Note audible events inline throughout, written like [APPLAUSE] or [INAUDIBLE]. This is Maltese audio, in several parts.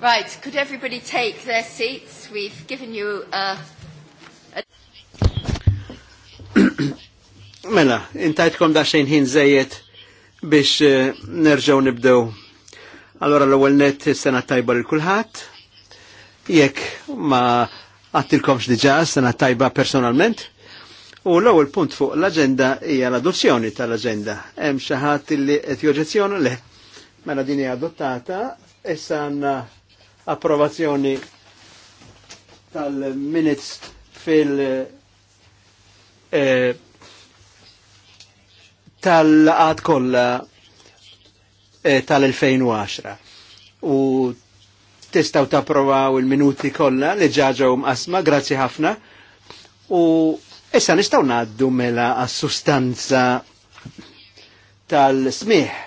Right, could everybody take their seats? We've given you a... a... [COUGHS] mela, intajtkom da xejn ħin zejiet biex uh, nerġaw nibdew. Allora l-ewwel net sena tajba l kulħadd. Jekk ma għattilkomx diġà sena tajba personalment. U l-ewwel punt fuq l-aġenda hija l-adozzjoni tal-aġenda. Hemm xi ħadd li qed joġezzjona le. Mela din hija adottata issa għandna approvazzjoni tal-minutes fil- eh, tal-għad kolla eh, tal-2010 u ta' tapprovaw il-minuti kolla li ġaġaw mqasma, grazzi ħafna u issa nistaw naddu mela għas-sustanza tal-smiħ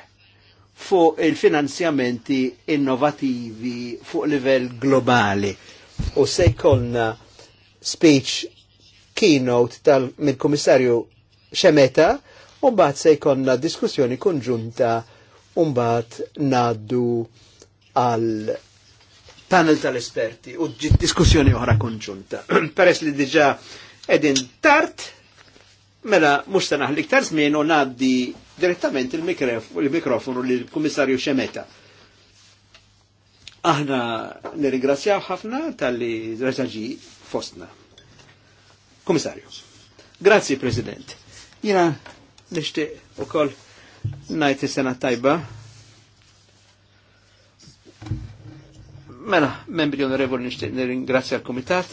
fuq il-finanzjamenti innovativi fuq livell globali. U se jkollna speech keynote tal mill-Kummissarju Xemeta, u mbagħad se jkollna diskussjoni konġunta u mbagħad ngħaddu għal panel tal-esperti u diskussjoni oħra konġunta. [CLEARS THROAT] Peress li diġà edin tart, mela mux tanaħ liktar zmin u naddi direttament il-mikrofonu il mikrofonu li l kummissarju Xemeta. Aħna nirigrazzjaw ħafna tal-li reġaġi fostna. Komissarju, grazzi President. Jina nishti u koll najti sena tajba. Mela, membri onorevoli nishtiq nirigrazzja l-Komitat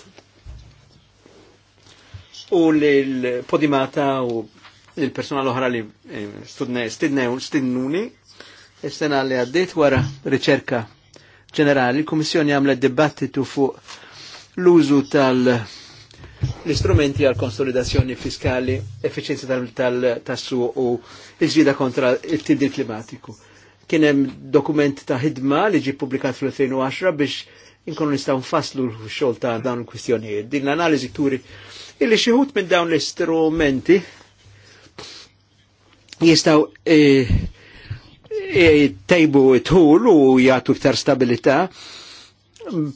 u l-Podimata u il-persona l-oħra li eh, stidnuni, is-sena li għaddit wara riċerka ġenerali, l kummissjoni għamlet dibattitu fuq l-użu tal- istrumenti għal konsolidazzjoni fiskali, efficienza tal-tassu u l-ġida kontra il-tibdil klimatiku. Kien hemm dokument ta' ħidma li ġi publikat fl-2010 biex inkonu nistgħu nfasslu l-xol ta' dawn il-kwistjonijiet. Din l-analiżi turi illi xi minn dawn l-istrumenti jistaw e, e, tejbu tħul u jgħatu iktar stabilita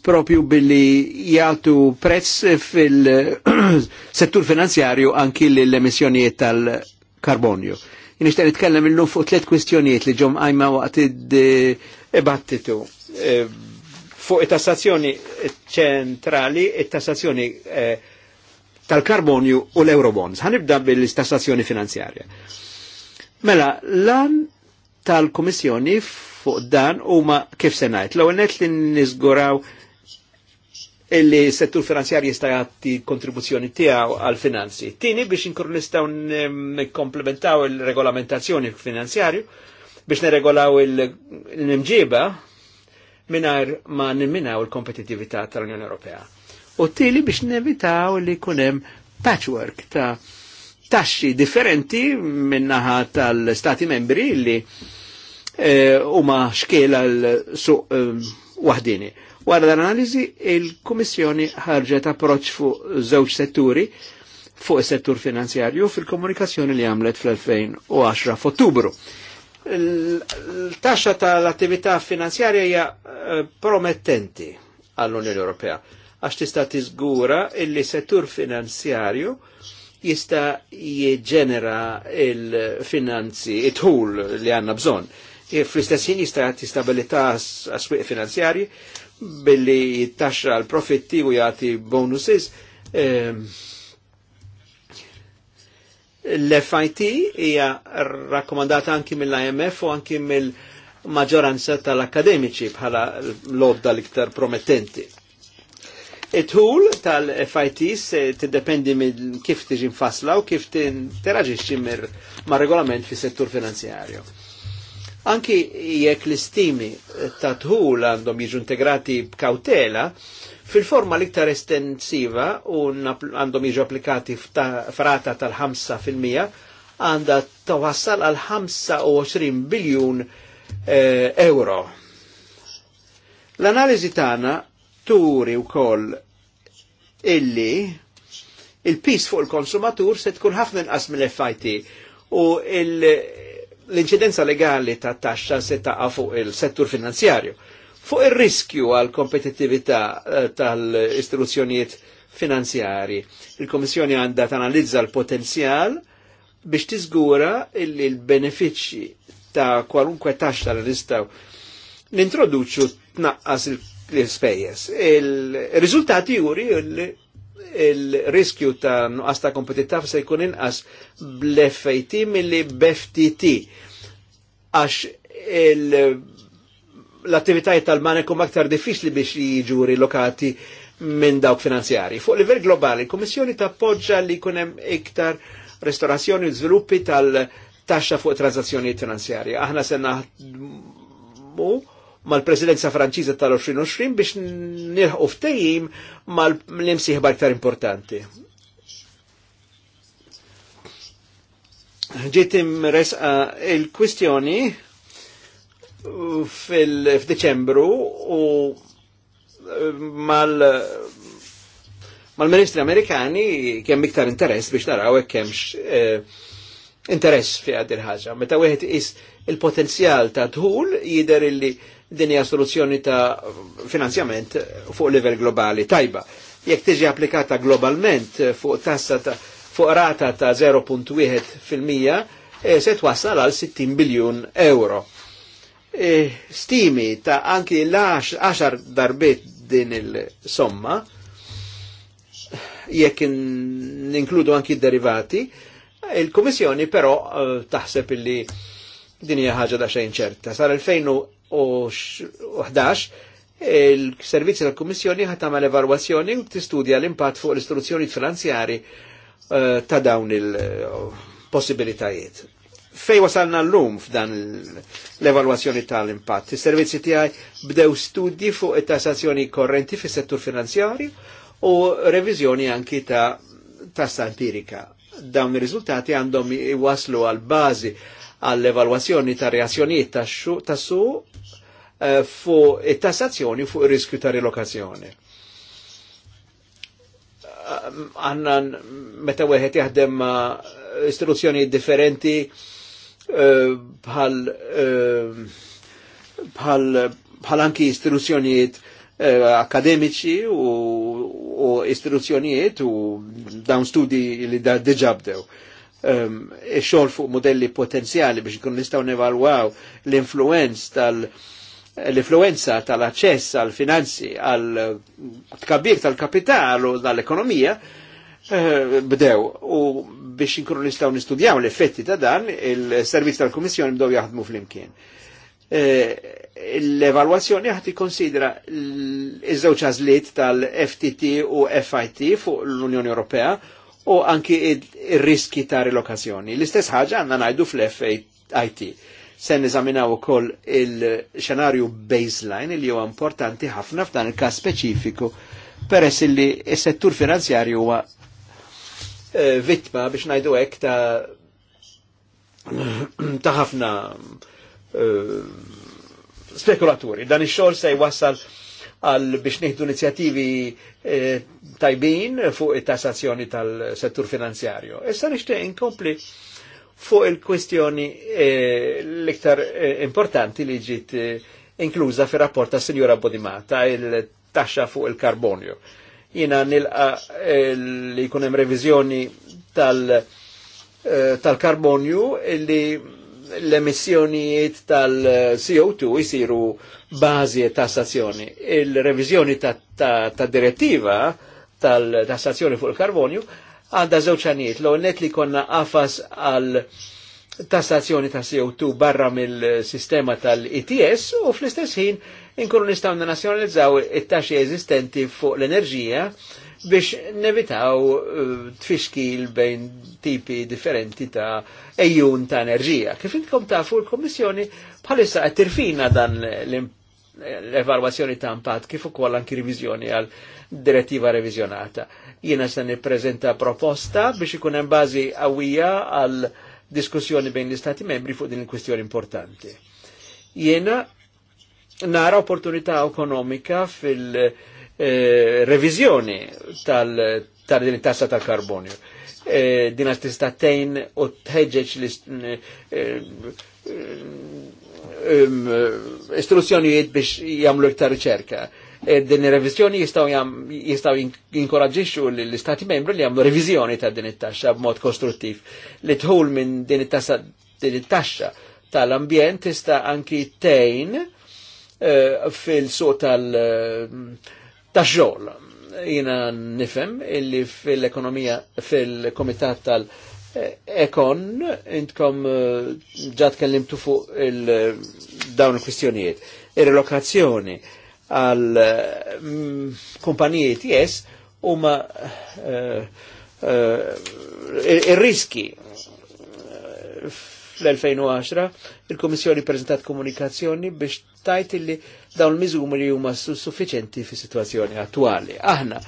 propju billi jgħatu prezz fil-settur [CLEARS THROAT] finanzjarju anki l-emissjonijiet tal-karbonju. Nishtar nitkellem il-lum fuq tlet kwistjonijiet li ġom għajma waqt id-dibattitu. E, fuq it-tassazzjoni ċentrali, it-tassazzjoni tal-karbonju u l-eurobonds. Għanibda bil-tassazzjoni finanzjarja. Mela, lan tal-Komissjoni fuq dan huma kif se ngħid. L-ewwel li nizguraw illi settur finanzjar jista' jagħti kontribuzzjoni tiegħu għal finanzi. Tieni biex inkunu nistgħu komplementaw il-regolamentazzjoni finanzjarju biex neregolaw il-nimġiba minar ma nimminaw il-kompetitività tal-Unjoni Ewropea. U tieni biex nevitaw li kunem patchwork ta' taxxi differenti minnaħa tal-stati membri li eh, huma e, xkela l-suq e, eh, waħdini. Wara l-analiżi, il-Kummissjoni ħarġet approċċ fuq żewġ setturi fuq is-settur finanzjarju fil-komunikazzjoni li għamlet fl-2010 f'Ottubru. L-taxxa tal-attività finanzjarja hija eh, promettenti għall-Unjoni Ewropea għax tista' tiżgura illi settur finanzjarju jista jiġenera il-finanzi, it-ħul li għanna bżon. Fl-istessin jista jistabilita s-swiq finanzjari billi jittaxra l-profitti u jgħati bonuses. Ehm, L-FIT hija rakkomandata anki mill-IMF u anki mill-maġoranza tal-akademiċi bħala l-lodda l-iktar promettenti It-tul tal-FITs tiddependi minn kif tiġi mfasla u kif tinteraġixxi ma' regolament fis settur finanzjarju. Anki jekk l-istimi ta' tħul għandhom jiġu integrati b'kautela, fil-forma l-iktar estensiva u għandhom jiġu applikati f'rata tal-5% għandha tawassal għal 25 biljun eh, euro. L-analiżi tagħna turi u koll illi il-pis fuq il-konsumatur se tkun ħafna inqas mill-FIT u l-inċidenza legali ta' taxxa se ta' fuq il-settur finanzjarju. Fuq ir-riskju għal kompetittività eh, tal-istituzzjonijiet finanzjari, il-Komissjoni għandha tanalizza l-potenzjal biex tiżgura illi l-benefiċċji ta' kwalunkwe taxxa li nistgħu nintroduċu tnaqqas il l-spejjes. il rizultati juri il-riskju ta' nuqqas ta' kompetittav se jkun inqas bl-FAT mill-li b-FTT għax l-attivitajiet tal kum aktar diffiċli biex jiġu rilokati minn dawk finanzjari. Fuq livell globali, kommissjoni ta' poġġa li kunem iktar restorazzjoni u zviluppi tal-taxxa fuq transazzjoni finanzjari. Aħna se naħdmu mal-presidenza franċiza tal-2020 biex nilħu ftejim mal-imsiħba iktar importanti. Ġitim resqa il-kwistjoni fil-deċembru u eh, mal mal-ministri amerikani kemm iktar interess biex naraw e kemmx eh, interess fi għad il-ħaġa. Meta wieħed is il-potenzjal ta' dħul jidher illi din hija soluzzjoni ta' finanzjament fuq livell globali tajba. Jekk tiġi applikata globalment fuq tassa ta' fuq rata ta' 0.1 fil-mija, e, se twassal għal 60 biljun euro. E, stimi ta' anki l-10 darbit din il-somma, jekk ninkludu anki derivati, il-Komissjoni però eh, taħseb illi din hija ħaġa da xejn ċerta. Sar 2011 il-servizzi tal-Kummissjoni ħat tagħmel evalwazzjoni u tistudja l-impatt fuq l-istruzzjoni finanzjari ta' dawn il-possibilitajiet. Fej wasalna l-lum f'dan l-evalwazzjoni tal-impatt. Is-servizzi tiegħi bdew studji fuq it-tassazzjoni korrenti fis-settur finanzjari u revizjoni anki ta' tassa empirika. Dawn ir-riżultati għandhom iwaslu għal bażi għall-evalwazzjoni ta' reazzjonijiet tas-su Eh, fuq it-tassazzjoni fuq ir-riskju ta' rilokazzjoni. Eh, għanna meta wieħed jaħdem ma' istituzzjoni differenti eh, bħal bħal anki istituzzjonijiet akademiċi u istituzzjonijiet u dawn studi li da diġabdew ehm, Xogħol fuq modelli potenzjali biex kun nistaw nevalwaw l-influenz tal- l-influenza tal-aċċess għal finanzi għal tkabbir tal-kapital u tal-ekonomija eh, bdew u biex inkunu nistgħu nistudjaw l-effetti ta' dan il-servizz tal-Kummissjoni bdew jaħdmu flimkien. Eh, l-evalwazzjoni ħadd ikkonsidra iż-żewġ għażliet tal-FTT u FIT fuq l-Unjoni Ewropea u anki r riski ta' relokazzjoni. L-istess ħaġa għandna ngħidu fl-FIT se niżaminaw ukoll il-xenarju baseline li huwa importanti ħafna f'dan il-każ speċifiku peress li s-settur finanzjarju huwa eh, vittma biex ngħidu hekk ta' [CLEARS THROAT] ta' ħafna eh, spekulaturi. Dan ix-xogħol se jwassal għal biex nieħdu inizjattivi eh, tajbin fuq it-tassazzjoni tal-settur finanzjarju. Issa nixtieq inkompli fuq il-kwestjoni eh, l-iktar eh, importanti li ġiet eh, inkluża fir rapport ta' Sinjora Bodimata, il-taxxa fuq il-karbonju. Jina nilqa eh, li jkun hemm reviżjoni tal-karbonju tal li l-emissjonijiet tal-CO2 jisiru bażi ta' stazzjoni. Il-reviżjoni ta', ta, ta direttiva tal-tassazzjoni fuq il-karbonju għanda zewċaniet, l net li konna għafas għal tassazzjoni ta' CO2 barra mill-sistema tal-ETS u fl-istess ħin inkunu nistaw nazjonalizzaw it-taxxi eżistenti fuq l-enerġija biex nevitaw eh, tfixkil bejn tipi differenti ta' ejjun ta' enerġija. Kif intkom tafu l-Kommissjoni bħalissa qed tirfina dan l-evalwazzjoni ta' impatt kif ukoll anki riviżjoni għal direttiva revizjonata. Jiena se nippreżenta proposta biex ikun hemm bażi qawwija għal diskussjoni bejn l-Istati membri fuq din il-kwistjoni importanti. Jiena nara opportunità ekonomika fil-revizjoni eh, tal-tassa tal tal-karbonju. Eh, Dina tista' tejn u tħeġġeġ e, e, e, istruzzjonijiet biex jagħmlu iktar riċerka. E, din ir-reviżjoni jistgħu inkoraġiċu l-istati membri li jagħmlu revizjoni ta' din it-taxxa b'mod kostruttiv. Li tħul minn din it-taxxa tal-ambjent tista' anki tejn e, fil-suq tal-xogħol. E, Jina nifhem illi fil-ekonomija fil-komitat tal- Ekon, intkom ġat kellimtu fuq il-dawn il-kwistjonijiet. Ir-relokazzjoni, il dawn il kwistjonijiet il relokazzjoni il għal eh, mm, kumpanijiet jess huma uh, uh, ir-riski fl-2010 il-Komissjoni prezentat komunikazzjoni biex tajt li dawn il li huma suffiċenti fi situazzjoni attuali. Aħna,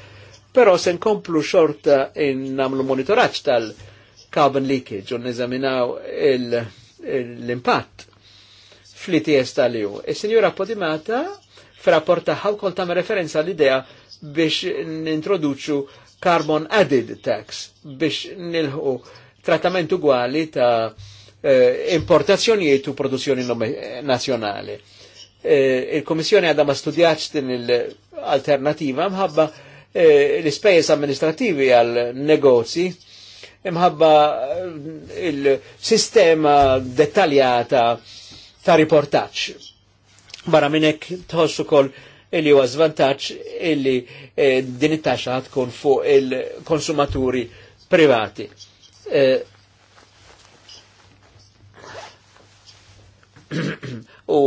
però se nkomplu xorta in namlu monitoraġġ tal-carbon leakage u neżaminaw l-impatt fl-ITS tal-ju. E signora Podimata f rapport taħħaw kol tagħmel referenza l-idea biex nintroduċu carbon added tax biex nilħu trattament ugwali ta' eh, importazzjonijiet u produzzjoni nazjonali. Eh, Il-Komissjoni għadha ma studjaċ din l-alternativa mħabba eh, l-ispejjeż amministrativi għal negozji imħabba eh, il-sistema dettaljata ta' riportaċ Barra minnek tħossu kol illi huwa zvantaġġ illi eh, din it-taxxa tkun fuq il-konsumaturi privati. Eh, [CLEARS THROAT] u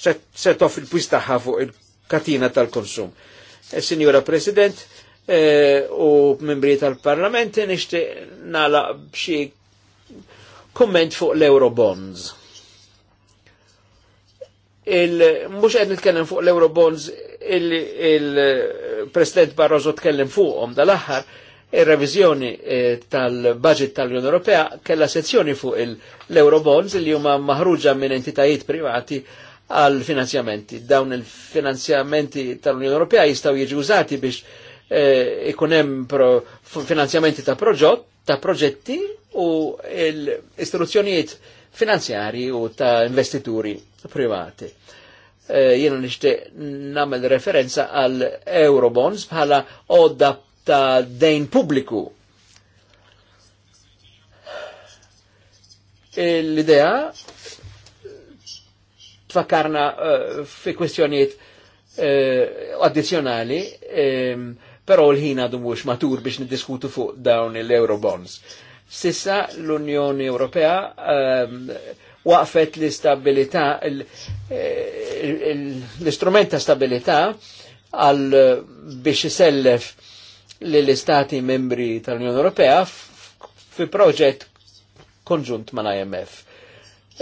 set off il-pwis fuq il-katina tal-konsum. Eh, Signora President, eh, u membri tal-Parlament, nishti nala bxie komment fuq l-Eurobonds Mux għed nitkellem fuq l-Eurobonds il-President Barroso tkellem fuqom dal-axħar, il-revizjoni eh, tal-budget tal-Unjoni Ewropea kella sezzjoni fuq l-Eurobonds li huma maħruġa minn entitajiet privati għal finanzjamenti. Dawn il-finanzjamenti tal-Unjoni Ewropea jistaw jiġi użati biex eh, ikun hemm finanzjamenti ta' proġett ta' proġetti u l-istruzzjonijiet finanzjari u ta' investituri privati. Eh, Jena nishtiq namel referenza għal Eurobonds bħala odda ta' dejn publiku. Eh, l-idea tfakarna eh, fi kwestjoniet addizjonali, pero l ħina għadu matur biex niddiskutu fuq dawn l eurobonds bonds Sissa l-Unjoni Ewropea ehm, waqfet l-istabilità, eh, l-istrument ta' stabilità għal biex isellef l-istati membri tal-Unjoni Ewropea fi proġett konġunt ma' IMF.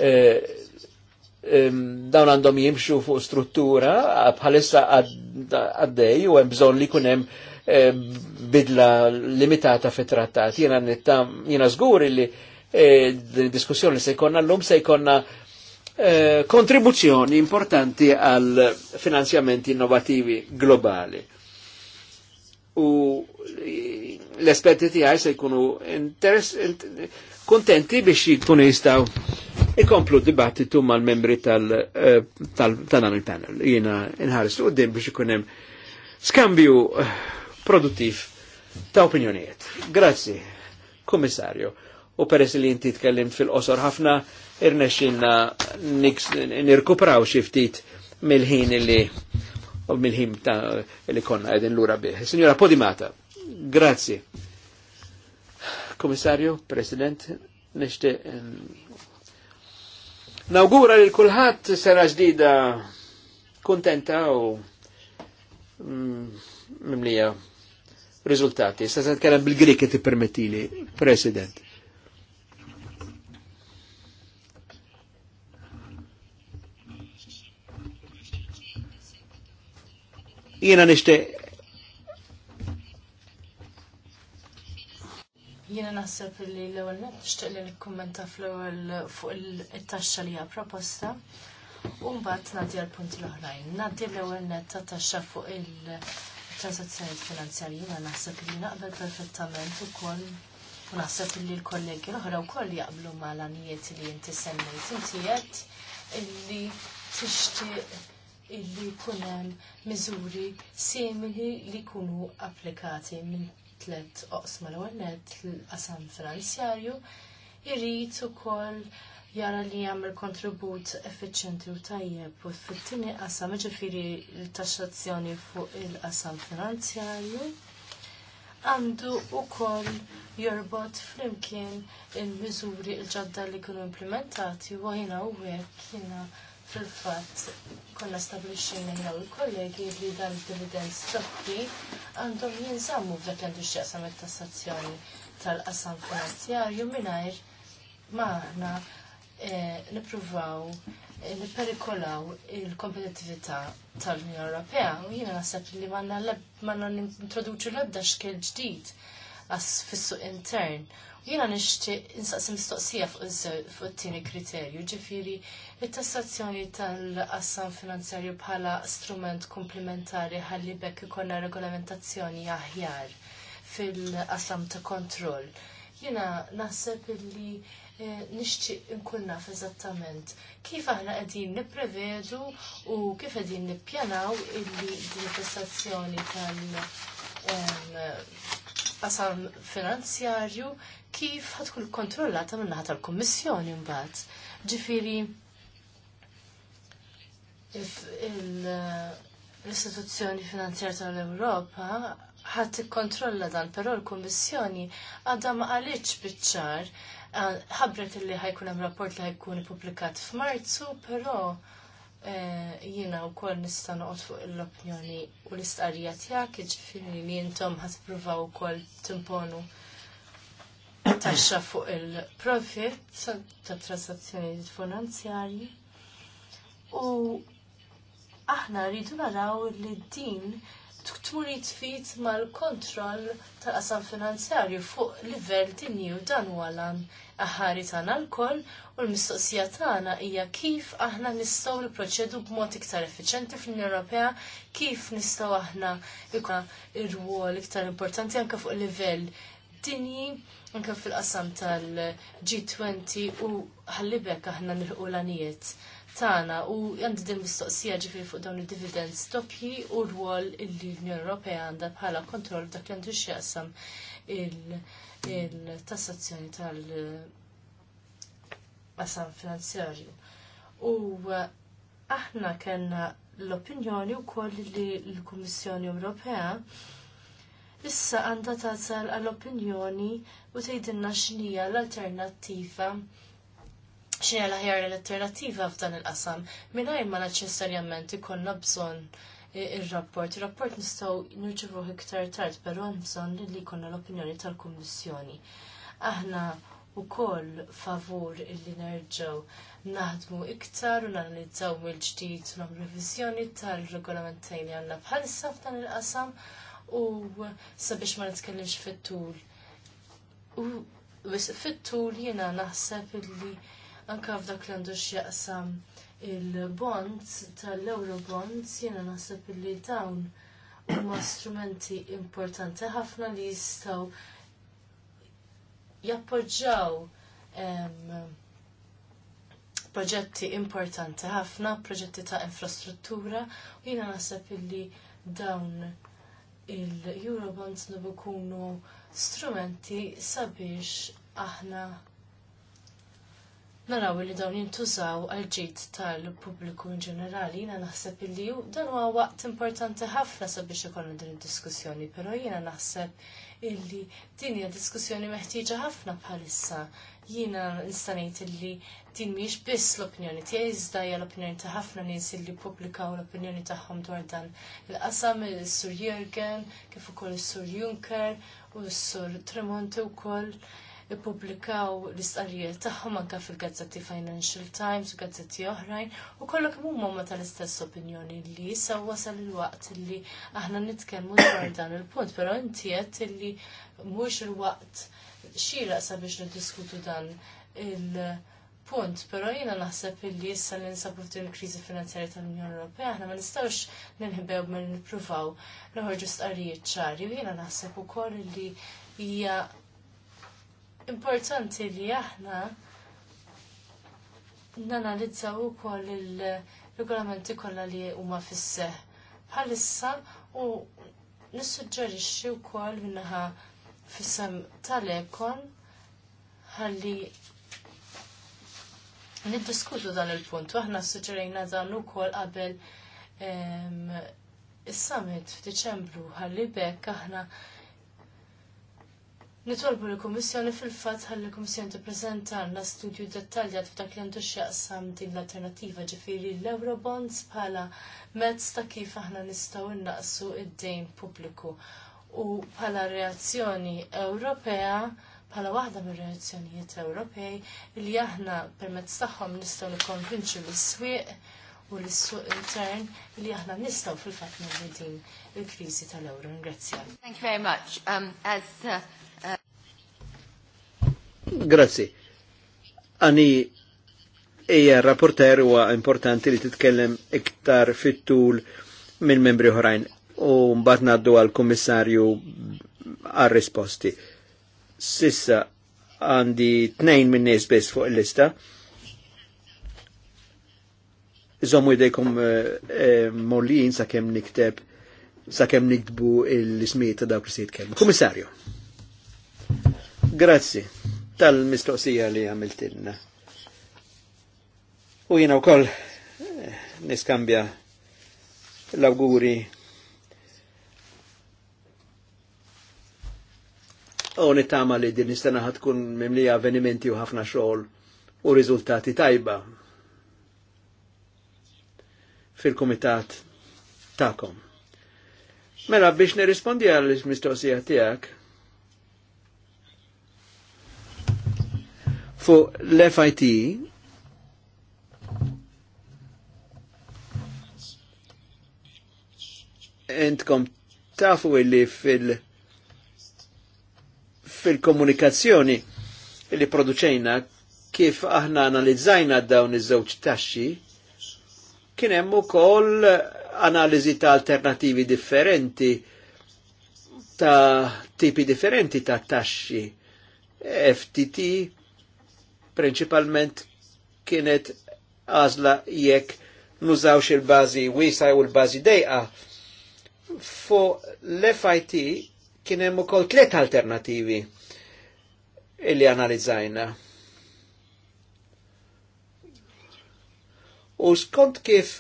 Eh, ehm, dawn għandhom jimxu fuq struttura bħalissa għaddej u hemm bżonn li jkun hemm ehm, bidla limitata fi trattat Jena, nittam, jena zgur eh, li e, diskussjoni se jkonna l-lum se jkonna e, eh, kontribuzzjoni importanti għal finanzjamenti innovativi globali. U l-esperti tijaj se jkunu kontenti biex jkunu jistaw ikomplu dibattitu mal-membri tal eh, tanan il-panel. Jena nħares u din biex ikunem skambju produttiv ta' opinjonijiet. Grazzi, komissarju. U peress li inti tkellim fil-qosor ħafna, irnexxilna nirkupraw xiftit ftit mill-ħin li mill-ħin ta' li konna l lura bih. Signora Podimata, grazzi. Komissarju, President, nishti. Nawgura li kulħadd sena ġdida kontenta u mm, mimlija rizultati. Sa' t-kellem bil-Griki ti permettili, President. Jena nishte. Jena naħseb li l-ewwel net nixtieq li l-kommenta fl-ewwel fuq il taxxa li hija proposta. U nadja l punti l-oħrajn. Nadja l-ewwel net ta' taxxa fuq il- taxxa transazzjonijiet finanzjarji ma naħseb li naqbel perfettament ukoll u naħseb li l-kollegi l-oħra wkoll jaqblu ma l-anijiet li inti semmejt inti illi tixtieq illi jkun hemm miżuri simili li jkunu applikati minn tliet oqsma l-ewwel l-qasam finanzjarju irrid ukoll jara li jagħmel kontribut effiċenti u tajjeb u fit-tieni qasam ġifiri l-taxxazzjoni fuq il-qasam finanzjarju għandu wkoll jorbot flimkien il-miżuri l ġadda li kienu implementati u għajna u għek jina fil-fatt konna stabilixxina jina u kollegi li dan dividend stokki għandhom jinżammu f'dak li għandu x'jaqsam it-tassazzjoni tal-qasam finanzjarju mingħajr maħna Eh, nippruvaw eh, nipperikolaw il-kompetitività tal-Unjoni Ewropea u jiena naħseb li manna nintroduċu l-ebda xkel ġdid għas fissu intern. U jiena nixtieq insaqsi mistoqsija fuq it-tieni kriterju, ġifieri it-tassazzjoni tal-qassam finanzjarju bħala strument komplementari ħalli bekk ikollna regolamentazzjoni aħjar fil-qasam ta' kontroll. Jiena naħseb li Eh, nixtieq nkun naf eżattament kif aħna qegħdin nipprevedu u kif qegħdin nippjanaw illi din prestazzjoni tal-qasam finanzjarju kif ħatkun kontrollata min-naħa tal-Kummissjoni mbagħad. Ġifieri l-istituzzjoni finanzjarja tal-Ewropa ħadd ikkontrolla dan, però l-Kummissjoni għadha ma qalitx biċ-ċar ħabret li ħajkun hemm rapport li ħajkun ippubblikat f'Marzu, però eh, jiena wkoll nista' noqgħod fuq l-opinjoni u l-istqarrija tiegħek, jiġifieri li intom ħaspruvaw ukoll timponu taxxa fuq il-profit ta' transazzjoni finanzjarji. U aħna rridu naraw li din tmur jitfit mal-kontroll tal-qasam finanzjarju fuq livell dinji u dan huwa lan aħari tagħna l-koll u l-mistoqsija tagħna hija kif aħna nistgħu nipproċedu b'mod iktar effiċenti fl-Unjoni Ewropea, kif nistgħu aħna jkollna ir-rwol iktar importanti anke fuq livell dinji anke fil-qasam tal-G20 u ħallibek aħna nilħu l-anijiet tagħna u għandi din mistoqsija ġifiri fuq dawn il dividend stokki u rwol illi l-Unjoni Ewropea għandha bħala kontroll dak li għandu x'jaqsam il-tassazzjoni tal-qasam finanzjarju. U eh, aħna kellna l-opinjoni wkoll li l-Kummissjoni Ewropea issa għandha tagħtal għall-opinjoni u tgħidilna x'nija l-alternattiva xie l-ħjar l-alternativa f'dan il-qasam, minnajr ma naċessarjament ikonna bżon eh, il-rapport. Il-rapport nistaw nirċivu iktar tard, pero għan bżon li konna l-opinjoni tal-Kommissjoni. Aħna u koll favur illi nerġaw naħdmu iktar u nanalizzaw mill-ġdid u nagħmlu revizjoni tal-regolamentajn li għandna bħalissa f'dan il-qasam u sabiex ma nitkellimx fit-tul. U fit-tul jiena naħseb illi anka f'dak li għandu x'jaqsam il-bonds tal-Eurobonds jiena naħseb li dawn huma strumenti importanti ħafna li jistgħu jappoġġjaw proġetti importanti ħafna, proġetti ta' infrastruttura u jiena naħseb illi dawn il-Eurobonds nubu kunu strumenti sabiex aħna naraw li dawn jintużaw għal ġid tal-pubbliku in ġenerali, jiena naħseb illi dan huwa waqt importanti ħafna sabiex ikollna din id-diskussjoni, però jiena naħseb illi din hija diskussjoni meħtieġa ħafna bħalissa. Jiena nista' ngħid illi din mhijiex biss l-opinjoni tiegħi iżda hija l-opinjoni ta' ħafna nies illi ppubblikaw l-opinjoni tagħhom dwar dan il-qasam is-Sur Jürgen, kif ukoll is-Sur Juncker u s-Sur Tremonti wkoll. koll ippubblikaw l-istqarrijiet tagħhom anke fil-gazzetti Financial Times u gazzetti oħrajn u kollok kemm huma tal-istess opinjoni li issa wasal il-waqt li aħna nitkellmu dwar dan il-punt, però inti qed li mhux il-waqt xira sabiex niddiskutu dan il- punt, pero jina naħseb illi issa li nsabu din il-kriżi finanzjarja tal-Unjoni Ewropea, aħna ma nistawx ninħibew ma nippruvaw noħorġu stqarrijiet ċari, u jiena naħseb ukoll li hija importanti li aħna nanalizzaw ukoll il-regolamenti kollha li huma fis bħalissa u nissuġġerixxi wkoll minnaħa fis-sem tal-ekon ħalli niddiskutu dan il-punt aħna suġġerejna dan ukoll qabel ehm, is-summit f'Diċembru ħalli bekk aħna Nitolbu li kummissjoni fil-fatt ħalli l-Kummissjoni tippreżentalna studju dettaljat f'dak li għandu x'jaqsam din l-alternattiva ġifieri l-Eurobonds bħala mezz ta' kif aħna nistgħu innaqsu id-dejn pubbliku. U bħala reazzjoni Ewropea bħala waħda mir reazzjonijiet Ewropej li aħna permezz tagħhom nistgħu nikkonvinċu l-iswieq u l-suq intern li aħna nistgħu fil-fatt nagħmlu din il-kriżi tal-ewro. Ngrazzjak. Thank you very much. Um, as uh... Grazzi. Għani ija rapporter huwa importanti li titkellem iktar fit-tul minn membri oħrajn u mbagħad ngħaddu għal kummissarju għar risposti. Sissa għandi tnejn minn nies biss fuq il-lista. Żommu jdejkom eh, eh, mollin sakemm nikteb sakemm nikbu l-ismijiet ta' dawk li se jitkellmu. Kummissarju. Grazzi tal-mistoqsija li għamiltilna. U jina u koll eh, niskambja l-auguri u nittama li din nistana tkun mimlija avvenimenti u ħafna xogħol u riżultati tajba fil-komitat ta'kom. Mela biex nirrispondi għal mistoqsija tiegħek, fuq l-FIT entkom tafu illi fil fil-komunikazzjoni illi produċejna kif aħna analizzajna dawn iż-żewġ taxxi kien hemm ukoll analiżi ta' alternativi differenti ta' tipi differenti ta' taxxi FTT Principalment kienet għazla jekk nużawx il-bazi wisa u l-bazi dejqa. Fu l-FIT kienem u kol tlet alternativi illi analizzajna. U skont kif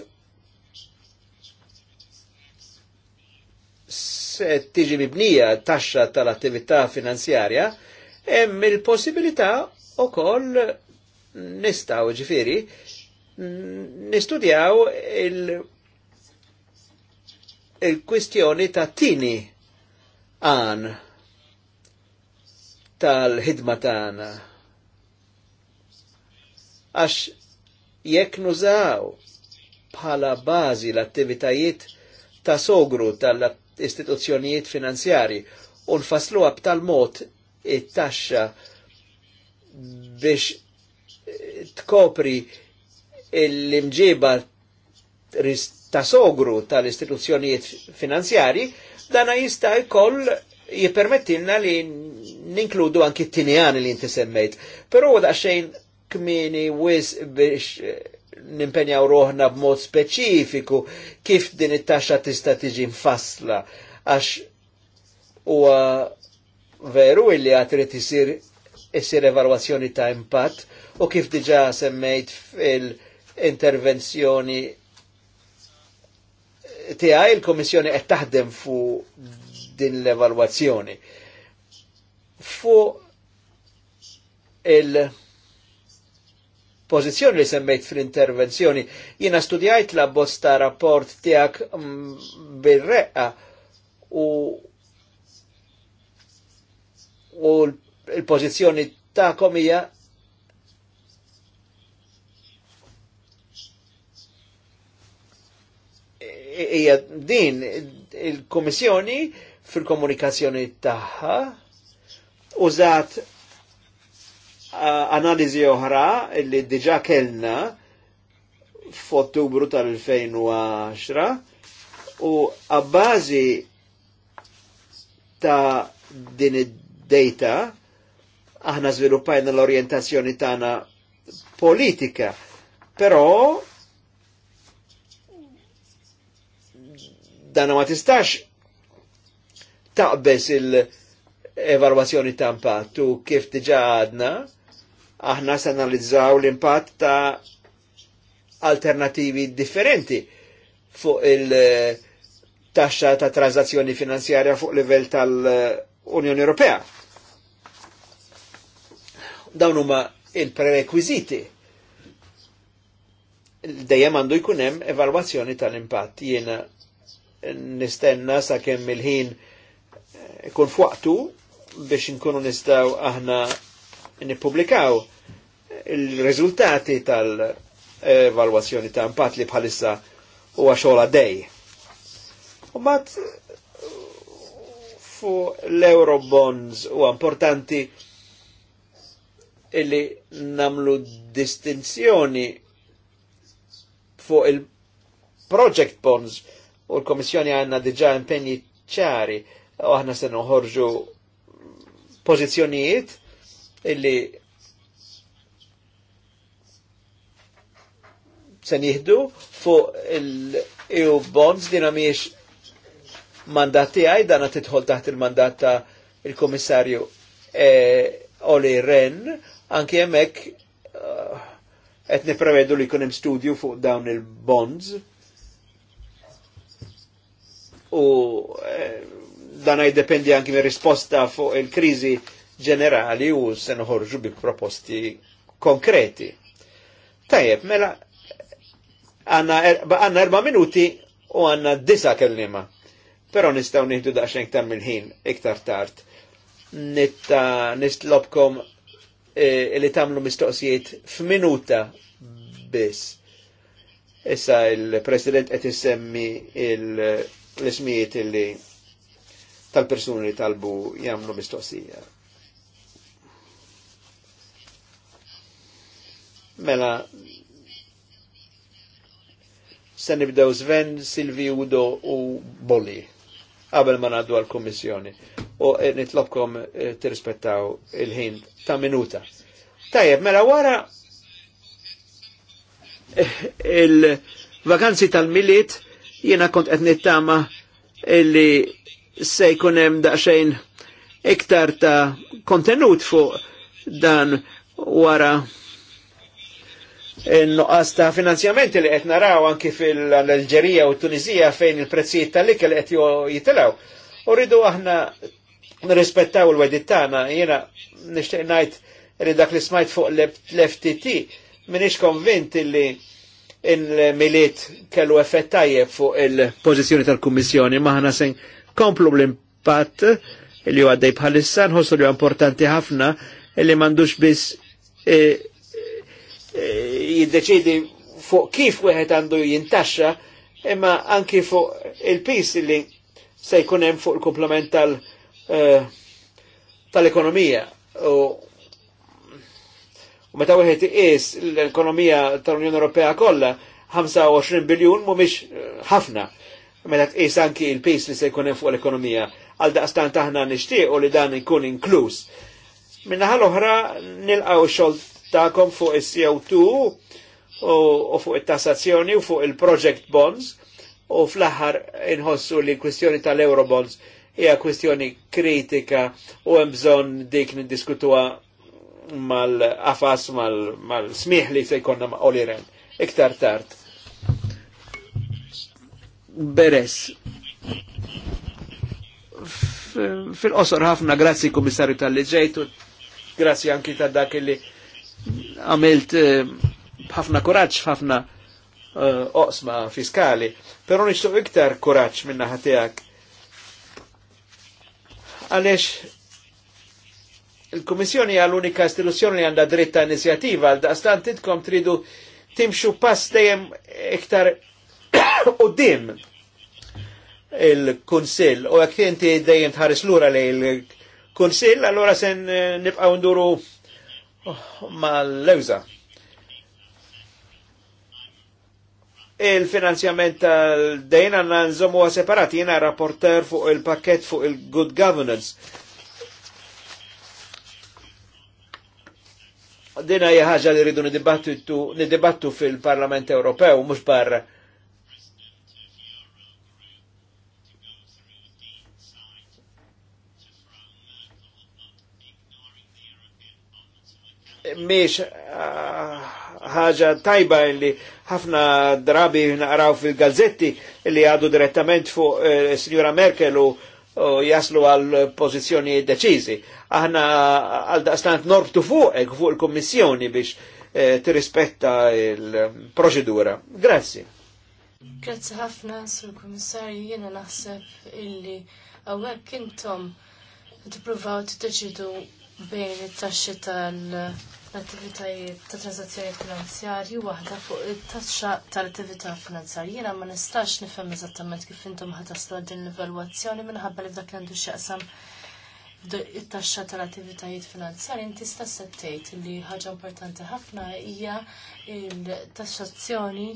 se tiġi mibnija taxxa tal-attività finanzjarja, hemm il-possibilità u koll nistaw ġifiri nistudjaw il- il-kwistjoni ta' tini għan tal-ħidma tana. Għax jekk nużaw bħala bazi l-attivitajiet ta' sogru tal-istituzzjonijiet finanzjari u nfasluha b'tal mod it-taxxa biex eh, tkopri l-imġiba ta' sogru tal-istituzzjonijiet finanzjari, dana jista' jkoll jipermettilna li ninkludu anki t-tinjani li inti semmejt. Pero da' xejn kmini wis biex eh, nimpenjaw roħna b'mod speċifiku kif din it-taxxa tista' tiġi mfassla għax huwa veru illi għad trid isir essir evalwazzjoni ta' impatt u kif diġa semmejt fil-intervenzjoni tiegħi il-Komissjoni qed taħdem fu din l-evalwazzjoni. Fu il- pożizzjoni li semmejt fil intervenzjoni jiena studjajt la bosta rapport tijak bil-reqqa u u il pozizjoni ta' komija hija din il-Komissjoni fil-komunikazzjoni tagħha użat analiżi oħra li diġà kellna f'Ottubru tal-2010 u għabbażi ta' din id-data aħna sviluppajna l orientazzjoni tagħna politika, però dan ma tistax taqbes il-evalwazzjoni ta' impatt u kif diġa għadna, aħna sanalizzaw l-impatt ta' alternativi differenti fuq il- taxxa ta' transazzjoni finanzjarja fuq livell tal-Unjoni Ewropea. Dawn huma il-prerekwiziti. Dejjem għandu jkun hemm evalwazzjoni tal-impatt. Jiena nistenna sakemm il-ħin ikun fuqtu biex nkunu nistaw aħna nippubblikaw il-riżultati tal-evalwazzjoni ta' impatt li bħalissa huwa xogħol dej. U mbagħad fu l-Eurobonds u importanti illi namlu distinzjoni fuq il-project bonds u l-Komissjoni għanna diġa impenji ċari u aħna se uħorġu pozizjonijiet illi se jihdu fuq il-EU bonds dina miex mandati għaj dana tidħol taħt il mandata il-Komissarju e, eh, Oli Ren Anki hemmhekk eh, qed uh, li jkun hemm studju fuq dawn il-bonds u eh, dan jdependi anki mir risposta fuq il-kriżi ġenerali u se noħorġu bi proposti konkreti. Tajjeb, mela għanna er-, erba minuti u għanna disa kellima. Pero nistaw nihdu daqsxejn iktar mill-ħin, iktar tard. Nitta nistlobkom Eh, li tamlu mistoqsijiet f'minuta biss. Issa il-President qed issemmi l-ismijiet li tal-persuni li talbu jagħmlu mistoqsija. Mela, se nibdew Sven, Silvi, Udo u Boli qabel ma naddu għall-Kummissjoni. U nitlobkom eh, tirrispettaw il-ħin ta' minuta. Tajjeb, mela wara [LAUGHS] il-vakanzi tal-miliet jiena kont qed nittama illi se jkun hemm daqsxejn iktar ta' kontenut fuq dan wara nuqqas ta' finanzjamenti li qed naraw anki fil-Alġerija u Tunisija fejn il-prezzijiet tal li qed jitilgħu. Uridu aħna nirrispettaw il-wedit tagħna, jiena nixtieq ngħid li dak li smajt fuq l-FTT m'iniex konvint li il-miliet kellu effett tajjeb fuq il-pożizzjoni tal-Kummissjoni maħna sen komplu l-impatt li għaddej bħalissa nħossu li importanti ħafna li mandux biss eh, jiddeċidi fuq kif wieħed għandu jintaxxa, imma anki fuq il-pis li se jkun hemm fuq il-komplement eh, tal-ekonomija. u meta wieħed iqis l-ekonomija tal-Unjoni Ewropea kollha 25 biljun mhumiex ħafna. Meta tqis anki il-pis li se jkun hemm fuq l-ekonomija għal daqstant aħna nixtiequ li dan ikun inkluż. Minna l oħra nilqgħu xogħol ta'kom fuq is-CO2 u fuq it-tassazzjoni u fuq il-project bonds u fl-aħħar inħossu li kwistjoni tal-Eurobonds hija kwistjoni kritika u hemm bżonn dik niddiskutuha mal afas mal-smiħ li se jkollna ma' Oliren iktar tard. Beres. Fil-qosor ħafna grazzi kummissarju tal-liġejtu, grazzi anki ta' dak li għamilt eh, ħafna kuraġġ, ħafna eh, oqsma fiskali, però nishtu iktar kuraġġ minna ħatijak. Għalix il komissjoni hija l-unika istituzzjoni li għandha dritta inizjativa għal daqstan titkom tridu timxu pass dejjem iktar [COUGHS] dim il-Kunsill u jekk inti dejjem tħares lura li il-Kunsill, allora sen nibqgħu nduru Oh, ma l lewza Il-finanzjament tal-dejn għanna nżomu separati jena rapporter fuq il-pakket fuq il-good governance. Dina hija li rridu nidibattu fil-Parlament Ewropew, mux barra miex ah, ħaġa tajba li ħafna drabi naqraw fil-gazzetti li għadu direttament fuq eh, signora Merkel u jaslu għal pozizjoni deċizi. Aħna għal daqstant norbtu fuqek fuq il-Kommissjoni biex eh, tirrispetta il-proċedura. Grazzi. Grazzi ħafna, Sur Kommissarju, jena naħseb illi għawek kintom t-provaw t-deċidu bejn it-taxxi tal- l attivitajiet ta' transazzjonijiet finanzjarji waħda fuq it-taxxa tal-attività finanzjari. Jiena ma nistax nifhem eżattament kif intom ħataslu din l-evalwazzjoni minħabba li f'dak li għandu x'jaqsam it-taxxa tal-attivitajiet finanzjari. inti stess tgħid li ħaġa importanti ħafna hija il-taxxazzjoni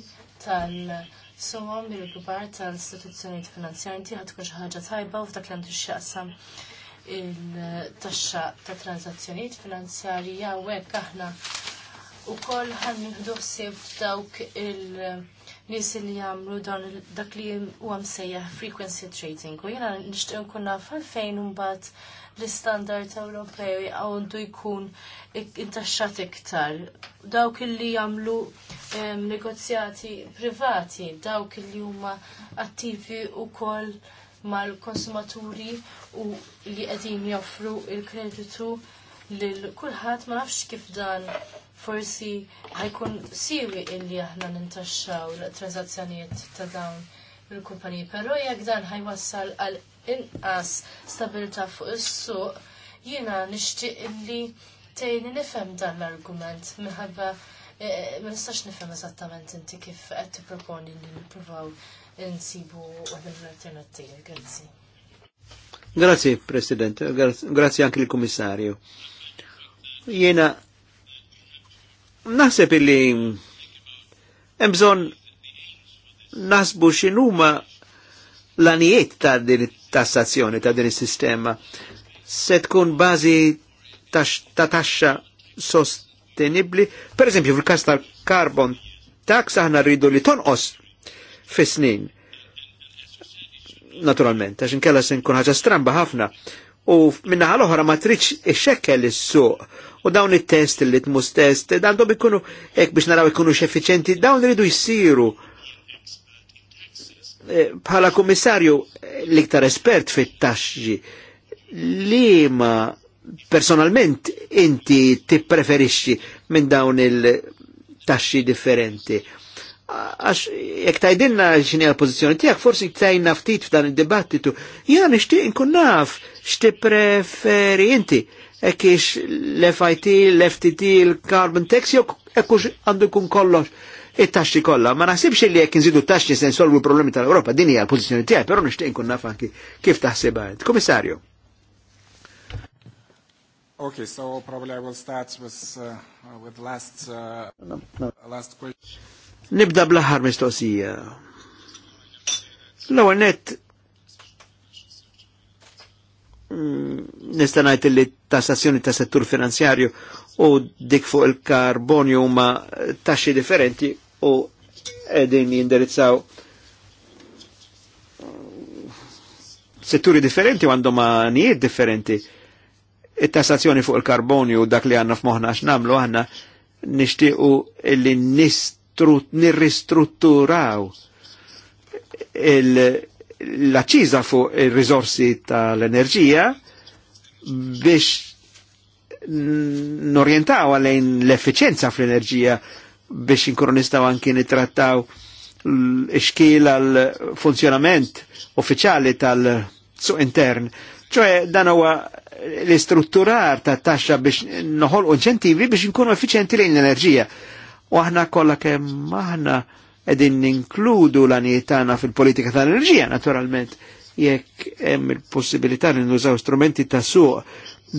tal-sumom bil-kbar tal-istituzzjonijiet finanzjari. inti ħad tkun xi ħaġa tajba u f'dak li għandu x'jaqsam il-taxxa ta' transazzjonijiet finanzjarji hekk aħna wkoll ħan nieħdu dawk il- nies li jagħmlu dan dak li huwa msejjaħ frequency trading u jiena nixtieq nkun naf għalfejn imbagħad l-istandard Ewropew għandu jkun intaxxat iktar. Dawk li jagħmlu negozjati privati, dawk li huma attivi wkoll mal-konsumaturi u li għedin joffru il-kreditu lil kulħadd ma nafx kif dan forsi ħajkun siwi illi aħna nintaxxaw transazzjonijiet ta' dawn il-kumpaniji, però jekk dan ħajwassal għal inqas stabilità fuq is-suq, jiena nixtieq illi tgħinni nifhem dan l-argument minħabba eh, ma nistax nifhem eżattament inti kif qed tipproponi li nippruvaw nsibu għadin l-alternattiva. Grazie. Grazie, President. Grazie anche l Commissario. Jena naħseb illi hemm bżonn naħsbu x'inhuma l-anijiet ta' din tassazzjoni ta' din is-sistema se tkun bazi ta' taxxa sostenibli. Per esempio, fil-każ tal-carbon tax aħna rridu li tonqos fi snin. Naturalment, għax inkella se nkun ħaġa stramba ħafna. U minna ħal oħra ma triċ ixekkel is-suq. U dawn it-test li tmus test, għandhom ikunu hekk biex naraw ikunu xeffiċenti, dawn ridu jsiru. E, bħala kummissarju l-iktar espert fit-taxxi li ma personalment inti tippreferixxi minn dawn il-taxxi differenti għax jek tajdilna xini għal-pozizjoni tijak, forsi tajna ftit f'dan il-dibattitu, jgħan nishtiq nkun naf, xti preferi inti, ekkix l-FIT, l-FTT, l-carbon tax, jek ekkux għandu kun kollox it-taxxi kollha. Ma naħsibx li jekk nżidu t-taxxi se nsolvu problemi tal-Ewropa, din hija l-pożizzjoni tiegħi, però nixtieq nkun naf anki kif taħsibha. Komissarju. Okay, so probably I will start with uh, with last uh, no, no. last question. Nibda bl ħar mistoqsija. L-ewwel net mm, nista' ngħid li tassazzjoni ta' settur finanzjarju u dik fuq il-karbonju huma taxxi differenti u edin jindirizzaw setturi differenti għandhom għanijiet differenti. It-tassazzjoni fuq il-karbonju dak li għanna f'moħna x'namlu nishtiqu nixtiequ li nis trut, nirristrutturaw l-acċiza fuq il-rizorsi tal-enerġija biex n-orientaw għalajn l-efficienza fl-enerġija biex inkronistaw anki nitrattaw l-iskil għal funzjonament uffiċali tal-suq intern. ċoħe dan huwa l-istrutturar ta' taxxa biex noħol inċentivi biex nkunu effiċenti lejn l-enerġija. U aħna kollha kemm aħna qegħdin ninkludu l-għanijiet tagħna fil-politika tal-enerġija, naturalment, jekk hemm il-possibilità li nużaw strumenti ta' suq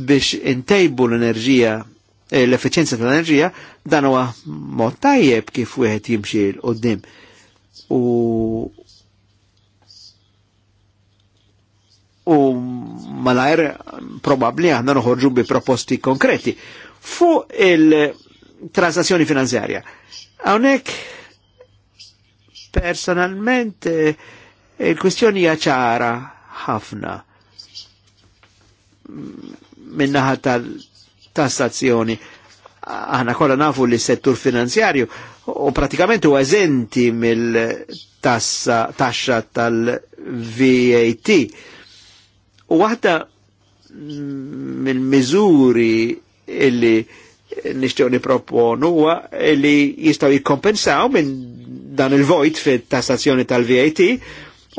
biex intejbu l-enerġija eh, l-efficienza tal-enerġija, dan huwa mod tajjeb kif wieħed jimxi l qoddim U u malajr probabli għanna noħorġu bi proposti konkreti. Fu il transazzjoni finanzjarja. Hawnhekk personalment eh, il-kwistjoni hija ċara ħafna minnaħa tal-tassazzjoni. Aħna kollha nafu li settur finanzjarju u pratikament u eżenti mill-tassa taxxa tal-VAT. U waħda mill mizuri illi nixtiew niproponu huwa li jistgħu jikkompensaw minn dan il-vojt fit-tassazzjoni tal-VAT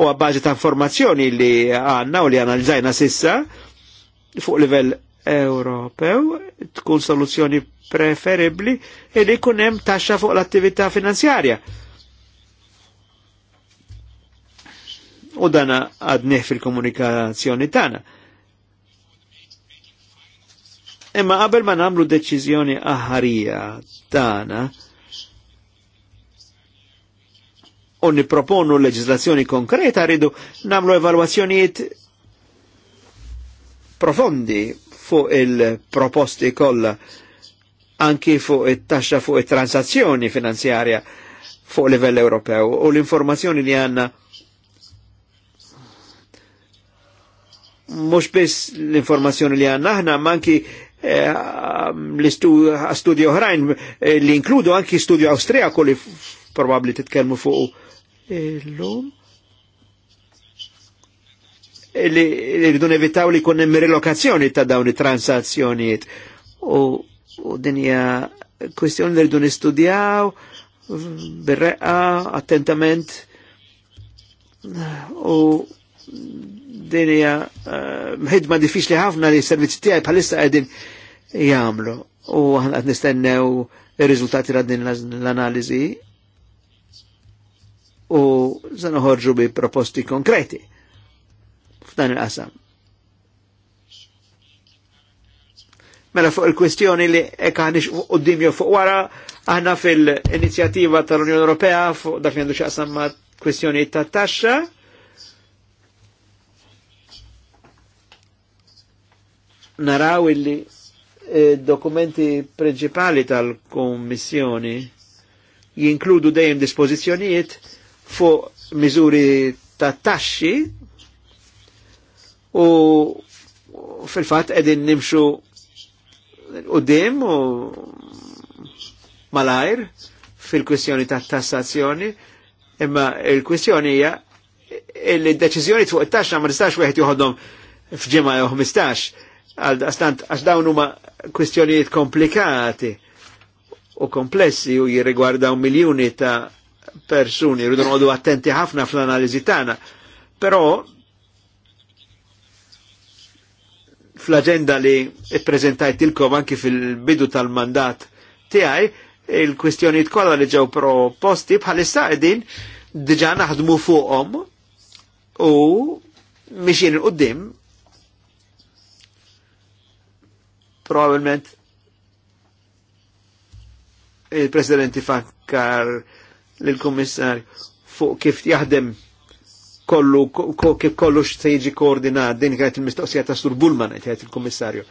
u għabbaġi ta' informazzjoni li għanna u li analizzajna sissa fuq livell Ewropew tkun soluzzjoni preferibli e li kunem hemm taxxa fuq l-attività finanzjarja. U dana għadneħ fil-komunikazzjoni tagħna. Imma qabel ma nagħmlu deċiżjoni aħarija tagħna u niproponu leġislazzjoni konkreta rridu nagħmlu evalwazzjonijiet profondi fuq il-proposti kollha anki fuq it-taxxa fuq it-transazzjoni finanzjarja fuq livell Ewropew u l-informazzjoni li għandna. mhux biss l-informazzjoni li għandna aħna anki Eh, l studio ħrajn eh, li inkludu anki studio Awstrijaku li probabli titkelmu fuq l-lum eh, li rridu nevitaw li kunnem relokazzjoni ta' dawni transazzjoniet U, dinja kwestjoni li rridu nistudjaw birreqqa, attentament u dinja ħidma diffiċli ħafna li s-servizzi tijaj bħalissa għedin Jamlu. U aħna nistennew ir-riżultati ta' din l analizi u se noħorġu bi proposti konkreti f'dan il-qasam. Mela fuq il-kwestjoni li ekkanix u dimju fuq wara, aħna fil-inizjativa tal-Unjoni Ewropea fuq dak li għandu xaqsam ma' kwestjoni ta' taxxa. Naraw illi E dokumenti principali tal-Kommissjoni jinkludu dejjem dispożizzjonijiet fuq miżuri ta' taxxi u fil-fatt qegħdin nimxu qudiem u malajr fil-kwistjoni ta' tassazzjoni, imma il-kwistjoni hija il-deċiżjoni fuq it-taxxa ma nistax wieħed joħodhom f'ġimgħa jew 15 għal għax dawn huma kwistjonijiet komplikati u komplessi u jirrigwardaw miljuni ta' persuni, rridu noqogħdu attenti ħafna fl-analiżi tagħna. Però fl-agenda li prezentajt tilkom anki fil-bidu tal-mandat tiegħi il-kwistjonijiet kollha li ġew proposti bħalissa qegħdin diġà naħdmu fuqhom u mixin il-qudiem Probabilment il presidenti fakkar l-Kummissarju fuq kif jaħdem kollu, kif kollu se jiġi koordinat, din kienet il-mistoqsija ta' Sur Bulman, għajt il-Kummissarju.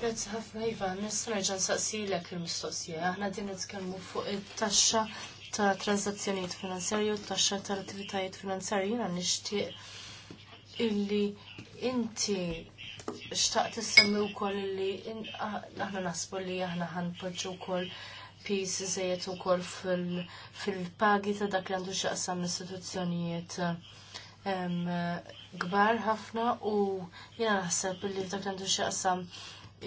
Grazzi ħafna Iva, nista' nerġa' nsaqsilek il-mistoqsija. Aħna din nitkellmu fuq it-taxxa ta' transazzjonijiet finanzjarju u t-taxxa tal-attivitajiet finanzjarji jina nixtieq illi inti xtaqt issemmi wkoll li aħna nasbu li aħna ħanpoġġu wkoll pis żejjed ukoll fil-pagi ta' dak li għandu x'aqsam l-istituzzjonijiet kbar ħafna u jiena naħseb li dak li għandu x'aqsam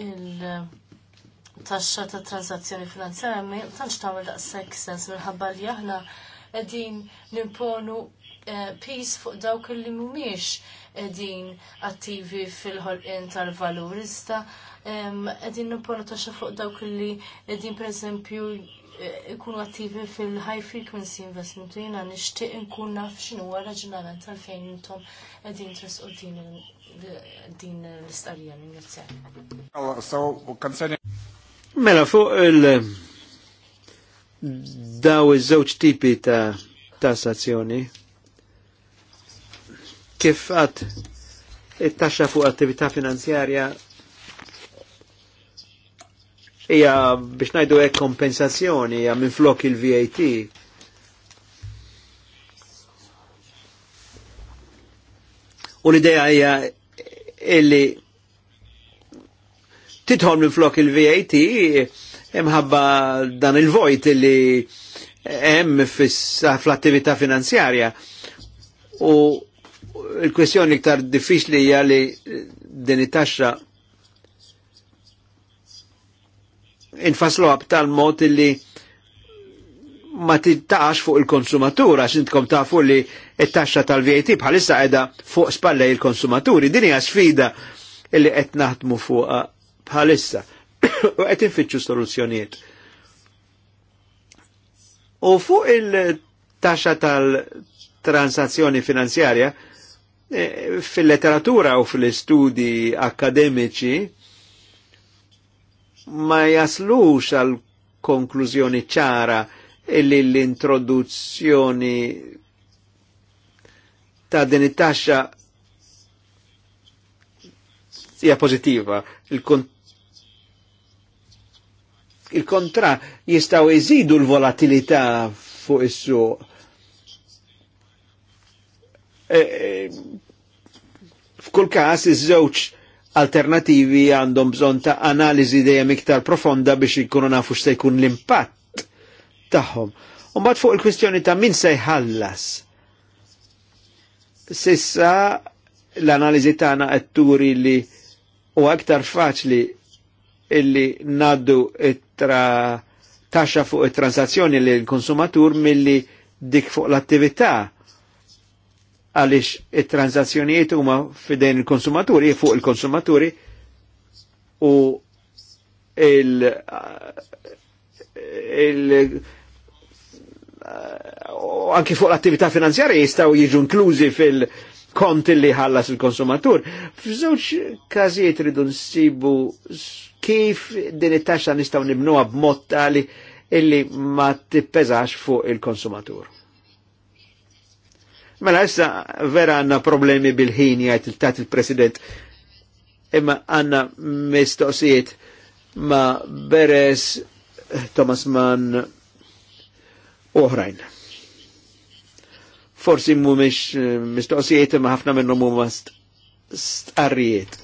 il-taxxa ta' transazzjoni finanzjarja ma tantx tagħmel daqshekk sens minħabba li aħna qegħdin nimponu Eh, pis fuq dawk li mhumiex qegħdin attivi fil-ħolqien tal valurista Iżda qegħdin nipponatoxa fuq dawk li qegħdin pereżempju eh, ikunu attivi fil-high frequency investment u jina nishtiq nkun naf xinu għara ġurnament għalfejn intom għedin tresqu din l-istarija l-ingrazzjak. Mela fuq il- daw iż-żewġ tipi ta' tassazzjoni. Kif għat it-taxxa fuq attività finanzjarja hija biex ngħidu hekk kompensazzjoni hija minn flok il-VAT. U l-idea hija illi titħol minn flok il-VAT imħabba dan il-vojt illi hemm fl-attività finanzjarja. U il-kwestjoni iktar diffiċli hija li din it-taxxa infaslu tal-mod li ma tittax fuq il-konsumatura, xintkom tafu li it-taxxa tal-VAT bħalissa qiegħda fuq spalla il-konsumaturi. Din hija sfida li qed naħdmu fuq bħalissa. [COUGHS] U qed infittxu soluzzjonijiet. U fuq il-taxxa tal-transazzjoni finanzjarja, Eh, fil-letteratura u fil-studi akademiċi ma jaslux għal konklużjoni ċara illi l-introduzzjoni ta' din it-taxxa hija pożittiva. Il-kontra jistgħu jżidu l-volatilità fuq is-suq Eh, eh, f'kull każ iż-żewġ alternativi għandhom bżonn ta' analiżi dejjem iktar profonda biex ikunu nafu x'se jkun l-impatt tagħhom. U mbagħad fuq il-kwistjoni ta' min se jħallas. Sissa l-analiżi tagħna qed turi li u aktar faċli illi naddu it-tra taxxa fuq it-transazzjoni li l-konsumatur milli dik fuq l-attività għaliex it-transazzjonijiet huma fidejn il-konsumaturi, fuq il-konsumaturi u il- il- anki fuq l-attività finanzjarja jistaw jiġu inklużi fil konti li ħallas il-konsumatur. F'żewġ każijiet ridu nsibu kif din it-taxxa nistgħu nibnuha b'mod tali illi ma tippeżax fuq il-konsumatur. Mela issa vera għanna problemi bil-ħin jgħajt il-tat il-President. Imma għanna mistoqsijiet ma Beres, Thomas Mann, uħrajn. Forsi mu mish eh, mistoqsijiet ma ħafna mu huma stqarrijiet.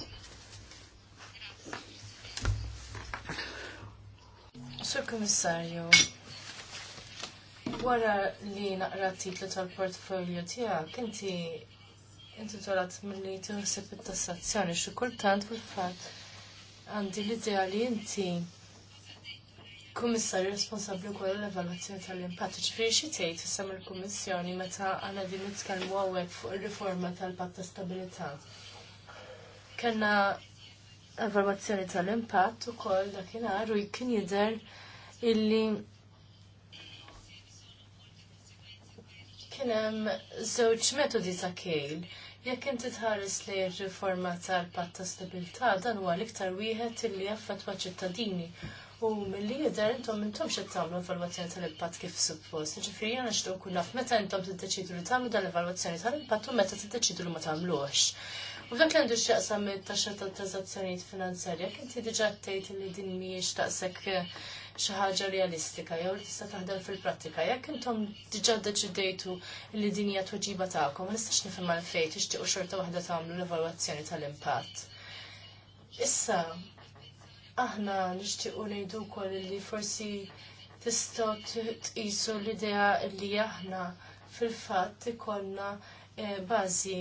Sur Kummissarju, Wara li naqra titlu tal-portfolio tiegħek, inti inti tolat milli tinħsib it-tassazzjoni xi kultant fil-fatt għandi l-idea li inti kummissarju responsabbli wkoll l-evalwazzjoni tal-impatt. Ġifieri xitejt tgħid il-Kummissjoni meta għana din nitkellmu għawek fuq ir-riforma tal-patt ta' stabilità. Kenna evalwazzjoni tal-impatt ukoll dakinhar u jkien jidher illi Kien hemm żewġ metodi ta' kejl. Jekk inti tħares li r-riforma tal-patt ta' stabilità dan huwa l-iktar wieħed illi jaffat ċittadini. U mill-li jidher intom intom xed tagħmlu evalwazzjoni tal-impatt kif suppost. Ġifieri jiena nixtieq nkun naf meta intom tiddeċidu li tagħmlu dan l-evalwazzjoni tal-impatt u meta tiddeċidu li ma tagħmlux. U dak għandu x'jaqsam mit-taxxa tal-transazzjonijiet finanzjarja, jekk inti diġà tgħid li din mhijiex taqsek xi ħaġa realistika jew li tista' taħdem fil-prattika. Jekk intom diġà deċidejtu li din hija tweġiba tagħkom, ma nistax nifhem għalfejn tixtiequ xorta waħda tagħmlu l-evalwazzjoni tal-impatt. Issa, aħna nixtiequ ngħidu wkoll li forsi tistgħu tqisu l-idea li aħna fil-fatt ikollna eh, bażi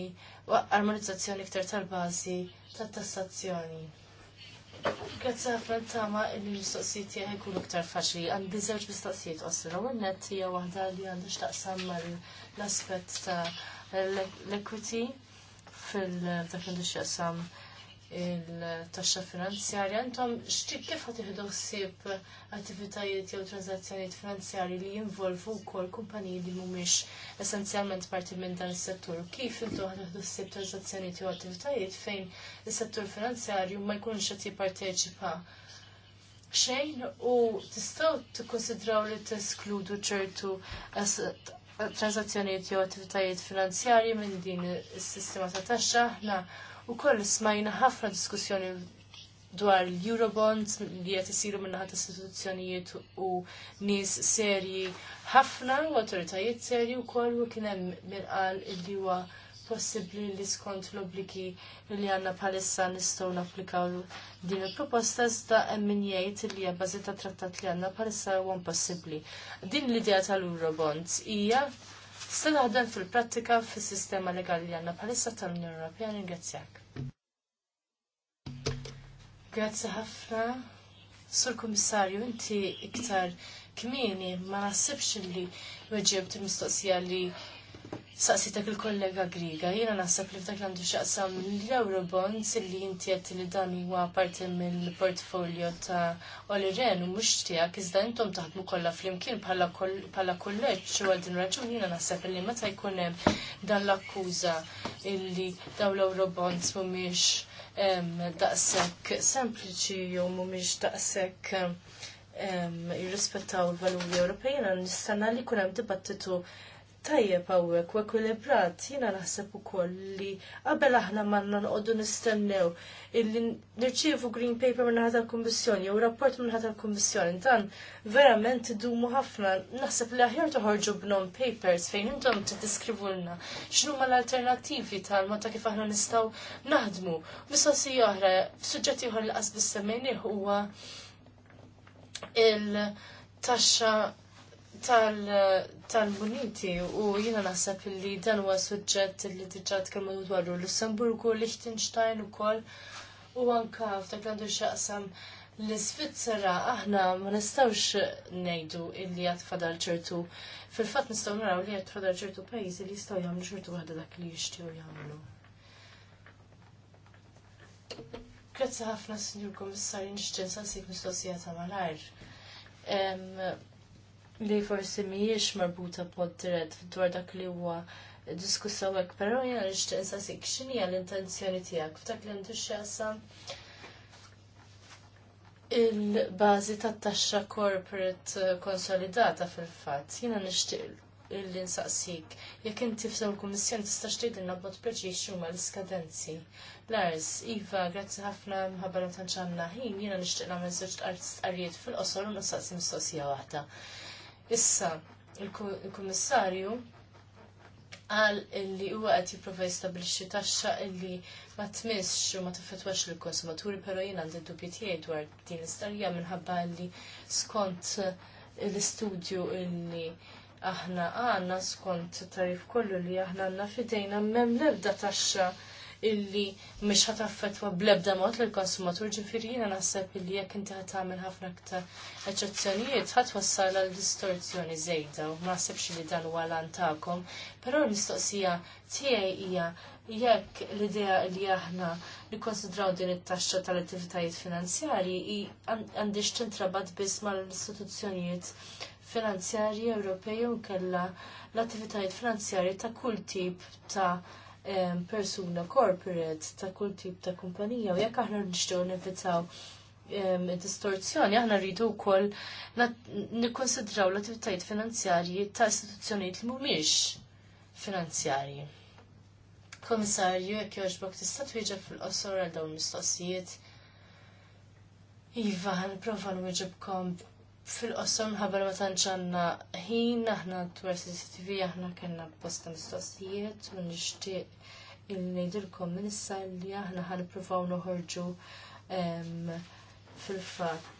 armonizzazzjoni iktar tal-bażi tat-tassazzjoni. Grazzi ħafna tama il-mistoqsijiet tiegħi jkunu iktar faċli. Għandi żewġ mistoqsijiet qosra. Winnet hija waħda li għandu x'taqsam mal l-aspet ta' l-equity fil-dak għandu x'taqsam il-taxxa finanzjarja, intom xtik kif għat iħdu ħsieb attivitajiet jew transazzjonijiet finanzjarji li jinvolvu wkoll kumpaniji li mhumiex essenzjalment parti minn dan is-settur. Kif intom għat iħdu ħsieb transazzjonijiet jew attivitajiet fejn is-settur finanzjarju ma jkunx qed jipparteċipa xejn u tistgħu tikkonsidraw li teskludu ċertu transazzjonijiet jew attivitajiet finanzjarji minn din is-sistema ta' taxxa aħna u koll smajna ħafna diskussjoni dwar l-Eurobonds li qed isiru minnaħat istituzzjonijiet u nies serji ħafna u autoritajiet serji wkoll u kien hemm il li huwa possibbli li skont l-obbligi li għandna bħalissa nistgħu napplikaw din il-proposta iżda hemm min jgħid li hija bażi trattat li għandna bħalissa huwa possibli. Din l-idea tal-Eurobonds hija tista' taħdem fil-prattika fis-sistema legali li għandna bħalissa tal-Unjoni Ewropea ringrazzjak. Grazzi ħafna. Sur kommissarju, inti iktar kmieni ma nasibx li weġib il-mistoqsija li saqsitek il-kollega Griga, jiena naħseb li f'dak għandu xaqsam l-Eurobonds li jinti qed li dan huwa parti mill-portfolio ta' Oliren u mhux tiegħek iżda intom taħdmu kollha flimkien bħala kolleġġ u għal din raġun jiena naħseb li meta jkun hemm dan l-akkuża illi dawn l-Eurobonds mhumiex daqshekk sempliċi jew mhumiex daqshekk jirrispettaw il-valuri Ewropej, jina nistenna li kunem hemm dibattitu tajjeb hawnhekk u ekwilibrat, jiena naħseb ukoll li qabel aħna manna noqogħdu nistennew illi nirċievu green paper minn ħata tal-Kummissjoni jew rapport minn ħata tal-Kummissjoni dan verament idumu ħafna. Naħseb li aħjar toħorġu b'non papers fejn intom l-na, xinu ma l-alternattivi tal-mod ta' kif aħna nistgħu naħdmu. Mistoqsija oħra, suġġetti joħra li qas huwa il-taxxa tal-muniti u jiena naħseb li dan huwa suġġett li diġà tkellmu dwaru Lussemburgu, Liechtenstein ukoll u anke f'dak għandu x'jaqsam l-Svizzera aħna ma nistgħux ngħidu li qed fadal ċertu fil-fatt nistgħu naraw li qed fadal ċertu pajjiżi li jistgħu jagħmlu ċertu waħda dak li jixtiegħu jagħmlu. Grazzi ħafna, Sinjur Komissar, nixtieq sansik mistoqsija ta' malajr li forsi mhijiex marbuta b'mod dirett dwar dak li huwa diskussawek, hekk, però jiena nixtieq insasik x'inhi l-intenzjoni tiegħek f'dak li għandu x'jaqsam il-bażi tat-taxxa corporate konsolidata fil-fatt. Jiena nixtieq illi nsaqsik jekk inti l-kummissjoni tista' tgħidilna b'mod preċiż x'huma l-iskadenzi. Lars, Iva, grazzi ħafna mħabba li tanċanna ħin, jiena nixtieq nagħmel żewġ qarijiet fil-qosor u nistaqsi mistoqsija waħda. Issa, il-Kummissarju għal illi huwa qed jipprova jistabbilixxi taxxa illi ma tmissx u ma tiffetwax lill konsumaturi però jien għandi dubji tiegħi dwar din l-istarija minħabba li skont l-istudju illi aħna għandna skont tarif kollu li aħna għandna fidejna m'hemm l-ebda taxxa illi mish ħadd affettwa blebda mot mod lill-konsumatur ġifieri jiena naħseb illi jekk inti ħadd tagħmel ħafna aktar eċċezzjonijiet ħadd wassal għal distorzjoni żejda u maħseb naħsibx li dan huwa lan tagħkom, però l-mistoqsija tiegħi hija jekk l-idea li aħna konsidraw din it-taxxa tal-attivitajiet i għandix tintrabat biss mal-istituzzjonijiet finanzjarji Ewropej u kella l-attivitajiet finanzjarji ta' kull tip ta' persuna corporate ta' kull tip ta' kumpanija u jekk aħna nixtiew id distorzjoni, aħna rridu wkoll nikkonsidraw l-attivitajiet finanzjarji ta' istituzzjonijiet li mhumiex finanzjarji. Komissarju, jekk jogħġbok tista' twieġeb fil-qosor għal dawn mistoqsijiet. Iva, nipprova nwieġibkom Fil-qosor minħabba li ma tanċanna ħin aħna dwar CCTV aħna kellna posta mistoqsijiet u nixtieq illi ngħidilkom minn issa li aħna ħanippruvaw noħorġu ehm, fil-fatt.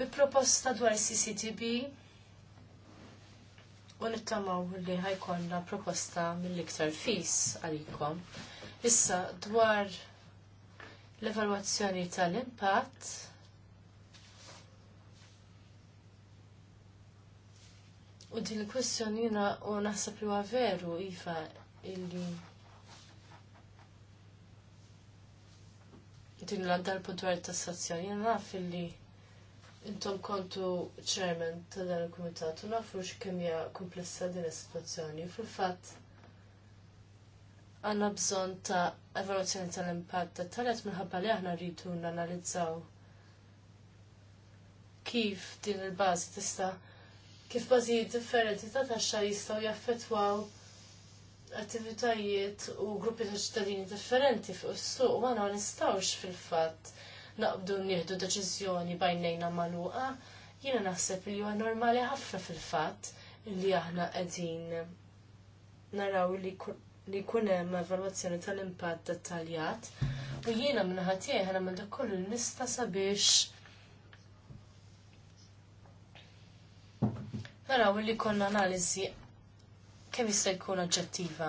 Bi proposta dwar CCTV u nittamaw li ħajkonna proposta mill-iktar fis għalikom. Issa dwar l-evalwazzjoni tal-impatt U din il-kwestjoni jina u naħseb li veru ifa illi din l-darba dwar tassazzjoni jina naf illi intom kontu chairman ta' dan il-komitat u nafu x'kemm hija komplessa din is-sitwazzjoni. Fil-fatt għandna bżonn ta' evoluzzjoni tal-impatt talet minħabba li aħna rridu nanalizzaw kif din il-bażi tista' kif bażijiet differenti ta' taxxa jistgħu jaffetwaw attivitajiet u gruppi ta' ċittadini differenti fuq is-suq ma nistawx nistgħux fil-fatt naqbdu nieħdu deċiżjoni bajnejna magħluqa. Jiena naħseb li huwa normali ħafna fil-fatt li aħna qegħdin naraw li li jkun hemm evalwazzjoni tal-impatt dettaljat u jiena minħatijaj ħana minn dak kollu nista' sabiex naraw li konna analiżi kemm jista' jkun oġġettiva.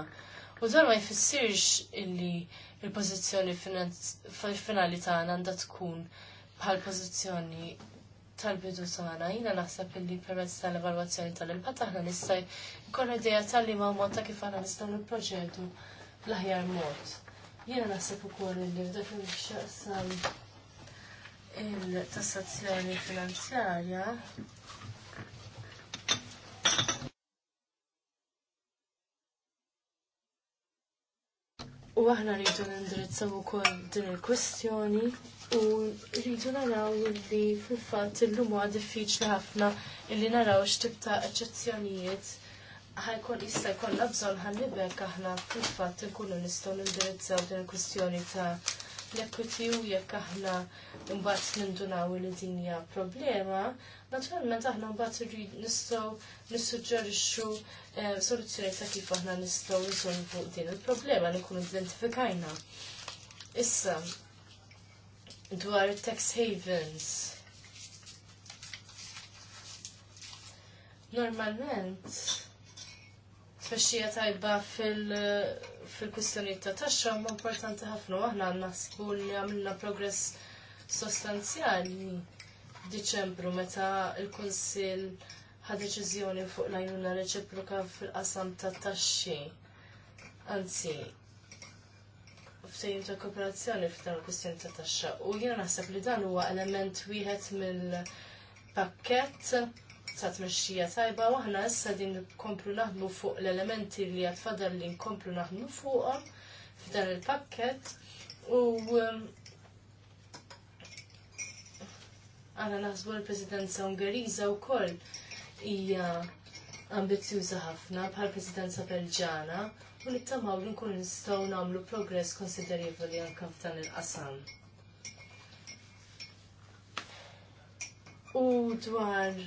U dan ma jfissirx illi il-pożizzjoni finali tagħna għandha tkun bħal pożizzjoni tal-bidu tagħna. Jiena naħseb illi permezz tal-evalwazzjoni tal-impatt aħna nista' jkollna idea tal-li ma' mod ta' kif aħna nistgħu nipproċedu l-aħjar mod. Jiena naħseb ukoll illi f'dak il-xaqsam il-tassazzjoni finanzjarja U aħna rridu nindirizzaw ukoll din il-kwestjoni u rridu naraw li fil-fatt illum huwa diffiċli ħafna illi naraw x'tib ta' eċċezzjonijiet ħajkun issa jkollna bżonn ħallibek aħna fil-fatt inkunu nistgħu nindirizzaw din il-kwestjoni ta' l-equity u jekk aħna mbagħad nindunaw li din hija problema, Naturalment aħna mbagħad irrid nistgħu nissuġġerixxu eh, soluzzjoni ta' kif aħna nistgħu nisolvu din il-problema li nkunu identifikajna. Issa dwar tax havens. Normalment tfexxija tajba fil- fil ta' taxxa huma importanti ħafna aħna naħsbu li għamilna progress sostanzjali Diċembru meta l-Kunsill ħad deċiżjoni fuq l-għajnuna reċiproka fil-qasam ta' taxxi. Anzi, ftejjim ta' kooperazzjoni f'dan il-kwistjoni ta' taxxa. U jiena naħseb li dan huwa element wieħed mill-pakkett ta' tmexxija tajba u aħna issa din nkomplu naħdmu fuq l-elementi li għad fadal li nkomplu naħdmu fuqhom f'dan il-pakkett u um, għana naħsbu l-Presidenza Ungeriża wkoll hija ambizjuża ħafna bħal Presidenza Belġana u nittamaw li nkun nistgħu nagħmlu progress konsiderevoli anke f'dan il-qasam. U dwar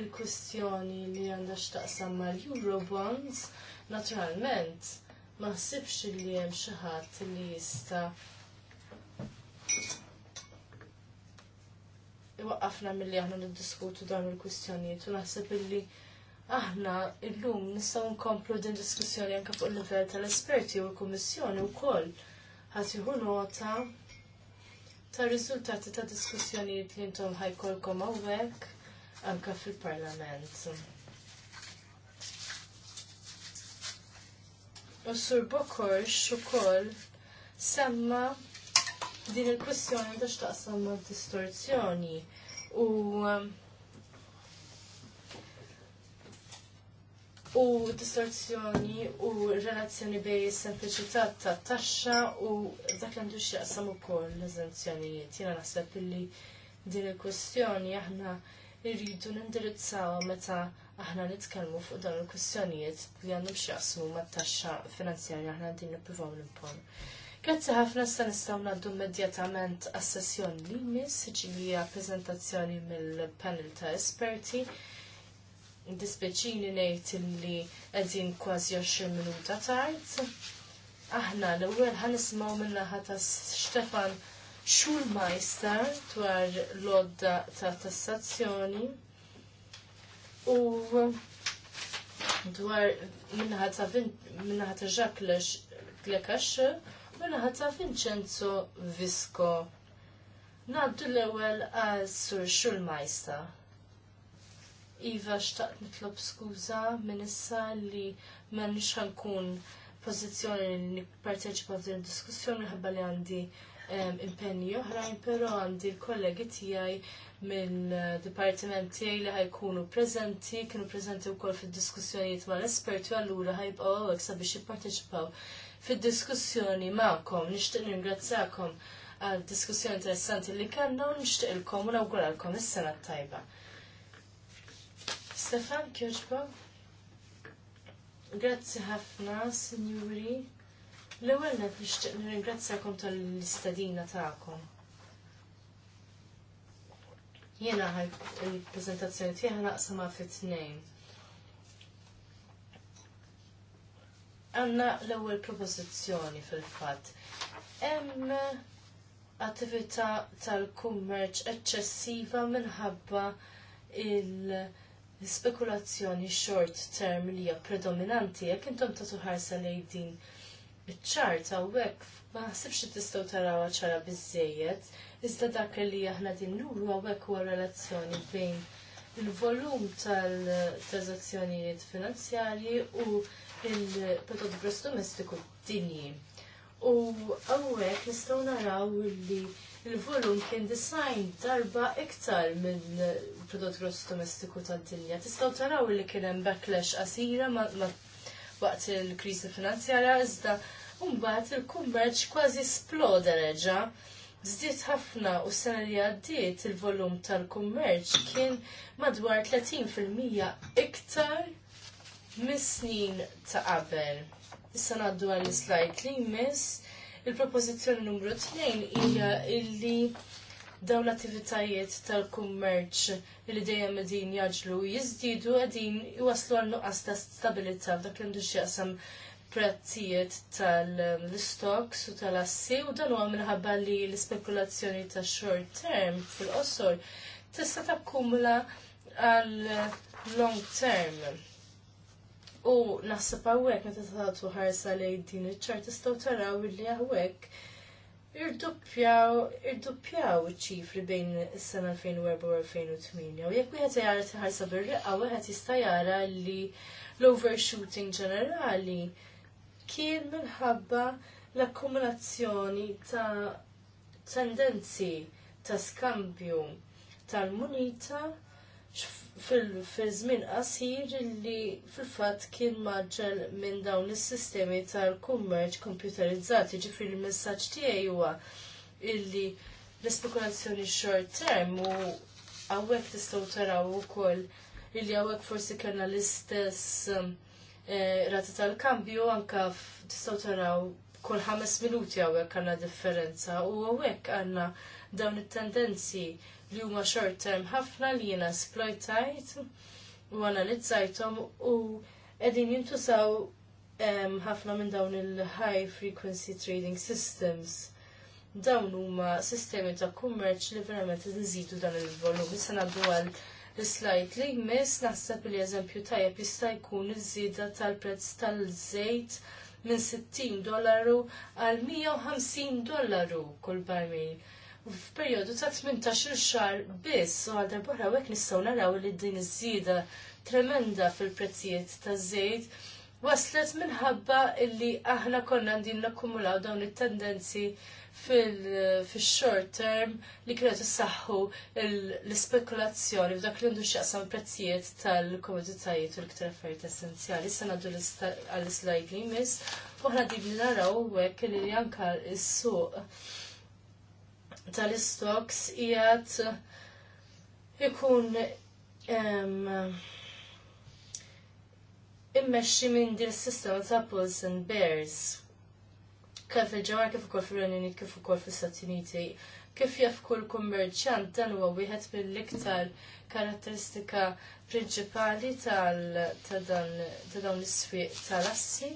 il-kustjoni li għandha x'taqsam mal-Eurobonds, naturalment, ma ħsibx li hemm xi ħadd li jista' waqqafna milli aħna niddiskutu dawn il-kwistjonijiet u naħseb illi aħna illum nistgħu nkomplu din diskussjoni anke fuq il-livell tal-esperti u l-Kummissjoni wkoll ħadd jieħu nota tar riżultati ta' diskussjonijiet li intom ħajkolkom hawnhekk anke fil-Parlament. U Sur Bokorx ukoll semma' din il-kwestjoni ta' x'taqsam ma' distorzjoni u um, u distorzjoni u relazzjoni bej sempliċità ta' taxxa u dak li għandu x'jaqsam ukoll l-eżenzjonijiet. Jiena naħseb illi din il-kwestjoni aħna irridu nindirizzaw meta aħna nitkellmu fuq dawn il-kwestjonijiet li għandhom x'jaqsmu mat-taxxa finanzjarja aħna din nippruvaw nimponu. Grazie ħafna sta nistgħu ngħaddu immedjatament għas-sessjoni li jmiss ġilija preżentazzjoni mill-panel ta' esperti. Dispeċini ngħid li qegħdin kważi 20 minuta tard. Aħna l-ewwel ħanismgħu min-naħa ta' Stefan Schulmeister dwar l-odda ta' tassazzjoni u dwar minnaħa ta' ta' Jacques Glekax Mela ħatta Vincenzo Visco. Naddu l-ewel għal Sur Xulmajsta. Iva xtaqt nitlob skuża minn issa li m'għandix ħankun pożizzjoni li nipparteċipa f'din diskussjoni ħabba li għandi impenni oħrajn, però għandi l-kollegi tiegħi minn dipartiment tiegħi li ħajkunu preżenti, kienu preżenti wkoll fid-diskussjonijiet mal-esperti u allura ħajbqgħu hawnhekk sabiex jipparteċipaw fid-diskussjoni ma'kom. Nixtieq ningrazzakom għal diskussjoni interessanti li kanna u nixtieq ilkom u nawguralkom is-sena t tajba. Stefan Kirchbo, grazzi ħafna, signori. L-ewwel qed nixtieq nirringrazzakom tal-istadina tagħkom. Jiena ħaj il-preżentazzjoni naqsa ma' fit tnejn. għanna l-ewwel propożizzjoni fil-fatt. Hemm attività tal-kummerċ eċċessiva minħabba il-spekulazzjoni short term li hija predominanti jekk intom tagħtu ħarsa lejn din iċ-ċarta u hekk ma ħsibx li tistgħu tarawha ċara biżejjed, iżda dak li aħna din nuru hawnhekk huwa relazzjoni bejn il-volum tal-transazzjonijiet finanzjarji u il-prodott gross domestiku dinji. U għawek nistaw naraw li il-volum kien design darba iktar minn prodott gross domestiku tad dinja. Tistaw taraw li kien hemm backlash qasira waqt il-kriżi finanzjarja iżda mbagħad il-kummerċ kważi sploda reġa. Zdiet ħafna u s-sena li għaddiet il-volum tal-kummerċ kien madwar 30% iktar mis-snin ta' qabel. Issa naddu għal-slajt li jmiss il-propożizzjoni numru 2 hija illi dawn l-attivitajiet tal-kummerċ li dejjem qegħdin jaġlu jiżdiedu qegħdin iwasslu għal nuqqas ta' stabilità f'dak li għandu x'jaqsam prezzijiet tal-stocks u tal-assi u dan huwa minħabba li l-ispekulazzjoni ta' short term fil-qosor tista' takkumla għal long term. U naħseb hawnhekk meta tagħtu ħarsa lejn din iċ-ċart tistgħu taraw illi hawnhekk irdoppjaw irdoppjaw iċ-ċifri bejn is-sena 2004 u 2008. U jekk wieħed jara tiħarsa bir-riqqa wieħed jista' jara li l-overshooting ġenerali kien minħabba l-akkumulazzjoni ta' tendenzi ta' skambju tal-munita fil-żmien qasir li fil-fatt kien maġġel minn dawn is-sistemi tal-kummerċ kompjuterizzati, ġifieri l-messaġġ tiegħi huwa illi l-espekulazzjoni short term u hawnhekk tistgħu taraw ukoll illi hawnhekk forsi kellna l-istess eh, rata tal-kambju anke tistgħu taraw kull ħames minuti hawnhekk għandna differenza u hawnhekk għandna dawn it-tendenzi li huma short term ħafna li jiena splojtajt u analizzajthom u edin jintusaw ehm, ħafna minn dawn il-high frequency trading systems. Dawn huma sistemi ta' kummerċ li verament nżidu dan il-volum. Issa nagħdu għal l-slajt li jmiss naħseb li eżempju tajjeb jista' jkun iż-żieda tal-prezz tal-żejt minn 60 dollaru għal 150 dollaru kull barmil f'perjodu ta' 18 xahar biss u għal darbohra għek nistgħu naraw li din iż-żieda tremenda fil-prezzijiet taż-żejt waslet minħabba li aħna konna għandin nakkumulaw dawn it-tendenzi fil-short term li kienet saħħu l-spekulazzjoni f'dak li ndu xaqsam prezzijiet tal-komoditajiet u l-iktar affarijiet essenzjali. Issa ngħaddu għal slide li jmiss, u ħna dibni naraw hekk li anka s-suq tal-istoks jgħat ikun immexxi minn din is-sistema ta' Pulls and Bears. Kif il-ġewwa kif ukoll fir-Renju kif ukoll fis-Stati Uniti kif jaf kull kummerċant dan huwa wieħed mill-iktar karatteristika prinċipali ta' dawn l swieq tal-assi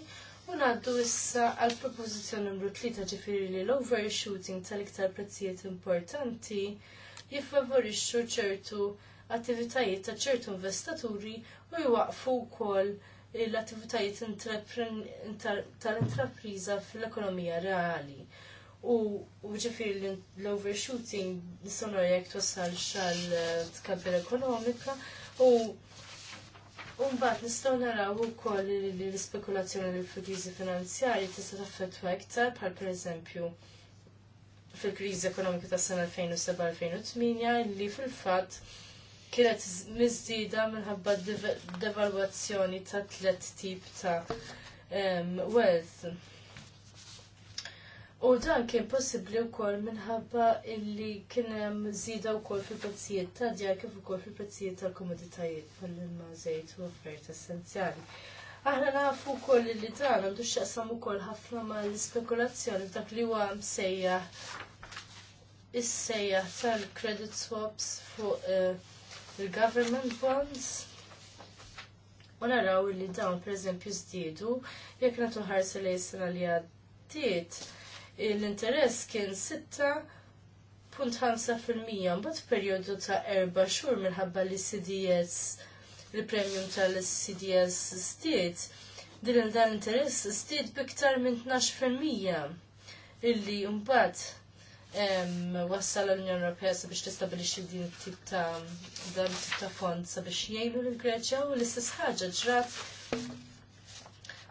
U ngħaddu issa għal propożizzjoni numru 3 ġifieri li l-overshooting tal-iktar prezzijiet importanti jiffavorixxu ċertu attivitajiet ta' ċertu investaturi u jwaqfu wkoll l-attivitajiet tal-intrapriża fil-ekonomija reali. U ġifir l-overshooting nisonor jek twassal xal tkabbir ekonomika u Umbat nistgħu naraw ukoll li l-ispekulazzjoni li fil-kriżi finanzjarji tista' taffettwa iktar bħal pereżempju fil-kriżi ekonomika tas sena 2007-2008 li fil-fatt kienet miżdida minħabba devalwazzjoni ta' tliet tip ta' wealth U dan kien possibbli wkoll minħabba illi kien hemm żieda wkoll fil-prezzijiet ta' djar kif ukoll fil-prezzijiet tal-komoditajiet bħall-ilma żejt u offerta essenzjali. Aħna nafu wkoll li dan għandu x'jaqsam ukoll ħafna mal-ispekulazzjoni dak li huwa msejjaħ is-sejjaħ tal-credit swaps fuq eh, il-government bonds. U naraw li dawn pereżempju żdiedu jekk nagħtu ħarsa lejn sena li għaddiet l-interess kien 6.5% mbagħad f'perjodu ta' erba' xhur minħabba li CDS il-premium tal-CDS stiet din dan interess stiet biktar minn 12% illi mbagħad wassal l-Unjoni Ewropea sabiex tistabilixxi din tip ta' dan tip ta' fond sabiex jgħinu lill-Greċja u l-istess ħaġa ġrat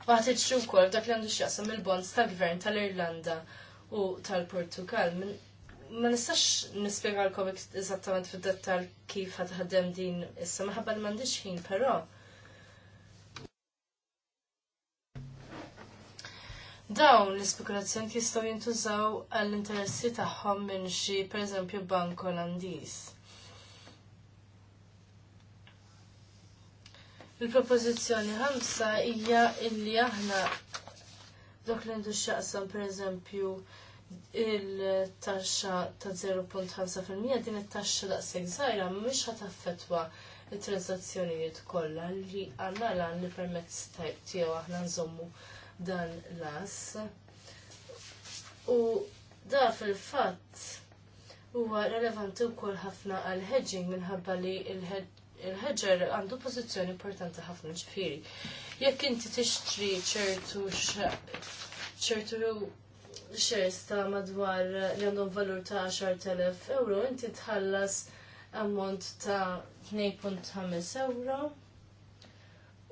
Waħt iġru kol dak li għandu xjaqsam il-bonds tal-gvern tal-Irlanda u tal-Portugal. Ma nistax nispiegalkom eżattament fid-dettal kif ħadħadem din issa maħabba l-mandiċ ħin, però. Dawn l-ispekulazzjoni jistgħu jintużaw għall-interessi tagħhom minn xi pereżempju bank Olandiż. Il-propożizzjoni ħamsa hija illi aħna dak li għandu xaqsam pereżempju il-taxxa ta' 0.5% din it-taxxa daqshekk żgħira mhumiex ħadd affettwa it-transazzjonijiet kollha li għandna lan li permezz tajb tiegħu aħna nżommu dan l-as. U da fil-fatt huwa relevanti wkoll ħafna għal hedging minħabba li il-ħeġer għandu pożizzjoni importanti ħafna ġifieri. Jekk inti tixtri ċertu ċertu shares ta' madwar li għandhom valur ta' 10.000 euro, inti tħallas ammont ta' 2.5 euro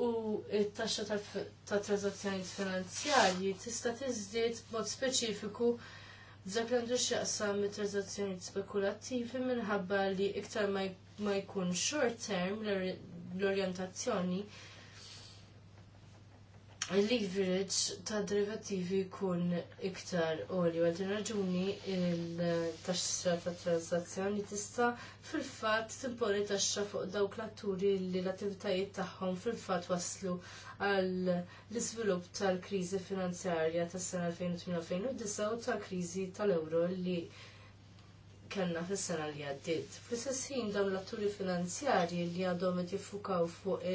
u il taxxa ta' transazzjoni finanzjarji tista' tiżdied b'mod speċifiku f'dak li għandu x'jaqsam mit-transazzjoni spekulattivi minħabba li iktar ma' ma jkun short term l orientazzjoni il-leverage ta' derivativi jkun iktar għolju. u din raġuni il-taxxa ta' transazzjoni tista' fil-fatt timponi taxxa fuq dawk l-atturi li l-attivitajiet tagħhom fil-fatt waslu għal l-iżvilupp tal-kriżi finanzjarja tas-sena 2008-2009 u tal-kriżi tal-euro li kellna fis-sena li għaddiet. Fl-istess ħin dawn l-atturi finanzjarji li għadhom qed jiffukaw fuq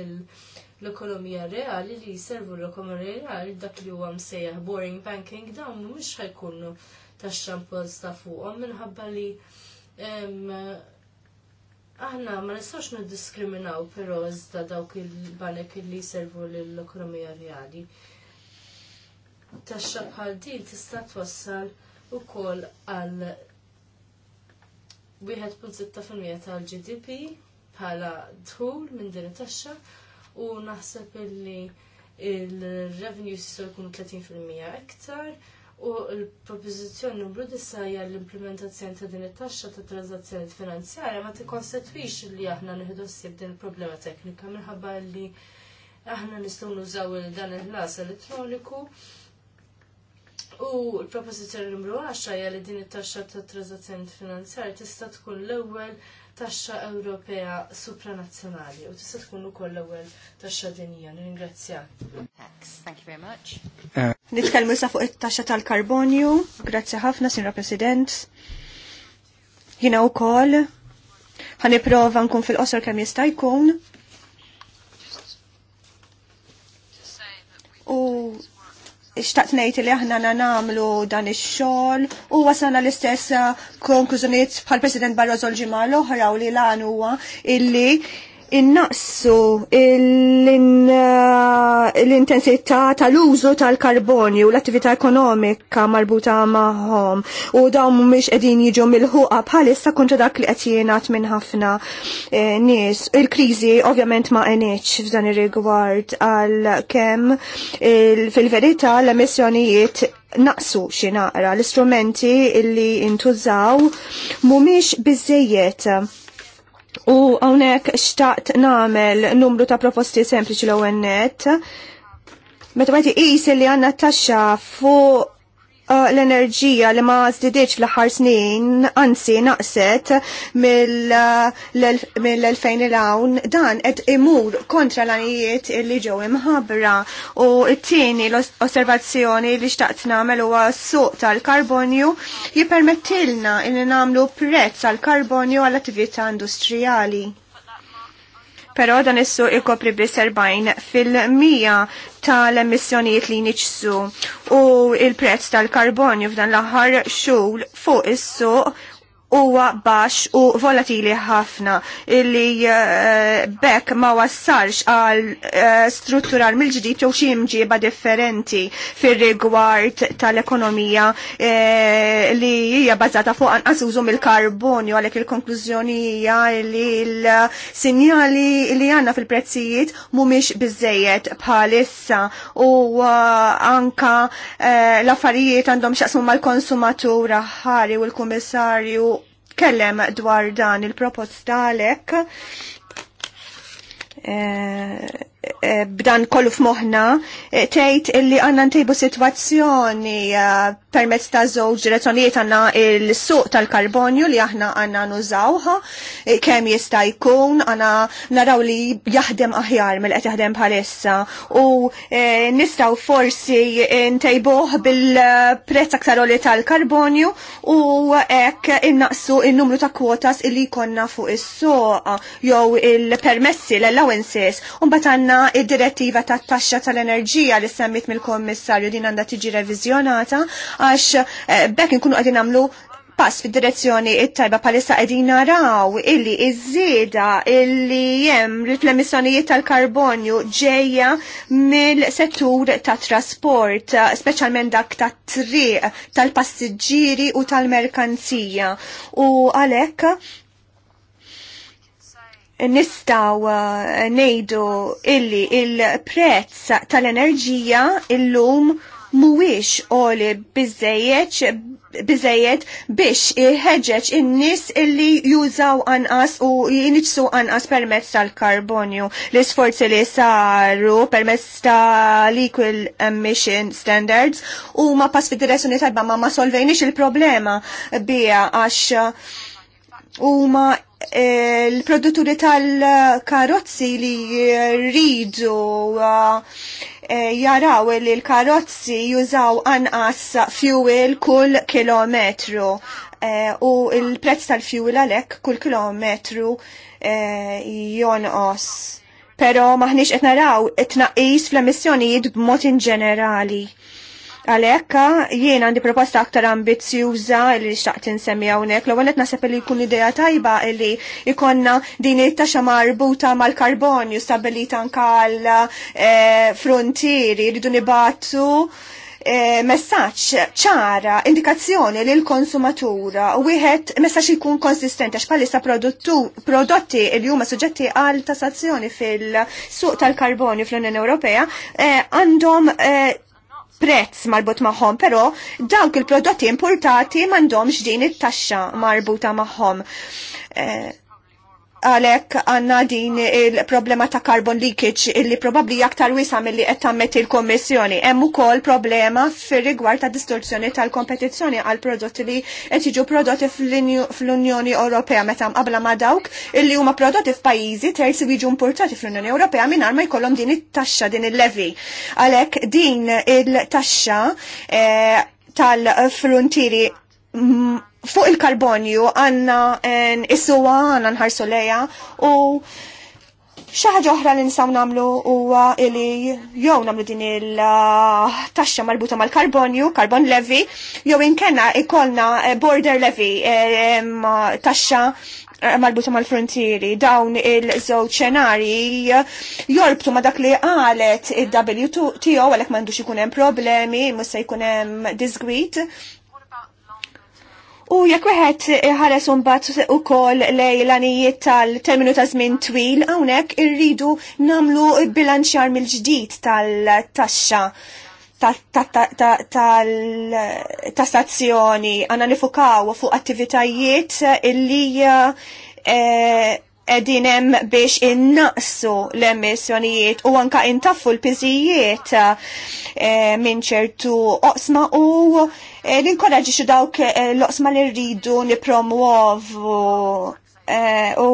l-ekonomija reali li jservu l-ekonomija reali dak li huwa msejjaħ boring banking dawn mhumiex ħajkunu tax-xampons ta' fuqhom minħabba li aħna ma nistgħux niddiskriminaw però iżda dawk il-banek li jservu l-ekonomija reali. Taxxa bħal din tista' twassal ukoll għal 1.6% tal-GDP bħala dħul minn din it-taxxa u naħseb illi il-revenues jistgħu jkunu 30% iktar u l-propożizzjoni numru disa hija l-implementazzjoni ta' din it-taxxa ta' transazzjoni finanzjarja ma tikkonstitwix li aħna nieħdu ssib din il-problema teknika minħabba li aħna nistgħu nużaw dan il-ħlas elettroniku U l-proposizjoni numru 10 hija li din it-taxxa ta' transazzjoni finanzjarji tista' tkun l-ewwel taxxa Ewropea supranazzjonali u tista' tkun ukoll l-ewwel taxxa dinija. Ningrazzja. Thank you very much. Eh. Nitkellmu sa fuq it-taxxa tal-karbonju. Grazzi ħafna, Sinra President. Jiena wkoll nipprova nkun fil-qosor kemm jista' jkun. U xtaqt ngħid li aħna nagħmlu dan ix-xogħol u wasalna l-istess uh, konklużjonijiet bħal President Barroso l-ġimgħa l-oħra u li lan huwa illi innaqsu uh, l-intensità tal-użu tal-karbonju u l-attività ekonomika marbuta maħom u dawn mhumiex qegħdin jiġu mill-ħuqa bħalissa kontra dak li qed jingħad minn ħafna eh, nies. Il-kriżi ovvjament ma qenitx f'dan ir-rigward għal kemm fil-verità l-emissjonijiet naqsu xi naqra l-istrumenti illi intużaw mhumiex biżejjed U għonek xtaqt namel numru ta' proposti sempliċi l-għonet. Meta għajti is li għanna taxxa fuq Eh, l-enerġija li ma zdidiċ l-ħar snin, anzi naqset mill-2000 l-awn, dan et imur kontra l-anijiet li ġew imħabra u t-tieni l-osservazzjoni li xtaqt namel huwa suq tal-karbonju jipermettilna in namlu prezz għal karbonju għall-attività industrijali. Pero dan issu ikopri bis 40 fil-mija tal-emissjonijiet li niċsu u il-prezz tal-karbonju f'dan l-aħħar xogħol fuq is-suq huwa baxx u volatili ħafna illi uh, bekk ma wassarx għal uh, strutturar mill-ġdid jew xi imġiba differenti fir-rigward tal-ekonomija uh, li hija bażata fuq anqas użu mill-karbonju għalhekk il-konklużjoni hija li l-sinjali li għandna fil-prezzijiet mhumiex biżejjed bħalissa u anka l-affarijiet għandhom x'aqsmu mal-konsumatur ħari u l-kummissarju tkellem dwar dan il-proposta għalek. Eh, Eh, b'dan kollu f'moħna eh, tgħid illi għandna ntejbu sitwazzjoni eh, permezz ta' żewġ direzzjonijiet għandna il-suq tal-karbonju li aħna għandna nużawha kemm jista' jkun għandna naraw li jaħdem aħjar mill qed jaħdem bħalissa u nistgħu forsi ntejbuh bil-prezz aktar tal-karbonju u hekk innaqsu in-numru ta' kwotas illi jkollna fuq is-suq jew il-permessi l-allowances u mbagħad għandna għanna id-direttiva ta' taxxa tal-enerġija li semmit mill-kommissarju din għanda tiġi revizjonata għax eh, bekk nkunu għadin għamlu pass fi direzzjoni it-tajba palissa għedin naraw illi iż-żieda illi jem l-emissjonijiet tal-karbonju ġeja mill-settur ta' trasport, speċjalment dak ta' triq tal-passiġġieri u tal-merkanzija. U għalhekk nistaw uh, nejdu illi il-prezz tal-enerġija illum muwix oli bizzejiet biex iħeġeġ in-nies illi jużaw anqas u jiniġsu anqas permezz tal-karbonju. L-isforzi li saru permezz tal-Equal Emission Standards u ma pass fi direzzjoni talba ma ma solvejniex il-problema bija għax uh, huma il-produtturi tal-karozzi li rridu uh, eh, jaraw li l-karozzi jużaw anqas fuel kull kilometru eh, u il-prezz tal-fuel għalek kull kilometru eh, jonqos. Pero maħniex qed naraw it-tnaqqis fl-emissjonijiet b'mod in ġenerali. Għalhekk jien għandi proposta aktar ambizjuża li xtaqt insemmi hawnhekk. L-ewwel qed naħseb li jkun idea tajba li jkollna din it-taxxa marbuta mal-karbonju stabilita anke għal eh, frontieri rridu nibatu eh, messaċ ċara, indikazzjoni lil konsumatura u wieħed messaċ ikun konsistenti għax bħalissa prodotti li huma suġġetti għal tassazzjoni fil-suq tal-karbonju fl-Unjoni Ewropea eh, għandhom eh, prezz marbut magħhom, però dawk il-prodotti importati m'għandhomx din it-taxxa marbuta magħhom. Eh, għalek għanna din il-problema ta' carbon leakage illi probabli jaktar wisa mill-li għettammet il-kommissjoni. Hemm ukoll problema fir rigward ta' distorsjoni tal-kompetizzjoni għal prodotti li qed jiġu prodotti fl-Unjoni Ewropea meta qabla ma' dawk illi huma prodotti f'pajjiżi terzi jiġu importati fl-Unjoni Ewropea mingħajr ma jkollhom din it-taxxa din il-levi. Għalek din il-taxxa eh, tal-frontieri fuq il-karbonju għanna issuwa għanna nħarsu leja u xaħġa oħra li nisaw namlu huwa li jew namlu din il-taxxa marbuta mal-karbonju, carbon levy, jew inkenna ikolna eh, border levy eh, taxxa eh, marbuta mal-frontieri dawn il-żewġ ċenari jorbtu ma dak li qalet il-WTO għalek m'għandux ikun hemm problemi, mhux se jkun hemm disgwit U jekk wieħed ħares imbagħad ukoll lejlanijiet tal-terminu ta' żmien twil, hawnhekk irridu namlu bilanċjar mill-ġdid tal-taxxa tal-tassazzjoni għanna nifukaw fuq attivitajiet illi eh, edin hemm biex innaqsu l-emissjonijiet u anka intaffu l-piżijiet eh, minn ċertu oqsma u e, ninkoraġi dawk eh, l-oqsma li rridu nipromuovu u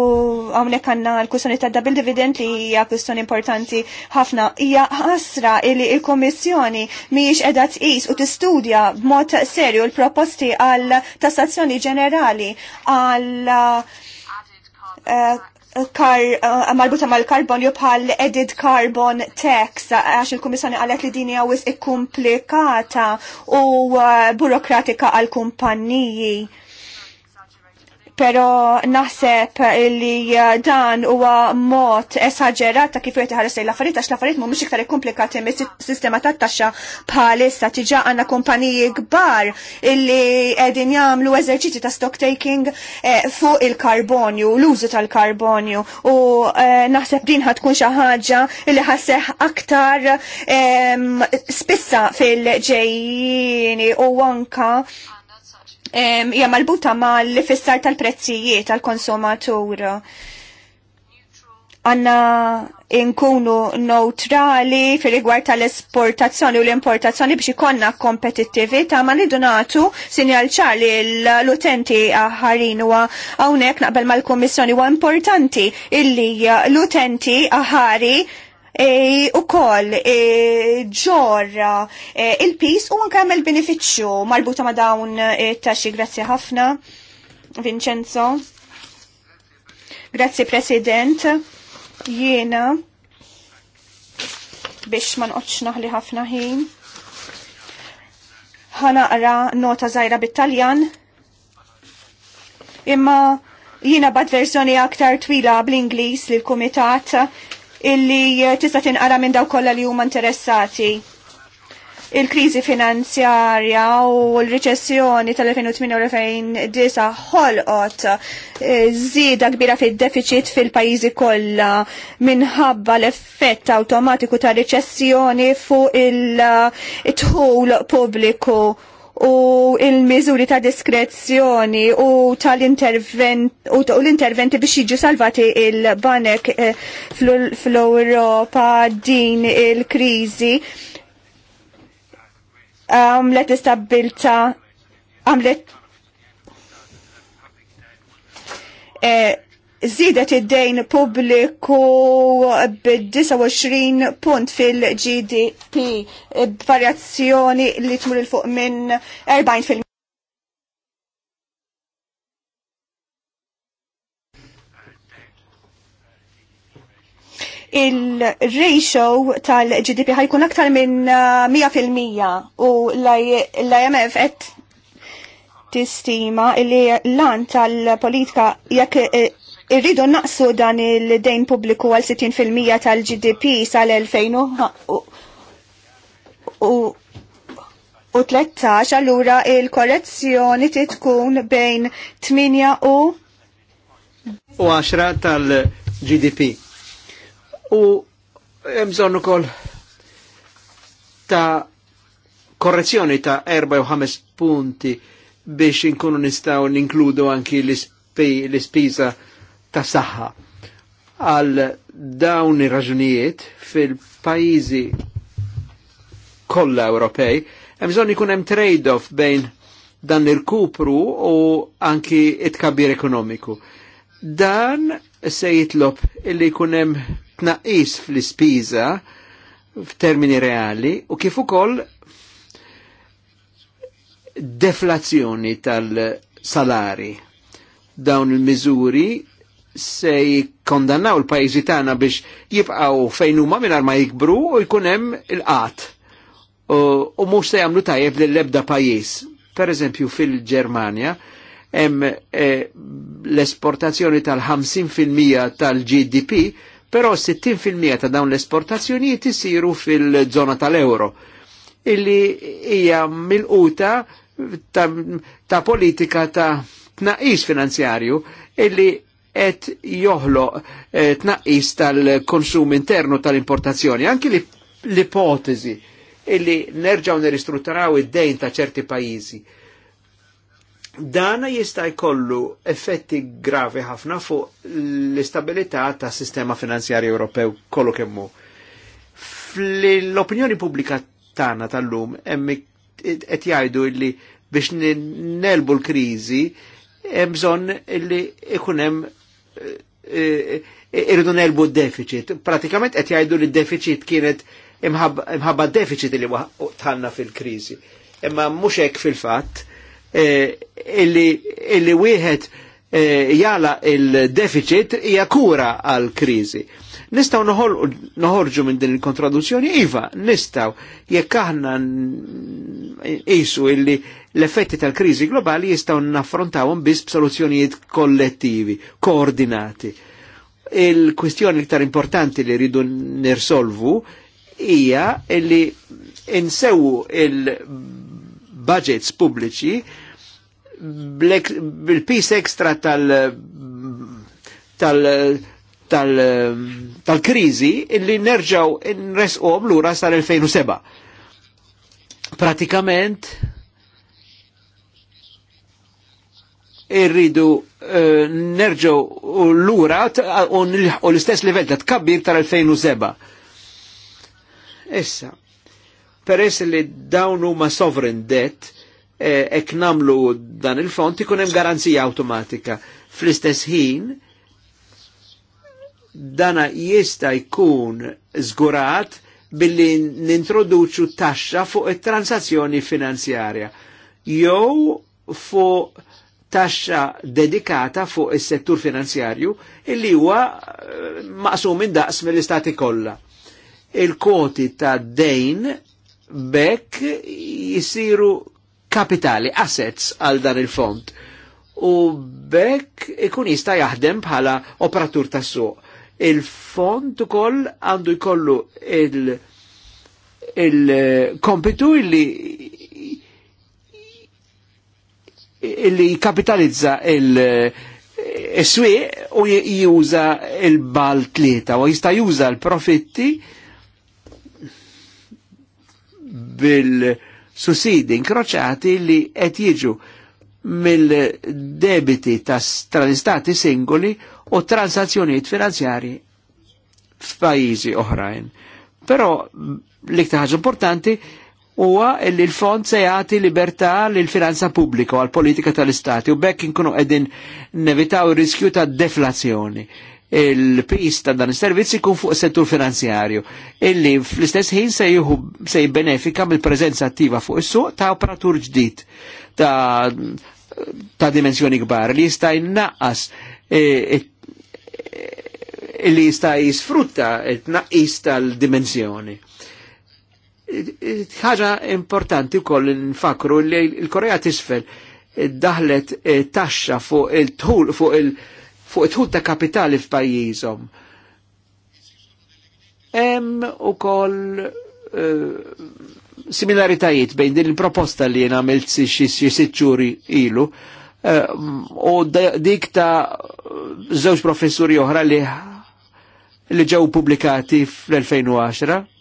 għamlek għanna l-kustjoni ta' double dividend li hija kustjoni importanti ħafna. Hija ħasra li l-Komissjoni miex qiegħda tqis u tistudja b'mod serju l-proposti għal tassazzjoni ġenerali għal Eh, kar eh, marbuta mal-karbonju bħal edit carbon tax għax il-Kummissjoni għalet li din hija wisq ikkumplikata u eh, burokratika għal kumpanniji pero naħseb li uh, dan huwa mod esagerat ta' kif qed iħares l-affarijiet għax l-affarijiet mhumiex iktar ikkumplikati mis-sistema tat-taxxa bħalissa tiġa għandna kumpaniji kbar illi qegħdin jagħmlu eżerċizzi ta' stock taking eh, fuq il-karbonju, l-użu tal-karbonju u eh, naħseb din ħatkun xi ħaġa li ħasseħ aktar spissa fil-ġejjini u anka hija malbuta mal-fissar tal-prezzijiet tal-konsumatur. Għanna inkunu neutrali fil rigward tal-esportazzjoni u l-importazzjoni biex ikonna kompetittività ma nidu natu sinjal ċarli l-utenti ħarin u hawnhekk naqbel mal-Kummissjoni huwa importanti illi l-utenti ħari E, u koll e, ġorra e, il-pis u anke il beneficju marbuta ma' dawn e, taxxi. Grazzi ħafna, Vincenzo. Grazzi President. Jiena biex ma nqodx naħli ħafna ħin. Ħanaqra nota żgħira bit-Taljan. Imma jiena bad verżjoni aktar twila bl-Ingliż lil kumitat illi eh, tista' tinqara minn daw kollha li huma interessati il-krizi finanzjarja u l-reċessjoni tal-2008-2009 ħolqot zida eh, kbira fid deficit fil-pajizi kollha minħabba l-effett automatiku ta' reċessjoni fuq il-tħul eh, pubbliku u il-miżuri ta' diskrezzjoni u tal-intervent u l-interventi biex jiġu salvati il-banek eh, fl-Europa din il-krizi għamlet istabilta għamlet eh, Zidet id-dejn pubbliku b-29 punt fil-GDP b-variazzjoni li tmur il fuq minn 40%. il-ratio tal-GDP ħajkun aktar minn 100% uh, u l-IMF qed tistima li l-lan tal-politika jekk eh, irridu naqsu dan il-dejn pubbliku għal 60% tal-GDP sal-2000 u 13 allura il-korrezzjoni tkun bejn 8 u u 10 tal-GDP. U hemm kol ukoll ta' korrezzjoni ta' 4 u 5 punti biex inkunu nistaw ninkludu anki l-ispiża ta' saħħa. Għal dawn ir-raġunijiet fil-pajjiżi kollha Ewropej hemm bżonn ikun hemm trade-off bejn dan l-kupru u anki it-kabbir ekonomiku. Dan se jitlob illi jkun hemm tnaqqis fl-ispiża f'termini reali u kif ukoll deflazzjoni tal-salari. Dawn il-miżuri se jikkondannaw l pajzi tagħna biex jibqaw fejn huma mingħajr ma jikbru u jkun hemm il qat U mhux se jagħmlu tajjeb lill-ebda pajjiż. Per eżempju fil-Ġermanja hemm eh, l-esportazzjoni tal-50% tal-GDP, però 60% ta' dawn l-esportazzjonijiet isiru fil-żona tal-euro illi hija milquta ta', ta politika ta' tnaqis finanzjarju illi et joħloq eh, tnaqqis tal-konsum internu tal-importazzjoni. Anki l-ipotezi illi nerġaw niristrutturaw id-dejn ta' ċerti pajizi. Dana jista' jkollu effetti gravi ħafna fuq l-istabilità ta' sistema finanzjarju Ewropew kollu kemmu. Fl-opinjoni pubblika tagħna tal-lum hemm qed jgħidu li biex nelbu l-kriżi hemm bżonn li ikun hemm irridu nelbu d-deficit. Pratikament qed jgħidu li d-deficit kienet imħabba d-deficit li tħanna fil-kriżi. Imma mhux hekk fil-fatt illi wieħed jala il-deficit hija kura għal-kriżi. Nistaw noħorġu minn din il-kontraduzzjoni, iva, nistaw, jekk aħna isu illi l-effetti tal krizi globali jistgħu naffrontawhom biss b'soluzzjonijiet kollettivi, koordinati. Il-kwistjoni iktar importanti li rridu nirsolvu hija li insewu il-budgets pubbliċi bil-pis ekstra tal- tal- tal-krizi tal illi nerġaw nresqom l-ura sal-2007. Pratikament, irridu eh, nerġu l-ura u l-istess livell ta' tkabbir tal-2007. Issa, peress li dawnu ma' sovereign debt, eh, ek namlu dan il-font ikun hemm garanzija automatika. Fl-istess ħin, dana jista jkun zgurat billi nintroduċu taxxa fuq it-transazzjoni finanzjarja Jow fuq taxxa dedikata fuq is-settur finanzjarju illi huwa eh, maqsum minn daqs mill-istati kollha. Il-koti ta' dejn bekk jisiru kapitali, assets għal dan il-fond. U bekk ikun jista' jaħdem bħala operatur tas-suq. Il-fond ukoll għandu jkollu il- il-kompitu eh, illi illi jikapitalizza il-swieq eh, u juża il-bal tlieta u jista' juża l-profitti bil-sussidi inkroċati li qed jiġu mill-debiti tal-istati singoli u transazzjonijiet finanzjari f'pajjiżi oħrajn. Però l-iktar ħaġa importanti huwa li l-fond se jagħti libertà lil finanza pubblika għal politika tal-istati u bekk inkunu qegħdin nevitaw ir-riskju ta' deflazzjoni il-pis ta' dan is servizzi kun fuq settur finanzjarju illi fl-istess ħin se jieħu se jibbenefika mill-preżenza attiva fuq is-suq ta' operatur ġdid ta' ta' dimensjoni kbar li jista' jnaqqas e, e, e, li jista' jisfrutta t tnaqqis tal-dimensjoni ħaġa importanti wkoll nfakru li l-Korea tisfel daħlet eh, taxxa fuq il-tħul fuq il fuq it-tħul ta' kapitali f'pajjiżhom. Hemm ukoll eh, similaritajiet bejn din il-proposta li jien għamilt xi siċċuri ilu eh, u dik ta' żewġ professuri oħra li li ġew pubblikati fl-2010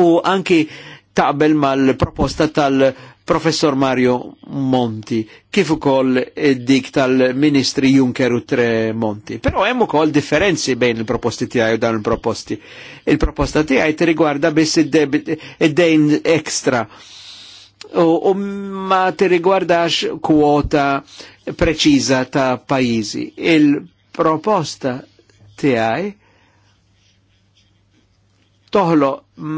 u anki taqbel mal-proposta tal-professor Mario Monti, kif ukoll dik tal-ministri Juncker u Tre Monti. Però hemm ukoll differenzi bejn il-proposti tiegħi u dan il-proposti. Il-proposta tiegħi tirrigwarda biss id-dejn ekstra u ma tirrigwardax kwota preċiża ta' pajjiżi. Il-proposta tiegħi toħlo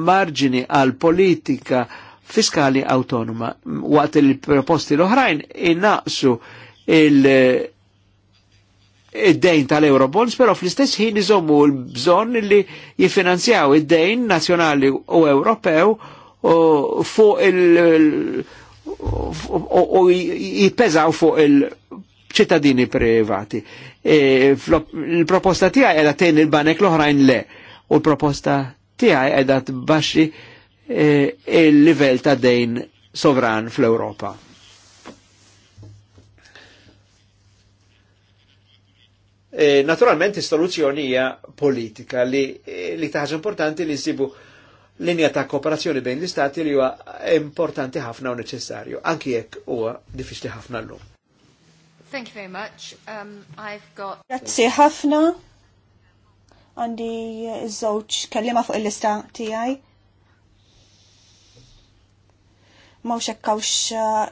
marġini għal politika fiskali autonoma waqt il-proposti l-oħrajn innaqsu il- id-dejn tal-Eurobonds, però fl-istess ħin iżommu l-bżon li jifinanzjaw id-dejn nazjonali u Ewropew fuq il- u jipeżaw fuq il-ċittadini privati. E, il-proposta tija għedha ten il-banek l-oħrajn le. U l-proposta tiegħi qiegħda tbaxxi eh, il-livell ta' dejn sovran fl-Ewropa. Eh, naturalment istoluzzjoni hija politika li, eh, li taħġa importanti li jsibu linja ta' kooperazzjoni bejn l-istati li huwa importanti ħafna u neċessarju, anki jekk huwa diffiċli ħafna llum. Thank you very much. Um, I've got... Grazie ħafna għandi żewġ kellima fuq il-lista tiegħi. Mawx hekkawx eh,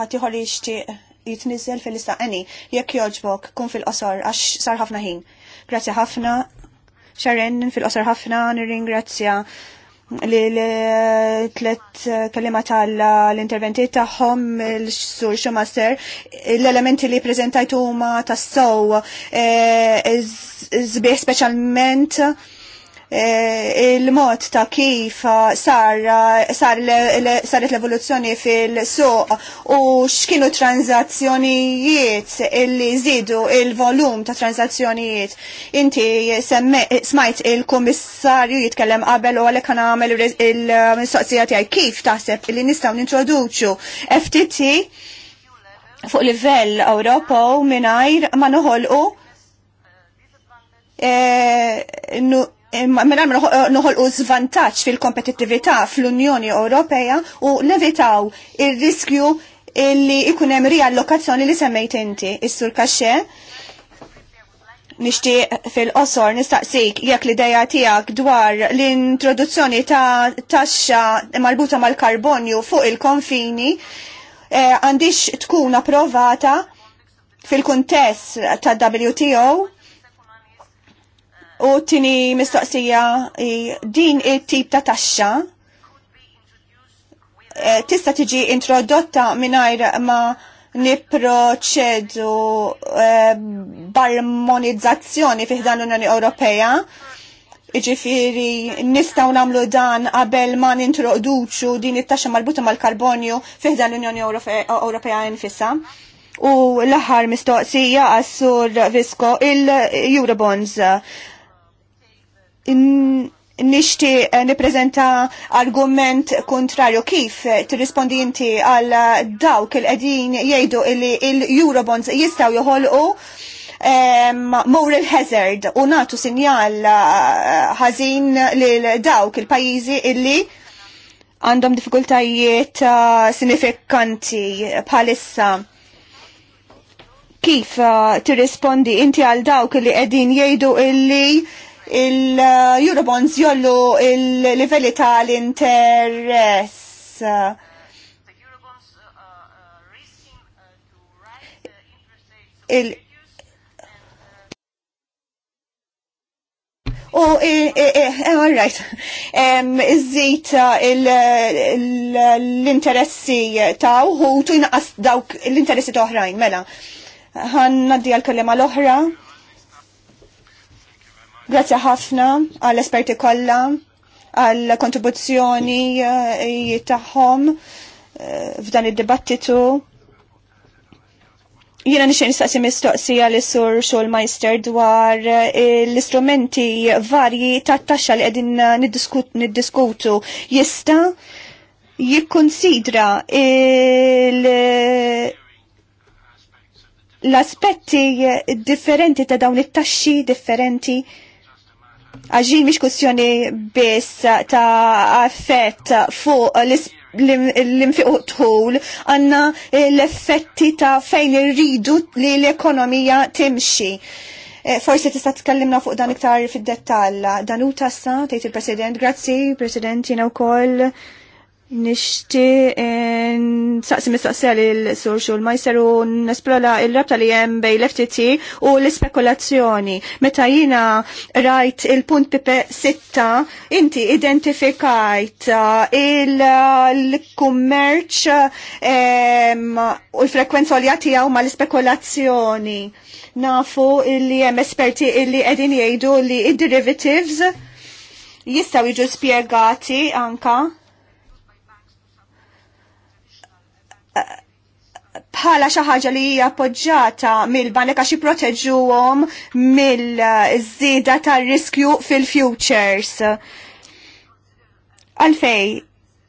ħatiħor li jixtieq jitnizzel fil-lista eni, jekk joġbok, kun fil-qosor, għax sar ħafna ħin. Grazzi ħafna, xarren fil-qosor ħafna, nirringrazzja li eh, tlet eh, kalima tal-interventi taħħom l-sur xomaster l-elementi li prezentajtu ma tassow eh, zbieħ specialment Eh, il-mod ta' kif eh, eh, saret l-evoluzzjoni fil-suq u x'kienu tranzazzjonijiet illi zidu il-volum ta' tranzazzjonijiet. Inti smajt il-komissarju jitkellem qabel u għalek għamel il-mistoqsija tiegħi kif taħseb illi nistgħu nintroduċu FTT fuq livell Ewropew mingħajr ma noħolqu Minnam mela eh, noħolqu zvantaċ fil kompetitività fl-Unjoni Ewropea u nevitaw il-riskju li ikunem riallokazzjoni li semmejt inti. Is-sur kaxxe, nishti fil-qosor nistaqsik jekk l-ideja tiegħek dwar l-introduzzjoni ta' taxxa marbuta mal-karbonju fuq il-konfini eh, għandix tkun approvata fil-kuntess ta' WTO U tini mistoqsija din it-tip ta' taxxa e, tista' tiġi introdotta mingħajr ma niproċedu e, barmonizzazzjoni fih dan l-Unjoni Ewropea. Iġifieri nistgħu nagħmlu dan qabel ma nintroduċu din it-taxxa marbuta mal-karbonju fih dan l-Unjoni Ewropea infissa. U l-aħħar mistoqsija għas-sur Visco il-Eurobonds. Uh, nishti eh, niprezenta argument kontrarju kif tirrispondi inti għal dawk il-qegħdin jgħidu illi il-Eurobonds jistgħu joħolqu moral hazard u natu sinjal ħażin li lil dawk il-pajjiżi illi għandhom diffikultajiet sinifikanti bħalissa. Kif t tirrispondi inti għal dawk illi qegħdin jgħidu illi il-Eurobonds jollu il-livelli tal-interess. Il- U, eh, all right, iżżid eh, l-interessi ta' uħu tu jnaqqas dawk l-interessi ta' oħrajn, mela. Għanna di għal-kellima l-oħra. Grazie ħafna għall-esperti kollha għall-kontribuzzjoni eh, tagħhom eh, f'dan id-dibattitu. Jiena nixen nistaqsi mistoqsija li sur xol majster dwar eh, l-istrumenti varji tat-taxxa li qegħdin niddiskutu jista' jikkonsidra il- l-aspetti differenti ta' dawn it-taxxi differenti Għaxin miex kussjoni bis ta' effett fuq l-infiq tħul għanna l-effetti ta' fejn irridu li l-ekonomija timxi. E, forsi tista' tkellimna fuq dan iktar fid-dettall. Danuta sa tgħid il-President, grazzi President jiena wkoll. Nishti eh, saqsi mistaqsija li l-sur xul majser nesplora il-rabta li jem bej l-FTT u l-spekulazzjoni. Meta jina rajt il-punt pipe 6, inti identifikajt eh, il-kummerċ eh, u l-frekwenza li jati ma l-spekulazzjoni. Nafu li jem esperti li edin jgħidu li id-derivatives jistaw jiġu spiegati anka bħala xi ħaġa li hija appoġġjata mill-banek għax jipproteġuhom mill-żieda tar-riskju fil-futures. Għalfej,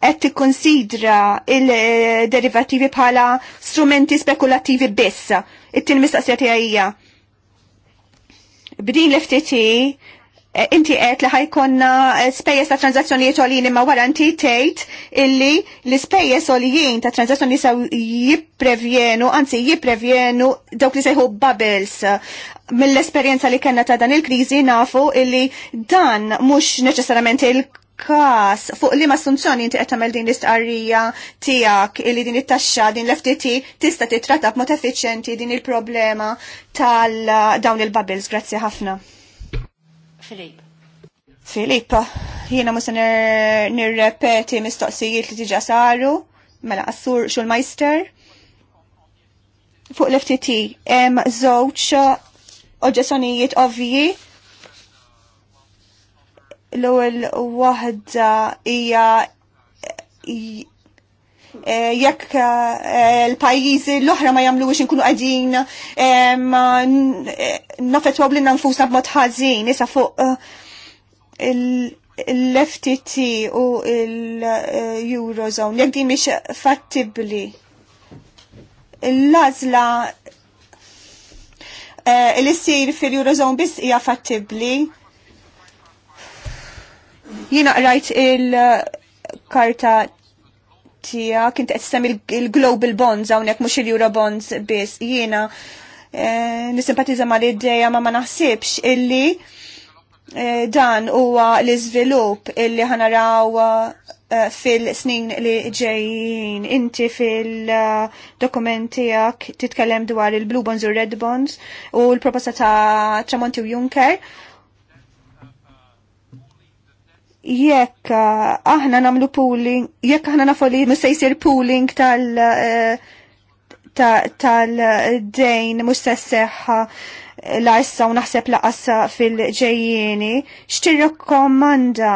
qed tikkonsidra il-derivativi bħala strumenti spekulattivi biss. It-tin mistaqsija tiegħi hija. B'din l-FTT Eh, inti għet li ħajkonna eh, spejjeż ta' tranzazzjonijiet għolin imma wara inti tgħid illi l-ispejjeż għoljien ta' tranzazzjoni jisaw jipprevjenu, anzi jipprevjenu dawk li sejħu bubbles. Mill-esperjenza li kellna ta' dan il-kriżi nafu illi dan mhux neċessarjament il- kas fuq li ma assunzjoni inti qed tagħmel din l-istqarrija tiegħek illi din it-taxxa din l-FTT tista' titratta b'mod effiċjenti din il-problema tal dawn il-bubbles. Grazzi ħafna. Filip. Filippa, jiena musa nirrepeti mistoqsijiet li tiġa saru, mela assur xul-majster. Fuq l-FTT, jem zoċ oġesonijiet ovvi. L-ewwel waħda hija Eh, jekk eh, l-pajjiżi l-oħra ma biex inkunu qegħdin eh, nafet lilna nfusna b'mod ħażin issa fuq l-FTT u l-Eurozone jekk din mhix fattibbli l-għażla li ssir fil-Eurozone biss hija fattibbli jiena rajt il-karta Tija kint qed tisem il-global bonds hawnhekk mhux il-euro bonds biss jiena eh, nisimpatiza ma l-idea ma ma naħsibx illi eh, dan huwa l-iżvilupp illi ħanaraw eh, fil-snin li ġejjin inti fil-dokumenti titkellem dwar il-Blue Bonds u Red Bonds u l-proposta ta' Tramonti u Juncker jekk eh, aħna namlu pooling, jekk aħna nafu li mista jisir pooling tal- eh, tal-dejn mux seħħa la issa u naħseb laqas fil ġejjini xtirrakkomanda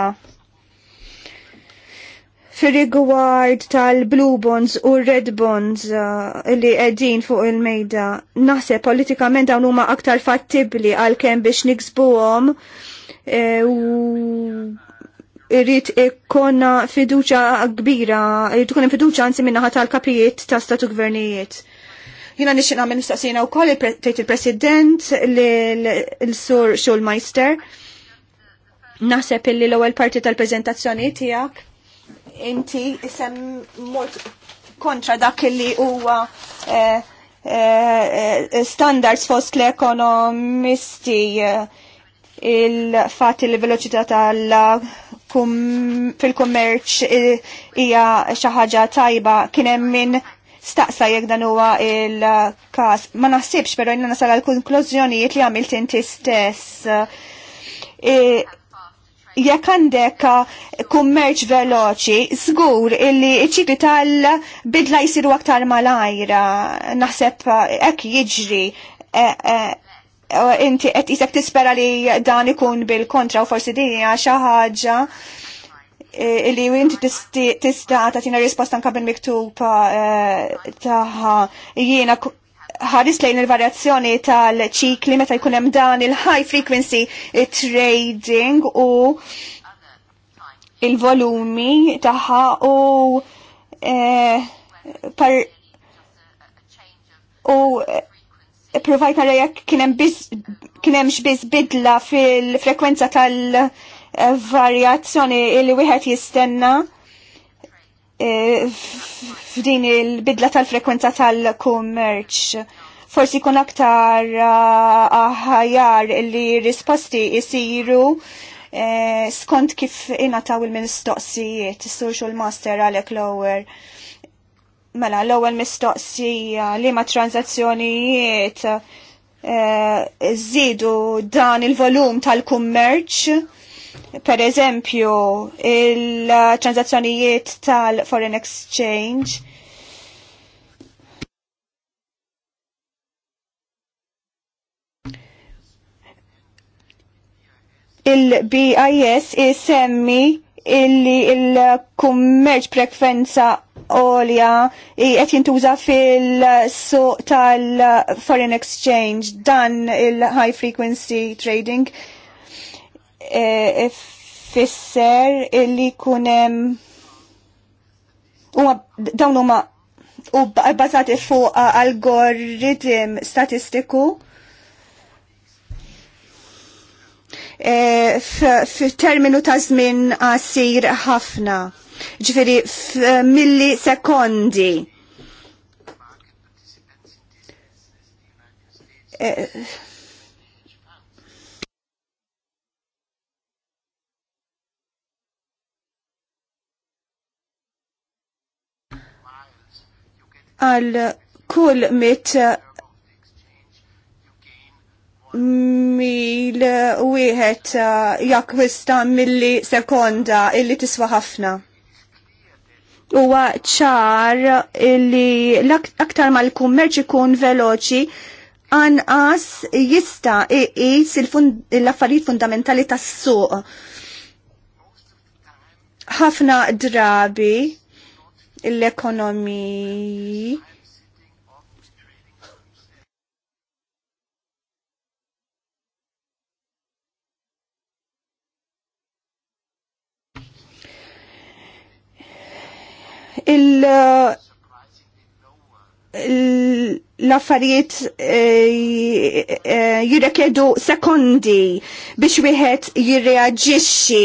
fil-rigward tal-blue bonds u red bonds eh, li qegħdin fuq il-mejda. Naħseb politikament dawn huma aktar fattibli għal-kem biex niksbuhom u irrit ikkonna fiduċa kbira, tkun fiduċa anzi minna ħata l-kapijiet ta' statu gvernijiet. Jina nixin għamil nistaqsina u koll tejt il-president l-sur Schulmeister. Naħseb illi l-ewel parti tal-prezentazzjoni tijak. Inti isem mort kontra dak li huwa eh, eh, eh, standards fost l-ekonomisti il-fat il-veloċità tal- fil-kummerċ eh, hija xi ħaġa tajba kien hemm min staqsa jekk dan huwa il-każ. Ma naħsibx però jiena nasal għall-konklużjonijiet li għamilt inti stess. Eh, jekk għandek kummerċ veloċi, żgur illi ċikli tal-bidla jsiru aktar malajra, naħseb hekk jiġri eh, inti qed isek tispera li dan ikun bil-kontra u forsi din hija xi ħaġa e, li inti tista tagħtina risposta anke bil-miktuba e, tagħha jiena ħaris lejn il-varjazzjoni tal-ċikli meta jkun hemm dan il-high frequency trading u il-volumi tagħha u e, par u provajt nara jekk kien hemm biss bidla fil-frekwenza tal-varjazzjoni li wieħed jistenna e, f'din il-bidla tal-frekwenza tal-kummerċ. Forsi kun aktar aħjar li risposti jisiru e, skont kif inataw il-mistoqsijiet, social master għalek lower. Mela, l-ewwel mistoqsija li ma tranzazzjonijiet eh, żidu dan il-volum tal-kummerċ. Per eżempju, il-tranzazzjonijiet tal-foreign exchange. Il-BIS isemmi illi il-kummerċ prekvenza olja qed jintuża fil-suq tal-foreign exchange dan il-high frequency trading e, e fisser illi kunem dawn huma u bbażati fuq algoritm statistiku e, f'terminu ta' żmien qasir ħafna ġifiri milli sekondi. Eh, għal kull mit mil wieħed eh, jakkwista milli sekonda illi tiswa ħafna huwa ċar li l-aktar mal-kummerċ ikun veloċi anqas jista' iqis l-affarijiet fundamentali tas-suq. Ħafna drabi l-ekonomi l-affarijiet eh, eh, eh, jirrekedu sekondi biex wieħed jirreaġixxi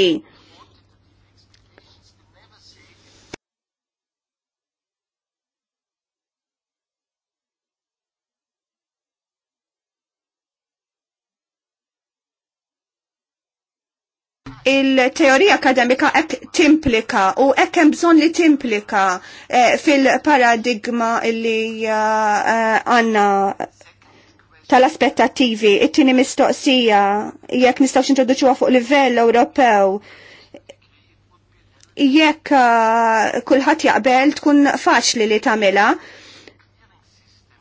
il-teorija akademika ek timplika u ek hemm bżonn li timplika eh, fil-paradigma li eh, għanna tal-aspettativi. It-tieni mistoqsija jekk nistawx introduċuha fuq livell Ewropew jekk eh, kulħadd jaqbel tkun faċli li tagħmilha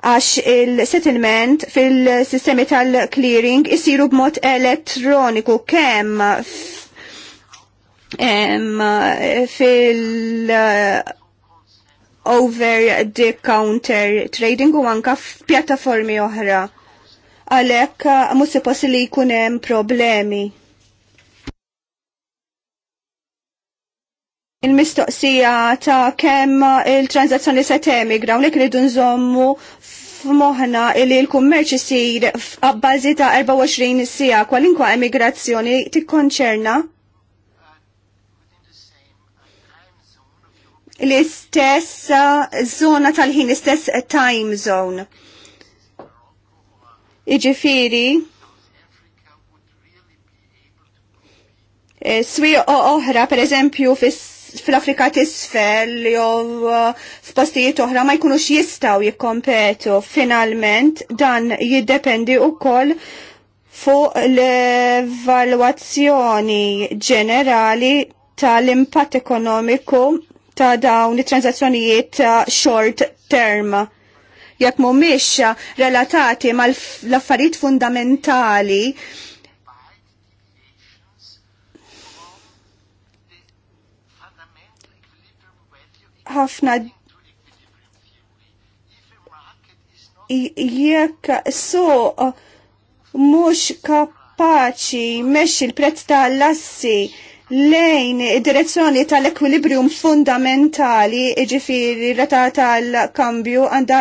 għax il-settlement fil-sistemi tal-clearing isiru b'mod elettroniku kemm fil- uh, over the counter trading u anka f'pjattaformi oħra. Għalek, uh, musi jkun hemm problemi. Il-mistoqsija ta' kemm il-transazzjoni se temigraw li kridu nżommu f'moħna li l-kummerċ isir f'abbażi ta' 24 sija kwalinkwa emigrazzjoni tikkonċerna l-istess eh, zona tal-ħin, l-istess time zone. Iġifiri, eh, swi oħra, per eżempju, fil-Afrika tisfel jew eh, f'postijiet oħra ma jkunux jistaw jikkompetu finalment dan jiddependi koll fuq l evaluazzjoni ġenerali tal-impatt ekonomiku ta' dawn it-transazzjonijiet short term jekk mhumiex relatati mal-affarijiet fundamentali ħafna jekk so mhux kapaċi mex il-prezz tal-lassi lejn id-direzzjoni tal-ekwilibrium fundamentali iġifiri rata tal-kambju għanda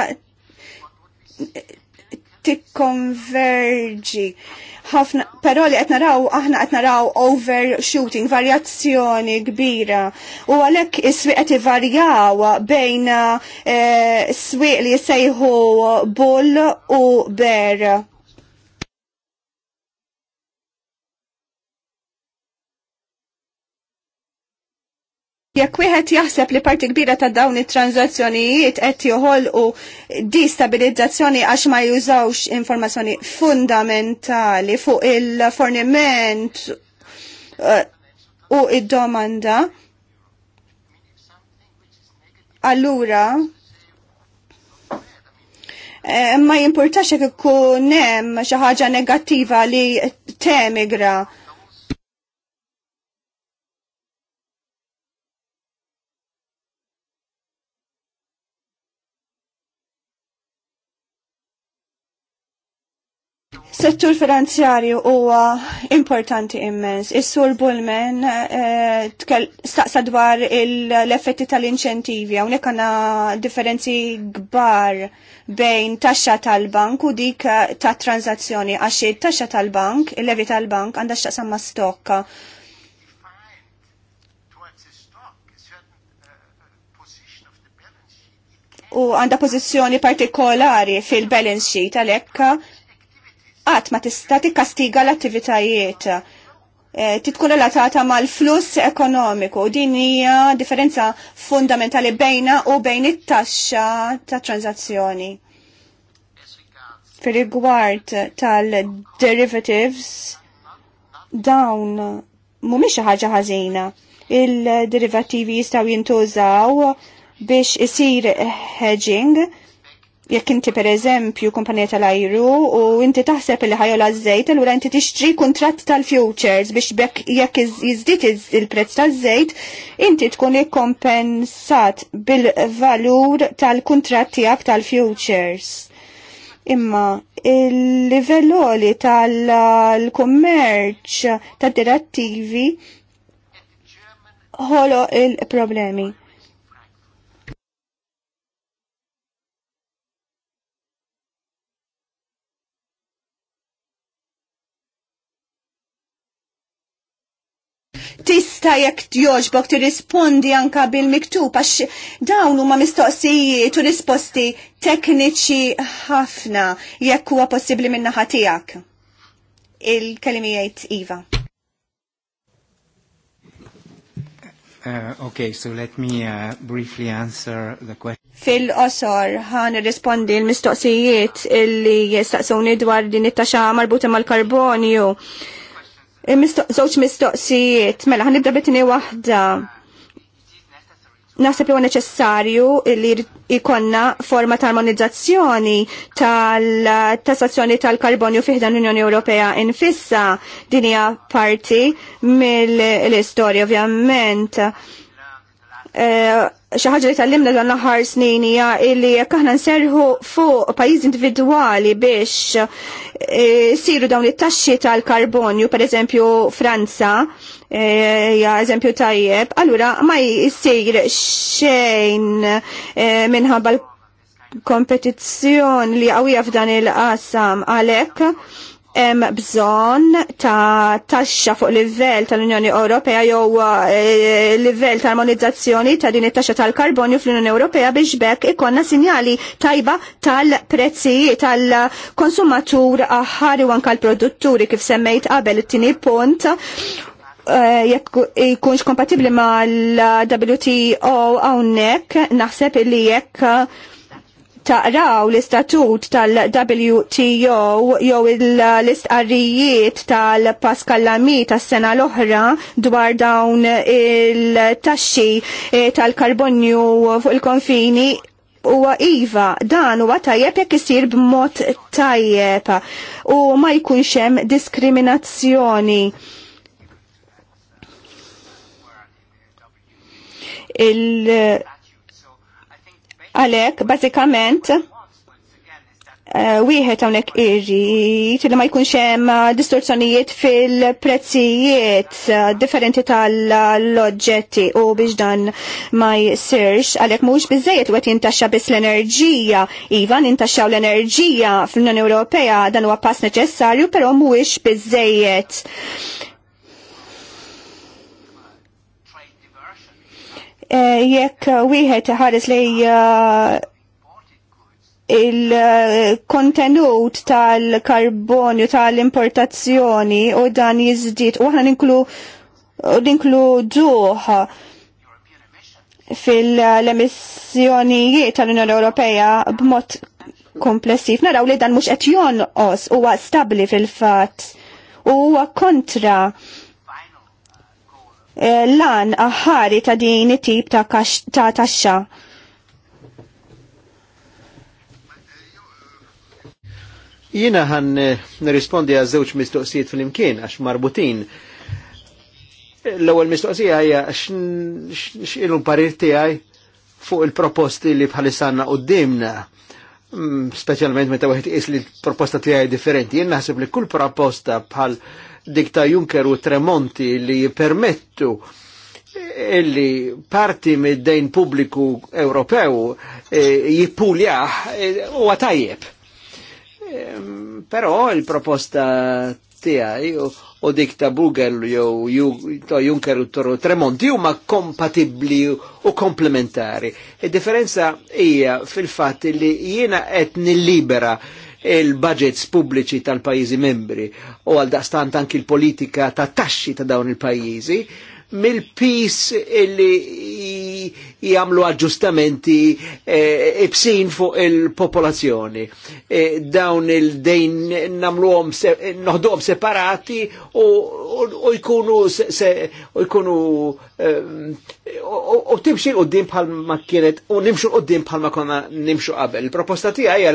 tikkonverġi. Ħafna, però li qed naraw aħna qed naraw overshooting, varjazzjoni kbira. U għalhekk is-swieq qed varjaw bejn s eh, swieq li jsejħu bull u ber Jekk wieħed jaħseb li parti kbira ta' dawn it-tranzazzjonijiet qed joħolqu distabilizzazzjoni għax ma jużawx informazzjoni fundamentali fuq il-forniment uh, u id-domanda, allura eh, ma jimpurtax jekk ikun hemm xi ħaġa negattiva li temigra Settur finanzjarju huwa importanti immens. Is-sur Bullman eh, staqsa dwar l-effetti tal-inċentivi, hawnhekk għandna differenzi kbar bejn taxxa tal-bank u dik eh, ta' tranzazzjoni għax it-taxxa tal-bank, il-levi tal-bank għandha x'taqsam ma' stokka. U għandha pożizzjoni partikolari fil-balance sheet għalhekk qatt ma tista' tikkastiga l-attivitajiet eh, titkun relatata mal-fluss ekonomiku. Din hija differenza fundamentali bejna u bejn it-taxxa ta' tranzazzjoni. Fir-rigward tal-derivatives dawn mhumiex ħaġa ħażina. Il-derivativi jistgħu jintużaw biex isir hedging jekk inti per eżempju kumpanija tal-ajru u inti taħseb li ħajola żejt, allura inti tixtri kuntratt tal-futures biex bekk jekk jizdit il-prezz taż-żejt, inti tkun ikkompensat bil-valur tal-kuntratt tiegħek tal-futures. Imma il-livelloli tal-kummerċ tad-direttivi ħolo il-problemi tista jekk joġbok tirrispondi anka bil-miktub għax dawn huma mistoqsijiet u risposti tekniċi ħafna jekk huwa possibbli min naħa tiegħek. Il-kelimijiet Iva. Uh, okay, so let me uh, briefly answer the question. Fil-qosor ħan rispondi l-mistoqsijiet illi jistaqsuni dwar din it-taxa marbuta mal-karbonju. Uh, Eh, żewġ mistoqsijiet, mela ħanibda bitni waħda. Naħseb li huwa neċessarju li ikonna forma ta' armonizzazzjoni tal-tassazzjoni tal-karbonju fiħdan l-Unjoni Ewropea infissa din hija parti mill-istorja ovvjament. Eh, xi ħaġa li tallimna dan l-aħħar snin hija li jekk aħna nserħu fuq pajjiż individwali biex e, siru dawn it-taxxi tal-karbonju, pereżempju Franza, e, ja eżempju tajjeb, allura ma jsir xejn e, minħabba l-kompetizzjoni li qawwija f'dan il-qasam għalhekk hemm bżonn ta' taxxa fuq livell tal-Unjoni Ewropea jew eh, livell ta' armonizzazzjoni ta' din it-taxxa tal-karbonju fl-Unjoni Ewropea biex bekk ikonna sinjali tajba tal-prezzi tal-konsumatur aħħar u anke l-produtturi kif semmejt qabel it-tieni punt eh, jekk jkunx kompatibbli mal-WTO hawnhekk naħseb li jekk taqraw l-istatut tal-WTO jew l-istqarrijiet tal-Pascal Lamy tas-sena l-oħra dwar dawn il-taxxi e, tal-karbonju fuq il-konfini huwa iva dan huwa tajjeb jekk isir b'mod tajjeb u ma jkunx hemm diskriminazzjoni. il- Għalek, bazikament, eh, wieħed hawnhekk irrid li ma jkunx hemm eh, distorzjonijiet fil-prezzijiet eh, differenti tal loġġetti u biex dan ma jsirx għalhekk mhux biżejjed wet jintaxxa biss l-enerġija. Iva nintaxxaw l-enerġija fl-Unjoni Ewropea dan huwa pass neċessarju però mhuwiex biżejjed Eh, jekk wieħed ħares li eh, il-kontenut tal-karbonju tal-importazzjoni u dan jizdit u ħan ninklu ġuħ fil-emissjonijiet tal-Unjoni Ewropea b'mod komplessiv. Naraw li dan mhux qed jonqos huwa stabbli fil-fatt u huwa kontra Eh, lan aħari ta' din it-tip ta' taxxa. Jina ħan eh, nirrispondi għal żewġ mistoqsijiet fl-imkien għax marbutin. L-ewwel mistoqsija hija x'ilu parir tiegħi fuq il-proposti li bħalissanna qudiemna mm, specialment meta wieħed is li l proposta tiegħi differenti. Jien naħseb li kull proposta bħal dik ta' Juncker u Tremonti li permettu illi parti mid-dejn pubbliku Ewropew eh, jippuljaħ eh, u għatajjeb. Pero ehm, Però il-proposta tiegħi u dik ta' Bugel jew ta' Juncker u Tremonti huma kompatibbli u komplementari. Id-differenza e hija fil-fatt li jiena qed nillibera libera il-budgets pubbliċi tal-pajjiżi membri u għal daqstant anki l-politika ta' taxxi ta' dawn il-pajjiżi mill-pis illi Jamlu aġġustamenti eh, ibsin fuq il-popolazzjoni. Eh, dawn il-dejn namluhom noħduhom separati u jkunu u jkunu eh, u timxi qudiem bħal ma kienet u nimxu qudiem bħal ma konna nimxu qabel. Il-proposta tiegħi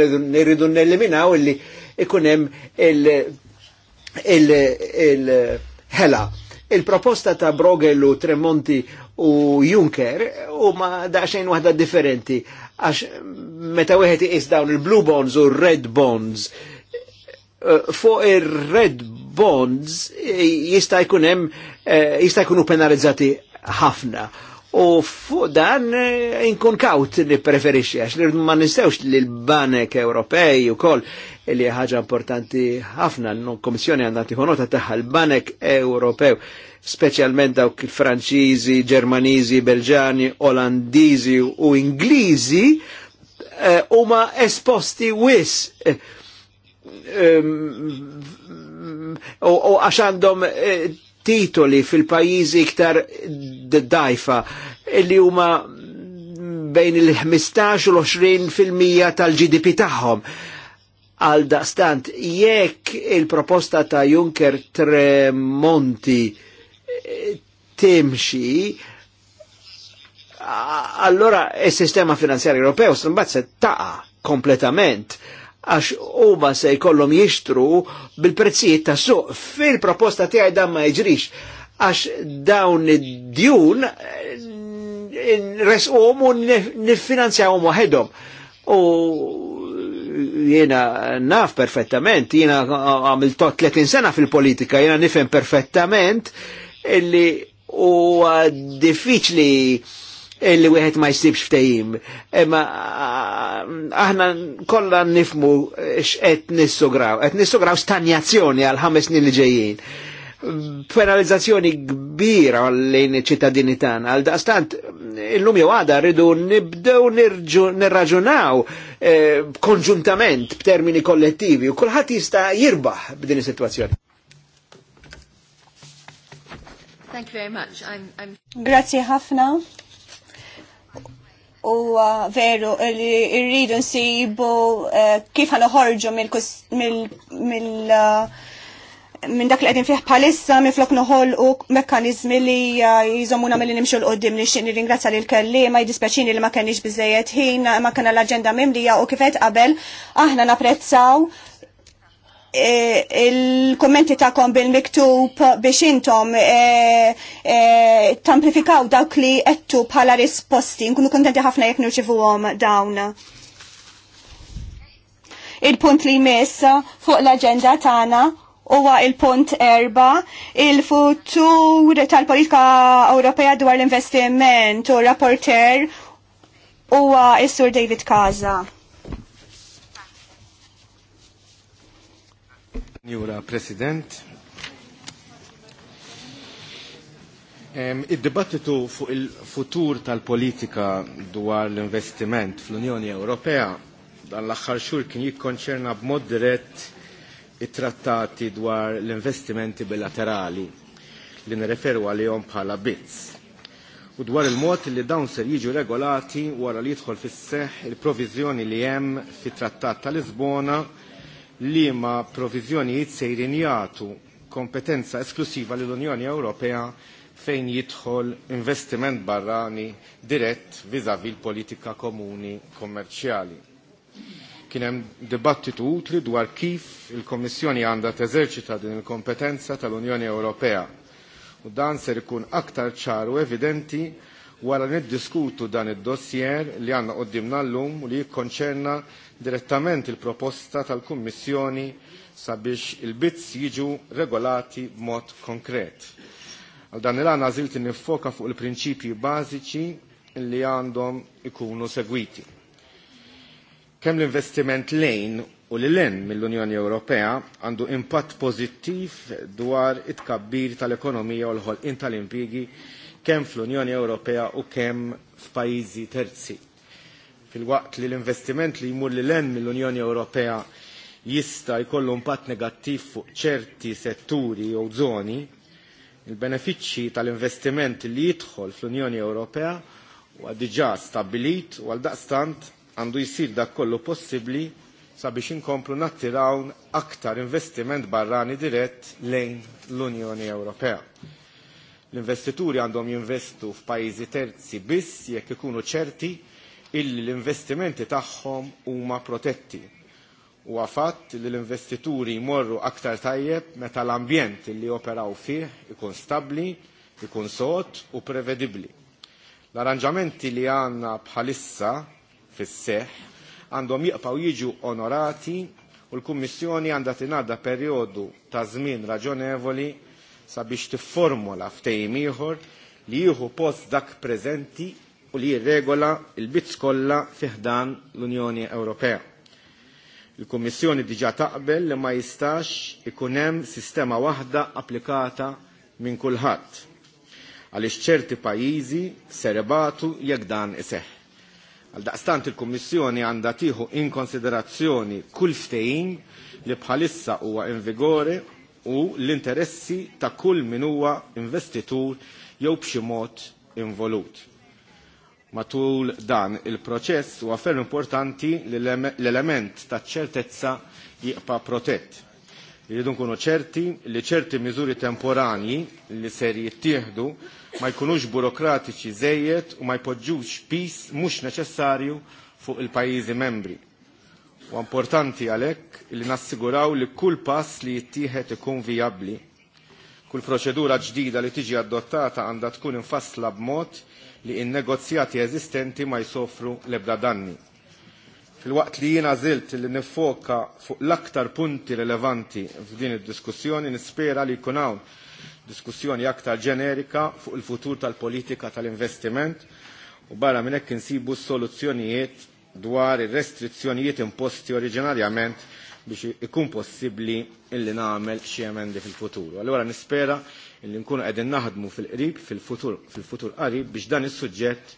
rridu neliminaw illi ikun hemm il-ħela. il, il-proposta ta' Brogel u Tremonti u Juncker u ma daċxajn wahda differenti għax meta wieħed iqis dawn il-blue bonds u red bonds eh, fuq ir-red bonds eh, jista' jkun hemm eh, jista' jkunu penalizzati ħafna. U fuq dan inkun kaut li preferixxi għax li ma nistewx li l-banek Ewropej koll li ħaġa importanti ħafna l-Komissjoni għandha tieħu nota tagħha l-banek Ewropew specialment dawk il-Franċiżi, Ġermaniżi, Belġani, Olandiżi u Ingliżi eh, huma uh, esposti wis u eh, um, ehm, għax għandhom uh, titoli fil-pajjiżi iktar dajfa li huma bejn il-15 u l-20 fil-mija tal-GDP tagħhom għal daqstant jekk il-proposta ta' Juncker Tremonti timxi, allora il-sistema finanzjarju europeo strimbat se taqa kompletament għax huma se jkollhom jixtru bil-prezzijiet ta' suq. Fil-proposta tiegħi dan ma jiġrix għax dawn id-djun eh, nresquhom u niffinanzjawhom waħedhom. U jiena naf perfettament, jiena għamil tot 30 sena fil-politika, jiena nifhem perfettament illi huwa diffiċli illi wieħed ma jsibx ftejim, Imma aħna kollha nifmu x'qed nissugraw. Qed nissugraw stanjazzjoni għal ħames snin li ġejjin. Penalizzazzjoni kbira lejn iċ-ċittadini tagħna. Għal daqstant illum jew għada rridu nibdew nirraġunaw eh, konġuntament b'termini kollettivi u kulħadd jista' jirbaħ b'din is-sitwazzjoni. Thank you very much. I'm, I'm... Grazie ħafna. U veru, rridu nsibu eh, kif għan uħorġu mill eh, minn dak li qegħdin fih bħalissa miflok nuħol u mekkaniżmi li eh, jżommuna milli nimxu l qoddim li l-kelli, kelliema jidispeċini li ma kenniex biżejjed ħin ma kena l-aġenda mimlija u kifet qabel aħna napprezzaw Eh, il-kommenti kom bil-miktub biex intom eh, eh, tamplifikaw dawk li ettu bħala risposti. Nkunu kontenti ħafna jek għom dawn. Il-punt li jmiss fuq l-agenda tagħna huwa il-punt erba il-futur tal-politika Ewropea dwar l-investiment u rapporter huwa is-Sur David Kaza. Njura President, ehm, Id-dibattitu fuq il-futur tal-politika dwar l-investiment fl-Unjoni Ewropea dan l axħar xur kien jikkonċerna b'mod dirett it-trattati dwar l-investimenti bilaterali li nireferu għalihom bħala BITS u dwar il-mod li dawn ser jiġu regolati wara li jidħol fis-seħħ il-proviżjoni li hemm fit-Trattat ta' Lisbona li ma provizjoni jitsejrin jagħtu kompetenza esklusiva l-Unjoni Ewropea fejn jidħol investiment barrani dirett vizavi l-politika komuni kommerċjali. Kien hemm dibattitu utli dwar kif il-Kommissjoni għandha teżerċita din il-kompetenza tal-Unjoni Ewropea. U dan ser ikun aktar ċaru evidenti wara niddiskutu dan id-dossier li għandna qoddimna llum lum li jikkonċerna direttament il-proposta tal-Kummissjoni sabiex il bits jiġu regolati b'mod konkret. Għal dan il-għana zilt nifoka fuq il-prinċipji bażiċi li għandhom ikunu segwiti. Kemm l-investiment lejn u l len mill-Unjoni Ewropea għandu impatt pożittiv dwar it-kabbir tal-ekonomija u l-ħolqin tal impigi kemm fl-Unjoni Ewropea u kemm f'pajjiżi terzi fil-waqt li l-investiment li jmur li l-en mill-Unjoni Ewropea jista jkollu impatt negattiv fuq ċerti setturi jew żoni, il-benefiċċji tal-investiment li jidħol fl-Unjoni Ewropea huwa diġà stabilit u għal daqstant għandu jsir dak kollu possibbli sabiex inkomplu nattiraw aktar investiment barrani dirett lejn l-Unjoni Ewropea. L-investituri għandhom jinvestu f'pajjiżi terzi biss jekk ikunu ċerti illi l-investimenti tagħhom huma protetti. U għafat li l-investituri jmorru aktar tajjeb meta l-ambjent li operaw fih ikun stabli, ikun sot u prevedibli. L-arranġamenti li għanna bħalissa fis-seħ għandhom jiqpaw jiġu onorati u l-Kummissjoni għandha tingħadda perjodu ta' żmien raġonevoli sabiex tifformula ftejim ieħor li jieħu post dak preżenti u li jirregola il-bit kollha fiħdan l-Unjoni Ewropea. Il-Kummissjoni diġa taqbel li ma jistax ikun hemm sistema waħda applikata minn kulħadd għaliex ċerti pajjiżi serebatu jekk dan iseħħ. Għal daqstant il-Kummissjoni għandha tieħu in konsiderazzjoni kull ftehim li bħalissa huwa in vigore u l-interessi ta' kull min huwa investitur jew b'xi mod involut. Matul dan il-proċess u għaffer importanti l-element ta' ċertezza jibqa protett. Irridu nkunu ċerti li ċerti miżuri temporani li ser jittieħdu ma jkunux burokratiċi żejjed u ma jpoġġux pis mhux neċessarju fuq il-pajjiżi membri. U importanti għalhekk li nassiguraw li kull pass li jittieħed ikun vijabbli. Kull proċedura ġdida li tiġi adottata għandha tkun infassla b'mod li in-negozjati eżistenti ma jsofru l-ebda danni. Fil-waqt li jiena zilt li nifoka fuq l-aktar punti rilevanti f'din id-diskussjoni nispera li jkun hawn diskussjoni aktar ġenerika fuq il-futur tal-politika tal-investiment u barra minn hekk insibu soluzzjonijiet dwar ir-restrizzjonijiet imposti oriġinarjament biex ikun possibbli illi nagħmel xi emendi fil-futur. Allura nispera illi nkunu qegħdin naħdmu fil-qrib fil-futur fil-futur qarib biex dan is-suġġett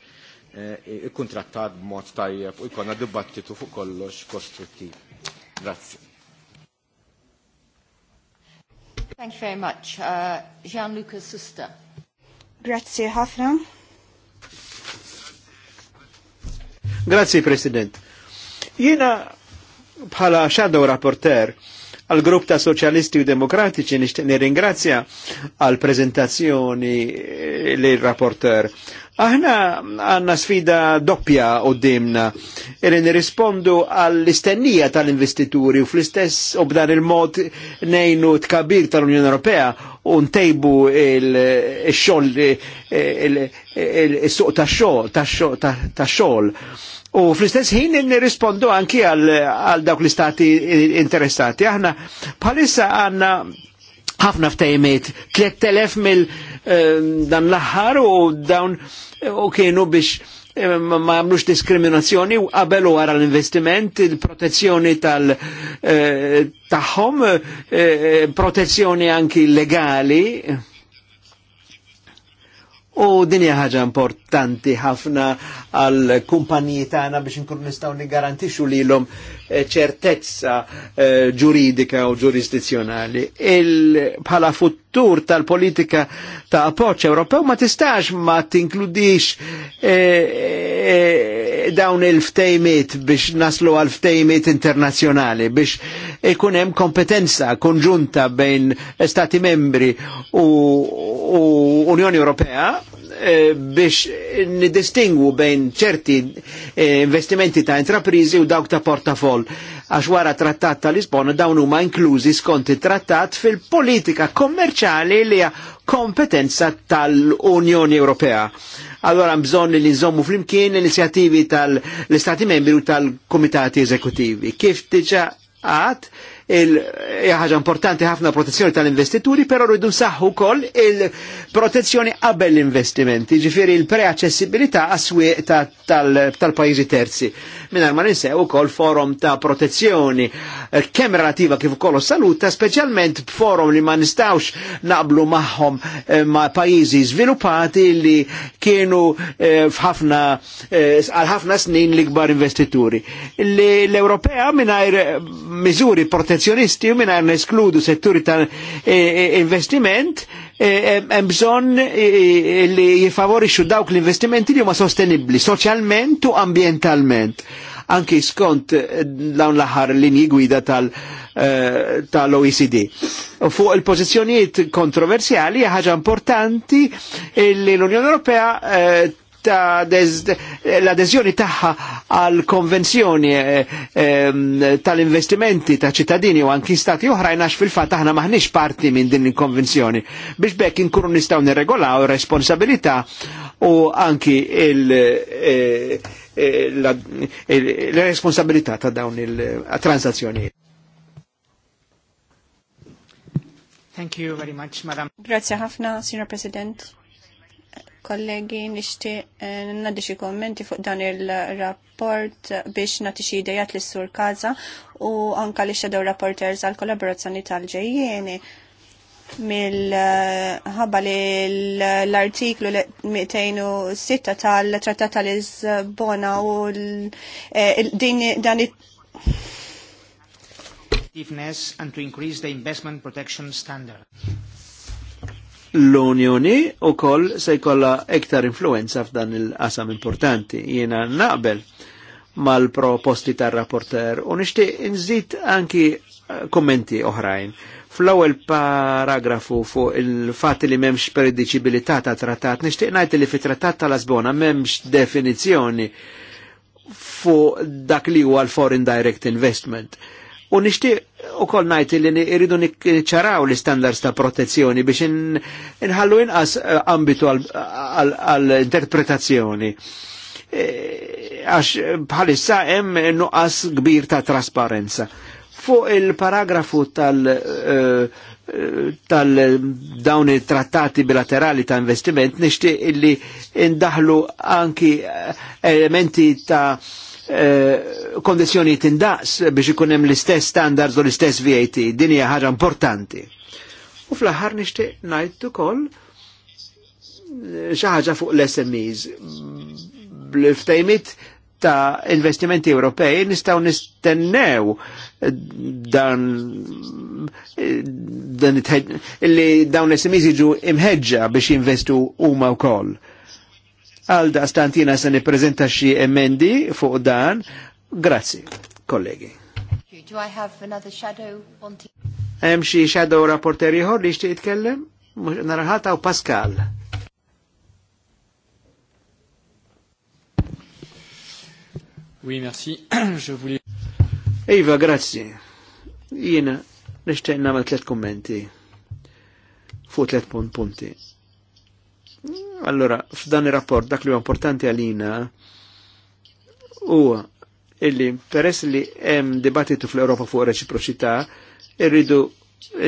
eh, ikkun trattat b'mod tajjeb u jkollna dibattitu fuq kollox kostruttiv. Grazzi. Thank you very much. Uh, Jean-Luca Susta. Grazie, Hafna. Grazie, President. Jena bħala shadow rapporter Għal grupp ta' Soċjalisti u Demokratiċi nixtieq nirringrazzja għal prezentazzjoni li rapporter Aħna għanna sfida doppja u dimna, nirrispondu għall-istennija tal-investituri u fl-istess u b'dan il-mod nejnu tkabir tal-Unjoni Ewropea u ntejbu il-xol, il-suq ta' xol, ta' xol. U fl-istess ħin nirrispondu anki għal dawk l-istati interessati. Aħna bħalissa għanna ħafna f'Tejmet 3000 mil ehm, dan l-aħħar u dawn u kienu biex ehm, ma jamlux diskriminazzjoni u qabel u għara l-investiment, il-protezzjoni tal eh, taħħom eh, eh, protezzjoni anki legali U din hija ħaġa importanti ħafna għal kumpaniji tagħna biex inkunu nistgħu niggarantixxu lilhom ċertezza eh, ġuridika u ġurisdizzjonali. pala futtur tal-politika ta' appoċ Ewropew ma tistax ma tinkludix eh, eh, dawn il ftejmit biex naslu għal ftejmit internazjonali, biex ikun hemm kompetenza konġunta bejn Stati membri u Unjoni Ewropea Eh, biex nidistingu bejn ċerti eh, investimenti ta' intraprizi u dawk ta' portafoll. Għax wara trattat ta' Lisbona dawn huma inklużi skont it-trattat fil-politika kommerċali li hija kompetenza tal-Unjoni Ewropea. Allora bżonn li nżommu flimkien l-inizjattivi tal-Istati membri u tal-Komitati Eżekutivi. Kif diġa il-ħaġa importanti ħafna protezzjoni tal-investituri, però rridu saħħu wkoll il-protezzjoni qabel l-investimenti, ġifiri l preaccessibilità għaswi tal-pajjiżi terzi. Mingħajr ma ninsew ukoll forum ta' protezzjoni eh, kemm relativa kif ukoll saluta, specialment forum li ma nistawx naqblu magħhom eh, ma' pajjiżi sviluppati li kienu eh, f'ħafna għal ħafna snin l-ikbar investituri. L-Ewropea mingħajr miżuri protezzjoni protezzjonisti u minna neskludu setturi ta' e, e, investiment e, hemm bżonn li jifavorixxu dawk l-investimenti li huma sostenibbli soċjalment u ambientalment anki skont dawn l-aħħar linji gwida tal-OECD. Tal Fuq il-pożizzjonijiet kontroversjali ħaġa importanti li l-Unjoni Ewropea ta' l-adezjoni taħħa għal konvenzjoni eh, ehm, tal-investimenti ta' ċittadini u anki stati uħra għax fil fat aħna maħniex parti minn din il-konvenzjoni biex bekk inkunu nistgħu nirregolaw responsabilità u anki eh, eh, il-responsabilità ta' dawn il transazzjoni Thank you very much, Madam. Grazie ħafna, Signor President kollegi nishti eh, nnaddi xi kommenti fuq dan il-rapport biex nagħti xi idejat lis sur Kaza u anka li xedew rapporters għal kollaborazzjoni tal ġejjeni mill-ħabba li l-artiklu 206 tal-Trattat tal-Lisbona u eh, din dan and to increase the investment protection standard l-Unjoni u koll se jkolla ektar influenza f'dan il-qasam importanti. Jiena naqbel mal-proposti tar-rapporter u nixtieq nżid anki eh, kommenti oħrajn fl-ewwel paragrafu fuq il-fatt li m'hemmx prediċibilità ta' trattat, nixtieq ngħid li fit-trattat tal lasbona m'hemmx definizzjoni fuq dak li huwa l-foreign direct investment. U nishtiq u kol najt li irridu nikċaraw l-standards ta' protezzjoni biex nħallu inqas eh, ambitu għal-interpretazzjoni. Eh, għax bħalissa hemm nuqqas kbir ta' trasparenza. Fuq il-paragrafu tal- eh, tal-dawn il-trattati bilaterali ta' investiment nishtiq illi indaħlu anki elementi ta' Eh, kondizjoni tindaqs biex ikun hemm l-istess standards u l-istess VAT, din hija ħaġa importanti. U fl-aħħar nixtieq ngħid ukoll eh, xi ħaġa fuq l-SMEs. Bl-ftajmit ta' investimenti Ewropej nistgħu nistennew dan eh, dan li dawn l-SMEs jiġu imħeġġa biex jinvestu huma wkoll Għal da stantina se nipprezenta xi emendi fuq dan. Grazzi, kollegi. Do I have another shadow on Hemm xi shadow rapporter ieħor li jixtieq jitkellem? Narħata u Pascal. Oui, merci. [CLEARS THROAT] Je voulais... Iva, grazzi. Jina, nishtiq namel tlet kommenti fuq tlet punti. Allora, f'dan ir-rapport dak li huwa importanti għalina huwa illi peress li hemm dibattitu fl-Ewropa fuq reċiproċità, irridu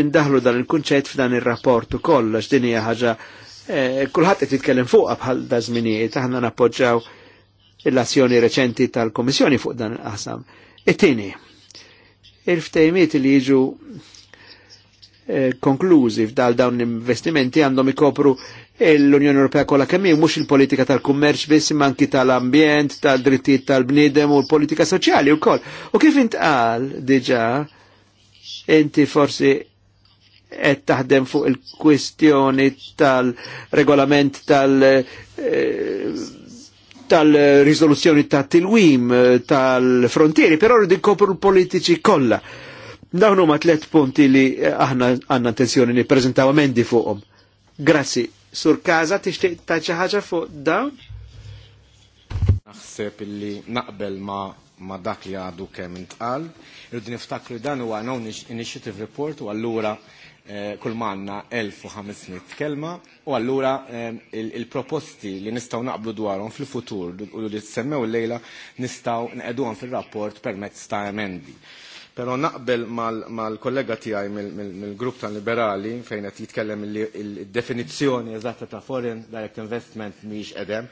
indaħlu dan il-kunċett f'dan ir-rapport ukoll għax din hija ħaġa eh, kulħadd qed jitkellem fuqha bħal da żminijiet aħna nappoġġaw l-azzjoni reċenti tal-Komissjoni fuq dan il-qasam. It-tieni, il-ftejmiet li jiġu eh, konklużi f'dal dawn l-investimenti għandhom ikopru l-Unjoni Ewropea kollha kemm hija mhux il-politika tal-kummerċ biss imma anki tal-ambjent, tal-drittijiet tal-bniedem u l-politika soċjali wkoll. U kif intqal diġà inti forsi qed taħdem fuq il-kwistjoni tal-regolament tal- eh, tal-rizoluzzjoni ta' tilwim tal-frontieri, però rridu kopru l-politiċi kollha. Dawn huma tliet punti li aħna għandna intenzjoni nippreżentaw emendi fuqhom. Grazzi. Sur Kaza tixtieq ta' xi ħaġa fuq dawn? Naħseb illi naqbel ma ma dak li għadu kemm intqal. Irridu niftakru dan huwa no initiative report u allura eh, kull manna 1500 kelma u allura eh, il-proposti li nistaw naqblu dwarhom fil-futur u li semmew lejla nistaw nqeduhom fil-rapport permezz ta' emendi. Pero naqbel mal-kollega tijaj mill-grupp mil, tal-liberali fejn qed jitkellem il-definizzjoni eżatta ta' foreign direct investment miex edem.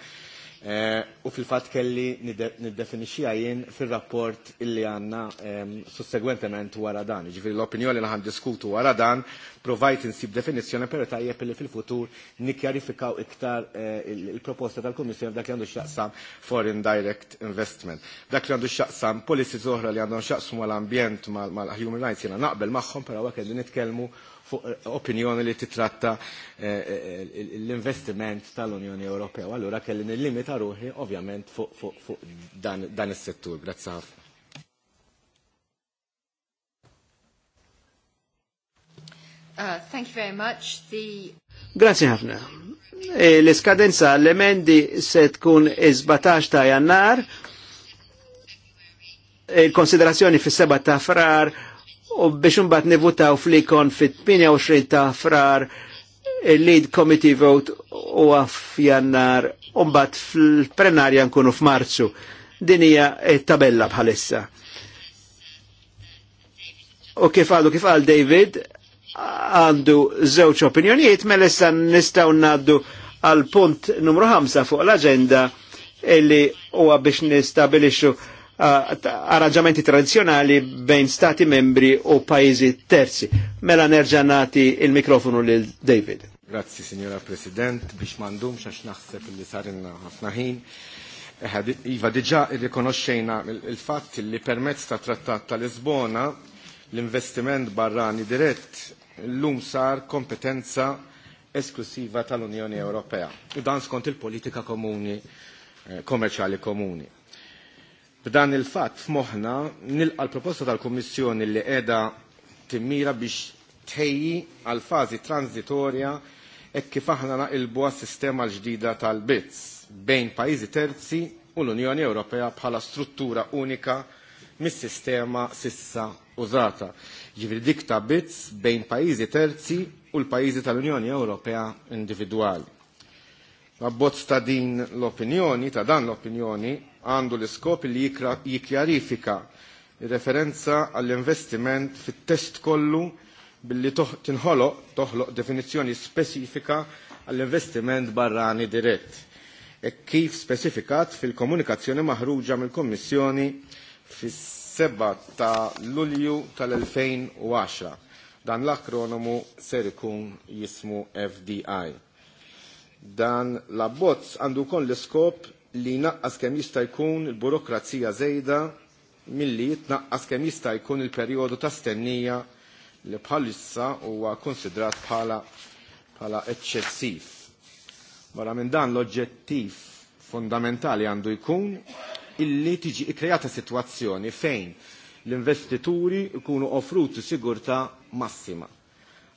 Eh, u fil-fat kelli niddefinixija jien fil-rapport illi għanna ehm, sussegwentement wara dan. Ġifiri l-opinjoni li għan diskutu wara dan, provajt insib definizjoni per tajjeb li fil-futur nikjarifikaw iktar eh, il-proposta tal-Komissjoni dak li għandu xaqsam Foreign Direct Investment. Dak li għandu xaqsam policy oħra li għandu xaqsam mal-ambjent mal-human rights jena naqbel maħħom, pero għak nitkellmu Eh, opinjoni li titratta eh, eh, l-investiment tal-Unjoni Ewropea. Allura kelli nil-limita ruħi ovvjament fuq dan is-settur. Grazzi ħafna. Uh, Grazie ħafna. E, L-iskadenza l-emendi se tkun izbatax ta' jannar, il-konsiderazzjoni e, fis seba ta' frar, u biex mbagħad nivutaw flikon fit-28 ta' frar il-lead committee vote u f'jannar u mbagħad fil-plenarja nkunu f'Marzu. Din hija tabella bħalissa. U kif għadu kif għal David għandu żewġ opinjonijiet mela issa nistgħu ngħaddu għal punt numru 5 fuq l-aġenda illi huwa biex nistabilixxu Eh, arranġamenti tradizjonali bejn stati membri u pajizi terzi. Mela nerġa' nati il-mikrofonu lil David. Grazzi, Signora President, biex mandum xax naħseb li sarinna ħafna ħin. Eh, iva diġa irrikonoxxejna il-fatt li permezz ta' trattat ta' Lisbona l-investiment barrani dirett l-lum sar kompetenza esklusiva tal-Unjoni Ewropea. U dan skont il-politika komuni, eh, komerċali komuni B'dan il-fatt f'moħħna nilqa l-proposta tal-Kummissjoni li qiegħda timmira biex tħejji għal fażi transitorja hekk kif aħna naqilbu sistema l-ġdida tal-BITS bejn pajjiżi terzi u l-Unjoni Ewropea bħala struttura unika mis-sistema sissa użata. Ġifri dik ta' BITS bejn pajjiżi terzi u l-pajjiżi tal-Unjoni Ewropea individwali. Abbozz ta' din l-opinjoni, ta' dan l-opinjoni, għandu l-iskop li jikjarifika referenza għall-investiment fit-test kollu billi tinħoloq toħloq definizzjoni speċifika għall-investiment barrani dirett. E kif speċifikat fil-komunikazzjoni maħruġa mill-Kommissjoni fis-7 ta' Lulju tal-2010. Dan l-akronomu ser ikun jismu FDI. Dan l-abbozz għandu kon l-iskop li naqqas kemm jista' jkun il-burokrazija żejda milli jitnaqqas kemm jista' jkun il-perjodu ta' stennija li bħalissa huwa konsidrat bħala bħala eċċessiv. Wara minn dan l-oġġettiv fondamentali għandu jkun illi tiġi ikkreata sitwazzjoni fejn l-investituri jkunu offruti sigurtà massima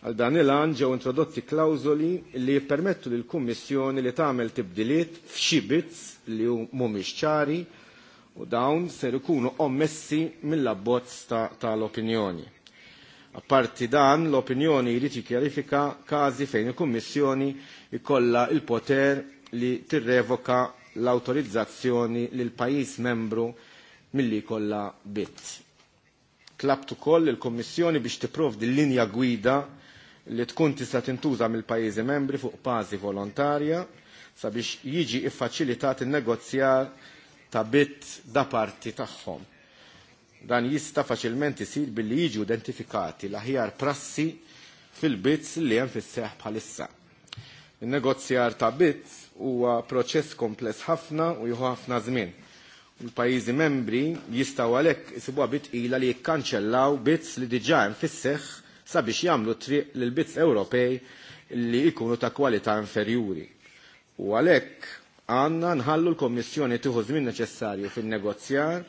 Għal dan il-għan ġew introdotti klawżoli li jippermettu lill kummissjoni li tagħmel tibdiliet f'xi bitz li mhumiex ċari u dawn ser ikunu ommessi mill-abbozz tal-opinjoni. Ta Apparti dan, l-opinjoni jrid jikkjarifika każi fejn il-Kummissjoni jkollha il-poter li tirrevoka l-autorizzazzjoni lil pajjiż membru milli jkollha bit. Klabtu koll il-Kummissjoni biex tipprovdi l-linja gwida li tkun tista' tintuża mill-pajjiżi membri fuq bażi volontarja sabiex jiġi iffaċilitat in-negozjar ta' bit da parti tagħhom. Dan jista' faċilment isir billi jiġu identifikati l-aħjar prassi fil-bits li hemm fis-seħħ bħalissa. Il-negozjar ta' bits huwa proċess kompless ħafna u jieħu ħafna żmien. Il-pajjiżi membri jistgħu għalhekk isibuha bit ila li jikkanċellaw bits li diġà hemm fis-seħħ sabiex jagħmlu triq lil bitz Ewropej li jkunu ta' kwalità inferjuri. U għalhekk għandna nħallu l-Kommissjoni tieħu żmien neċessarju fin-negozjar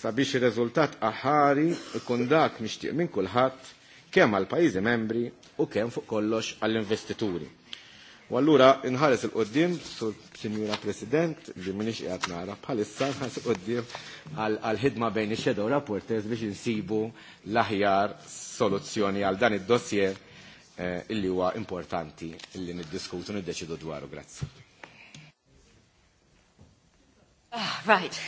sabiex ir-riżultat aħari ikun dak mixtieq minn kulħadd kemm għall pajjiżi membri u kemm fuq kollox għall-investituri. U allura inħares il-qoddim, sur Sinjura President, li minix qiegħed nara bħalissa nħares il-qoddim għal-ħidma bejn ix-shadow rapporters biex insibu l-aħjar soluzzjoni għal dan id-dossier eh, illi huwa importanti illi niddiskutu niddeċidu dwaru. Grazzi. Ah, right.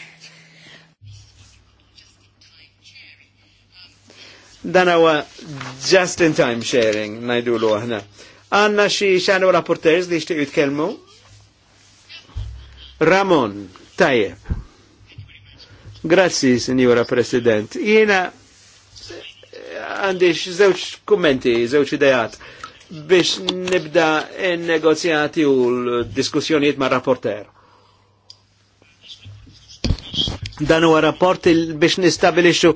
Dan huwa just in time sharing najdu l aħna. Għanna xi xanu rapporters li xtiq jitkellmu? Ramon, tajjeb. Grazzi, Signora President. Jena, għandi żewġ kummenti, żewġ idejat biex nibda negozjati u l-diskussjonijiet ma' rapporter. Dan huwa rapport biex nistabilixxu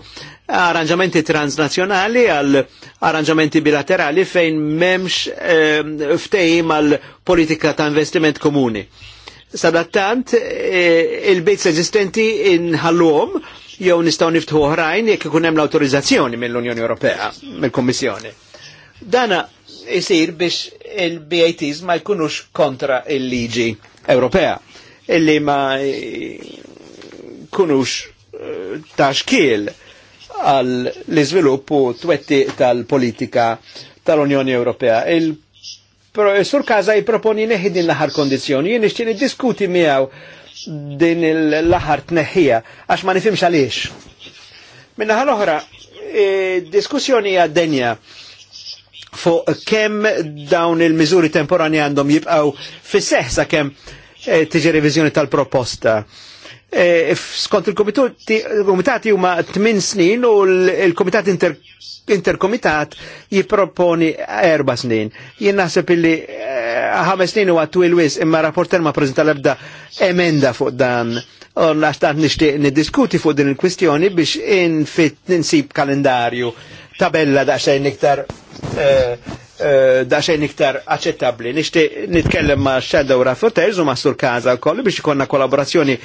arranġamenti transnazjonali għal arranġamenti bilaterali fejn memx ehm, ftehim ftejim għal politika ta' investiment komuni. Sadattant, eh, il-bejts eżistenti inħalluhom jew nistgħu niftħu oħrajn jekk ikun hemm l-awtorizzazzjoni mill-Unjoni Ewropea, mill-Kummissjoni. Dana jsir biex il-BATs ma jkunux kontra il-liġi Ewropea, illi ma jkunux eh, taxkil għal l-iżvilupp u twetti tal-politika tal-Unjoni Ewropea. il professur Kaza jiproponi neħidin laħar kondizjoni, jien nixtieq diskuti miegħu din l-aħar tneħħija, għax ma nifimx għaliex. Minna ħal-oħra, e, diskussjoni għaddenja fuq kemm dawn il-miżuri temporani għandhom jibqaw fis-seħ sa kemm e, tiġi reviżjoni tal-proposta. E, skont il-komitati huma 8 snin u l-komitat interkomitat jipproponi erba' snin. Jien naħseb illi ħames snin għattu twil wis imma rapporter ma prezenta l-ebda emenda fuq dan. Għax tant nixtieq niddiskuti fuq din il-kwistjoni biex infit ninsib kalendarju tabella daqsxejn iktar eh, eh, daċen iktar aċċettabli. nishtiq nitkellem ma' xedda Rapporteurs u ma' Sur Kaza kollu biex ikonna kollaborazzjoni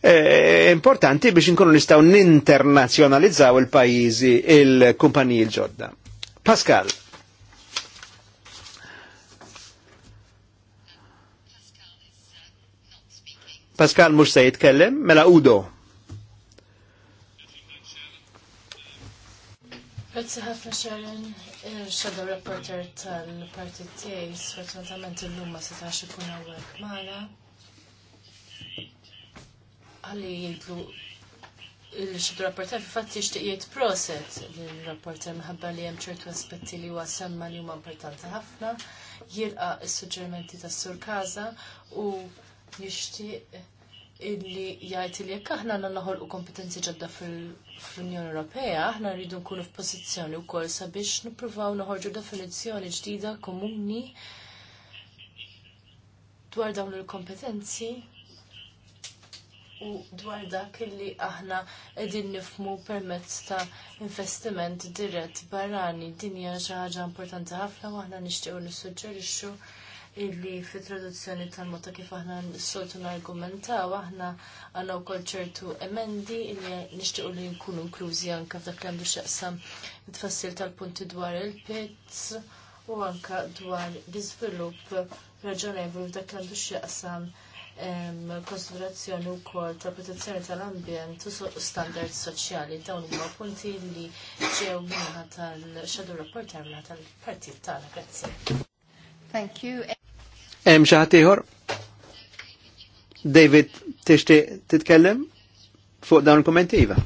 eh, importanti biex nkunu nistaw ninternazzjonalizzaw il-pajizi, il-kumpaniji il-ġodda. Pascal. Pascal mux se jitkellem, mela Udo. Grazzi ħafna Sharon, il-Shadow eh, Reporter tal-Partit tiegħi, sfortunatament illum ma setax ikun hawnhekk Mala. Għalli jgħidlu il-Shadow Reporter fil-fatt jixtieq jgħid proset lill-rapporter minħabba li hemm ċertu aspetti li huwa semma li huma importanti ħafna, jilqa' is-suġġerimenti tas-Sur Kaza u jishtiq illi jgħid li jekk aħna għandna noħolqu kompetenzi ġodda fl-Unjoni Ewropea, aħna rridu nkunu f'pożizzjoni wkoll sabiex nippruvaw noħorġu definizzjoni ġdida komuni dwar dawn il-kompetenzi u dwar dak li aħna qegħdin nifmu permezz ta' investiment dirett barrani din hija xi ħaġa importanti ħafna u aħna nixtiequ nissuġġerixxu illi fi traduzzjoni tal-mota kif aħna soltu u aħna għanna u ċertu emendi illi nishtiqu li nkunu inklużi anka f'dak li għandu xaqsam tfassil tal-punti dwar il-pits u anka dwar l-izvilup raġonevoli f'dak li għandu xaqsam konsiderazzjoni wkoll ta' protezzjoni tal-ambjent u standard soċjali dawn huma punti li ġew minħa tal-xadu rapportar tal-partit tagħna. Grazie. Thank you. Hemm xi ħadd ieħor? David, tixtieq titkellem fuq dawn il kommenti iva?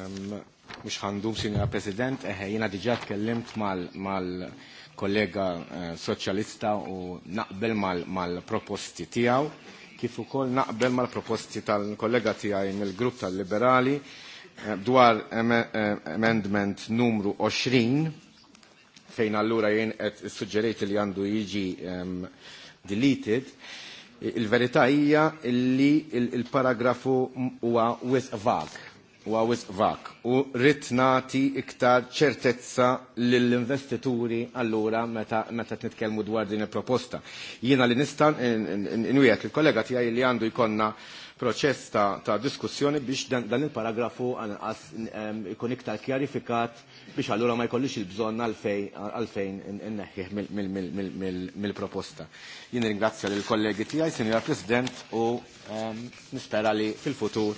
Mhux ħandum, Sinjora President, eħe jiena diġà tkellimt mal-kollega eh, soċjalista u naqbel mal-proposti tiegħu kif ukoll naqbel mal-proposti tal-kollega tiegħi mill-grupp tal-Liberali eh, dwar eh, amendment numru 20 fejn allura jien qed issuġġerejt li għandu jiġi deleted, il-verità hija li il-paragrafu huwa with vag. Huwa with vag. U rrit nagħti iktar ċertezza lill-investituri allura meta meta nitkellmu dwar din il-proposta. Jiena li nista' inwiet il-kollega tiegħi li għandu jkollna proċess ta', diskussjoni biex dan, il-paragrafu għanqas ikun iktar kjarifikat biex allura ma jkollix il-bżonn għalfejn inneħħih mill-proposta. Jien ringrazzja lill kollegi tiegħi, Sinjora President, u ehm, nispera li fil-futur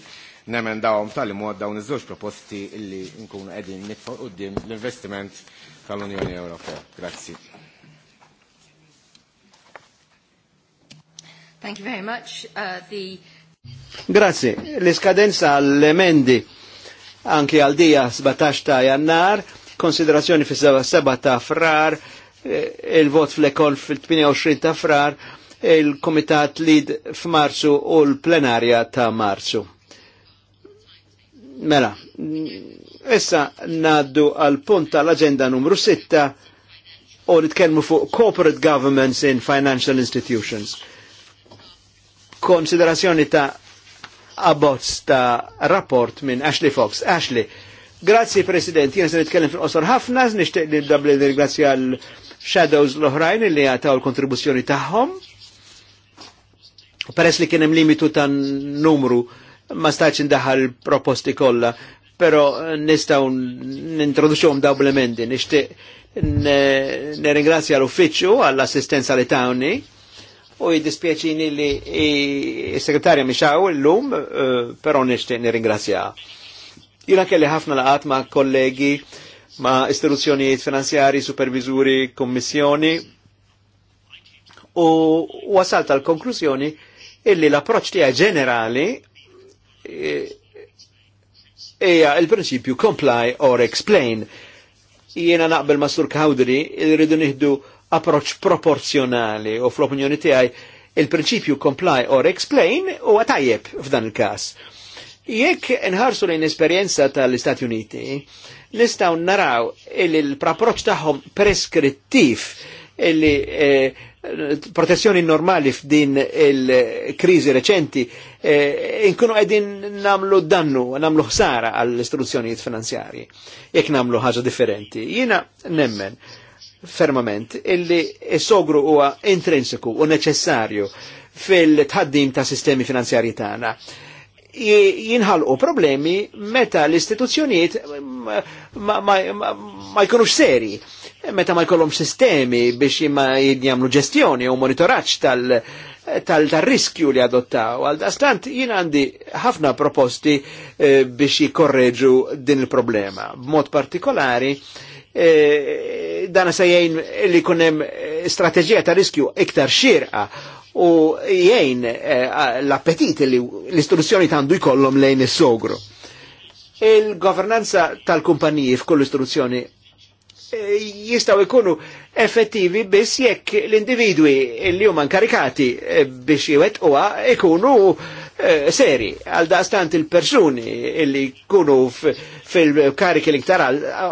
nemendawhom tal-mod dawn iż-żewġ proposti illi nkunu qegħdin nitfgħu quddiem l-investiment tal-Unjoni Ewropea. Grazzi. Thank you very much. Uh, the... Grazie. L-iskadenza l-emendi anki għal dija 17 ta' jannar, konsiderazzjoni fis 7 ta' frar, e, il-vot fl-ekon fil-28 ta' frar, il-komitat lid f'Marzu u l-plenarja ta' Marzu. Mela, issa naddu għal punt tal-agenda numru 6 u nitkellmu fuq corporate governments in financial institutions. Konsiderazzjoni ta' abbozz ta' rapport minn Ashley Fox. Ashley, grazzi President, jena se nitkellem fil-qosor ħafna, nishtiq li dabli ringrazzi għal Shadows l-oħrajn li għataw l-kontribuzzjoni tagħhom. Peress li kienem limitu ta' numru, ma staċ indaħal proposti kollha, pero nistaw nintroduċuhom daw bl-emendi, nishtiq nirringrazzja l-uffiċċju għall-assistenza li ta' u jidispieċini li il-segretarja miċaw l-lum, eh, pero nishtiq nir-ingrazzja. Jina kelli ħafna laqat ma' kollegi, ma' istituzzjonijiet finanzjari, supervizuri, kommissjoni, u wasalt għal konklusjoni illi l-approċ tija ġenerali eja eh, il-prinċipju comply or explain. Jiena naqbel ma' Sur Kawdri irridu nieħdu approċ proporzjonali u fl-opinjoni tiegħi il-prinċipju comply or explain u għatajjeb f'dan il-kas. Jekk nħarsu lejn esperjenza tal-Istati Uniti, nistaw naraw il l-approċ tagħhom preskrittiv illi eh, protezzjoni normali f'din il-krizi reċenti eh, inkunu qegħdin namlu dannu, namlu ħsara għall-istruzzjonijiet finanzjarji, jekk namlu ħaġa differenti. Jina nemmen fermament illi s-sogru huwa intrinsiku u neċessarju fil-tħaddim ta' sistemi finanzjarji tagħna jinħalqu problemi meta l-istituzzjonijiet ma, jkunux seri, meta ma jkollhom sistemi biex ma jagħmlu ġestjoni u monitoraġġ tal- tal-riskju li adottaw. Għal dastant jien għandi ħafna proposti eh, biex jikorreġu din il-problema. B'mod partikolari, e, eh, dana se jgħin li kunem eh, strategija ta' riskju iktar xirqa u jgħin eh, l-appetit li l-istruzzjoni tandu jkollhom lejn is-sogru. Il-governanza tal-kumpaniji f'kull istruzzjoni jistaw ikunu effettivi biss jekk l-individwi li huma inkarikati biex jwettquha ikunu uh, Eh, seri għal daqstant il-persuni illi kunu fil-kariki l-iktar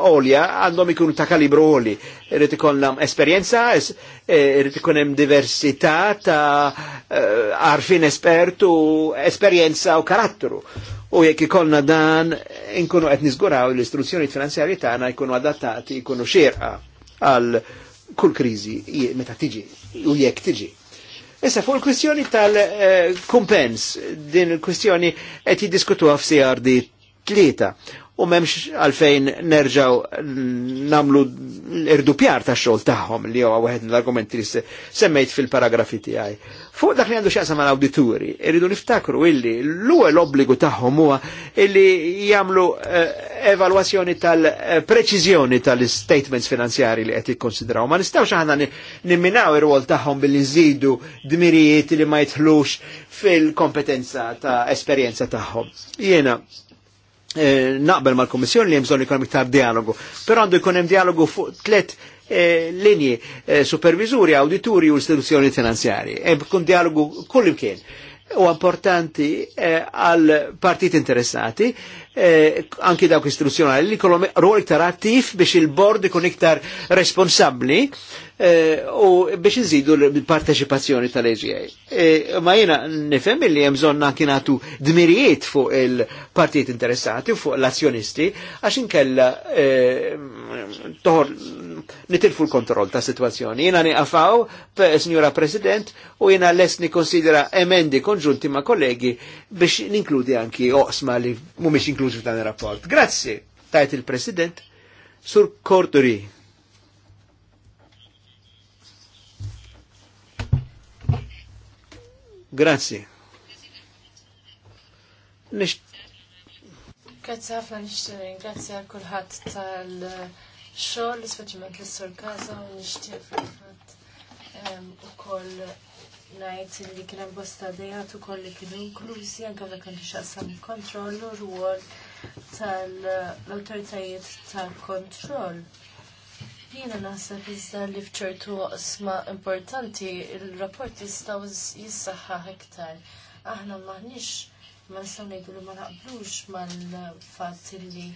olja għandhom ikunu ta' kalibru oli. Irrit ikonlam esperienza, eh, irrit ikonem diversità ta' eh, arfin espertu, esperienza u karattru. U jekk ikonna dan, inkunu għet niżguraw l-istruzzjoni finanzjarji tagħna jkunu adattati, jkunu xierqa għal kull krizi meta tiġi u jekk tiġi. Issa, fuq il-kwistjoni tal-kumpens, din il-kwistjoni qed jiddiskutuha f'CRD tlieta u memx għalfejn nerġaw namlu irdu pjar ta' xol taħħom li huwa wieħed l-argumenti li semmejt fil-paragrafi tiegħi. Fuq dak li għandu x'jaqsam mal awdituri irridu niftakru illi l-ewwel obbligu tagħhom huwa illi jagħmlu eh, evalwazzjoni tal-preċiżjoni eh, tal-statements finanzjari li qed jikkonsidraw. Ma nistgħux aħna nimminaw ir-rwol tagħhom billi nżidu dmirijiet li ma jitħlux fil-kompetenza ta' esperjenza tagħhom. Jiena Eh, naqbel mal-Komissjoni li jemżon ikon iktar dialogu. Per għandu ikon jem dialogu fuq tlet eh, linji eh, supervizuri, auditori u istituzjoni finanzjari. Hemm kun dialogu kullimkien. U importanti għal partit interessati eh, anki dawk istituzzjonali li kolom rol iktar attiv biex il-bord ikun iktar responsabli eh, u biex nżidu l-parteċipazzjoni tal-EGA. Eh, ma jena nifem li jemżon kienatu dmirijiet fuq il-partijiet interessati u fuq l-azzjonisti għax inkella eh, toħor nitilfu l-kontroll ta' situazzjoni. Jena niqafaw, signora President, u jena les konsidera emendi konġunti ma' kollegi biex ninkludi anki oqsma li mumiex inkluż f'dan ir-rapport. Grazzi, tajt il-President, sur Korturi. Grazzi. Nish... Grazzi ħafna grazzi għal kulħadd tal-xogħol l-isfaġiment l-sur Gaza u nixtieq fil-fatt ehm, ukoll ngħid li kien hemm bosta dejat ukoll li kienu inklużi anke dak kien xaqsam kontrollu rwol tal-awtoritajiet tal-kontroll. Jiena naħseb iżda li fċertu osma importanti il-rapport jistgħu jissaħħaħ iktar. Aħna maħniex ma nistgħu ngħidu li ma naqblux mal-fatt li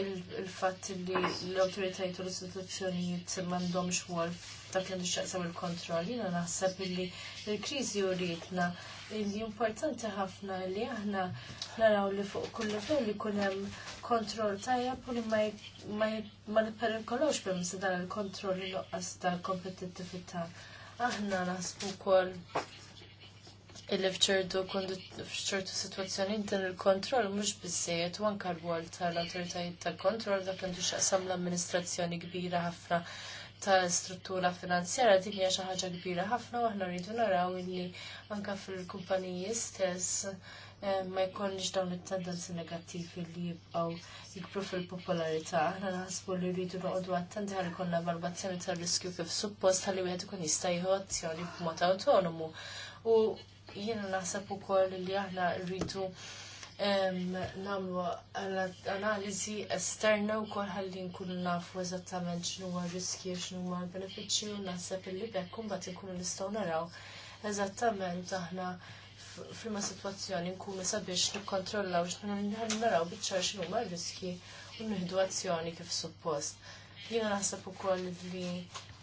il-fatt li l-autoritajt u l-istituzzjonijiet m'għandhomx wolf dak li nixtaqsam il-kontroll, jina naħseb illi il-krizi u rritna, illi importanti ħafna li aħna naraw li fuq kull fejn li kunem kontroll tajab u li ma niperikolox b'emsa dan il-kontroll li loqqas tal-kompetittività. Aħna naħsbu kol illi fċertu fċertu situazzjoni din il-kontroll mhux biżejjed u anke l-wol tal-awtoritajiet tal-kontroll dak li xaqsam l-amministrazzjoni kbira ħafna tal-struttura finanzjera din hija xi ħaġa kbira ħafna u aħna rridu naraw illi anke fil-kumpaniji stess eh, ma jkollniex dawn it-tendenzi negattivi li jibqgħu jikbru fil-popolarità. Aħna naħsbu li rridu noqogħdu attenti ħalli jkollna valutazzjoni tar-riskju kif suppost ħalli wieħed ikun jista' jieħu azzjoni b'mod awtonomu. U jiena naħseb ukoll li aħna rridu namlu analizi esterna u kol ħalli nkunu nafu eżattament x'nu huwa riski u x'nu huwa l u naħseb illi bekk bat jkunu nistgħu naraw eżattament aħna f'ma sitwazzjoni nkunu sabiex nikkontrollaw x'nu naraw biċċar x'nu huma riski u nieħdu azzjoni kif suppost. Jiena naħseb ukoll li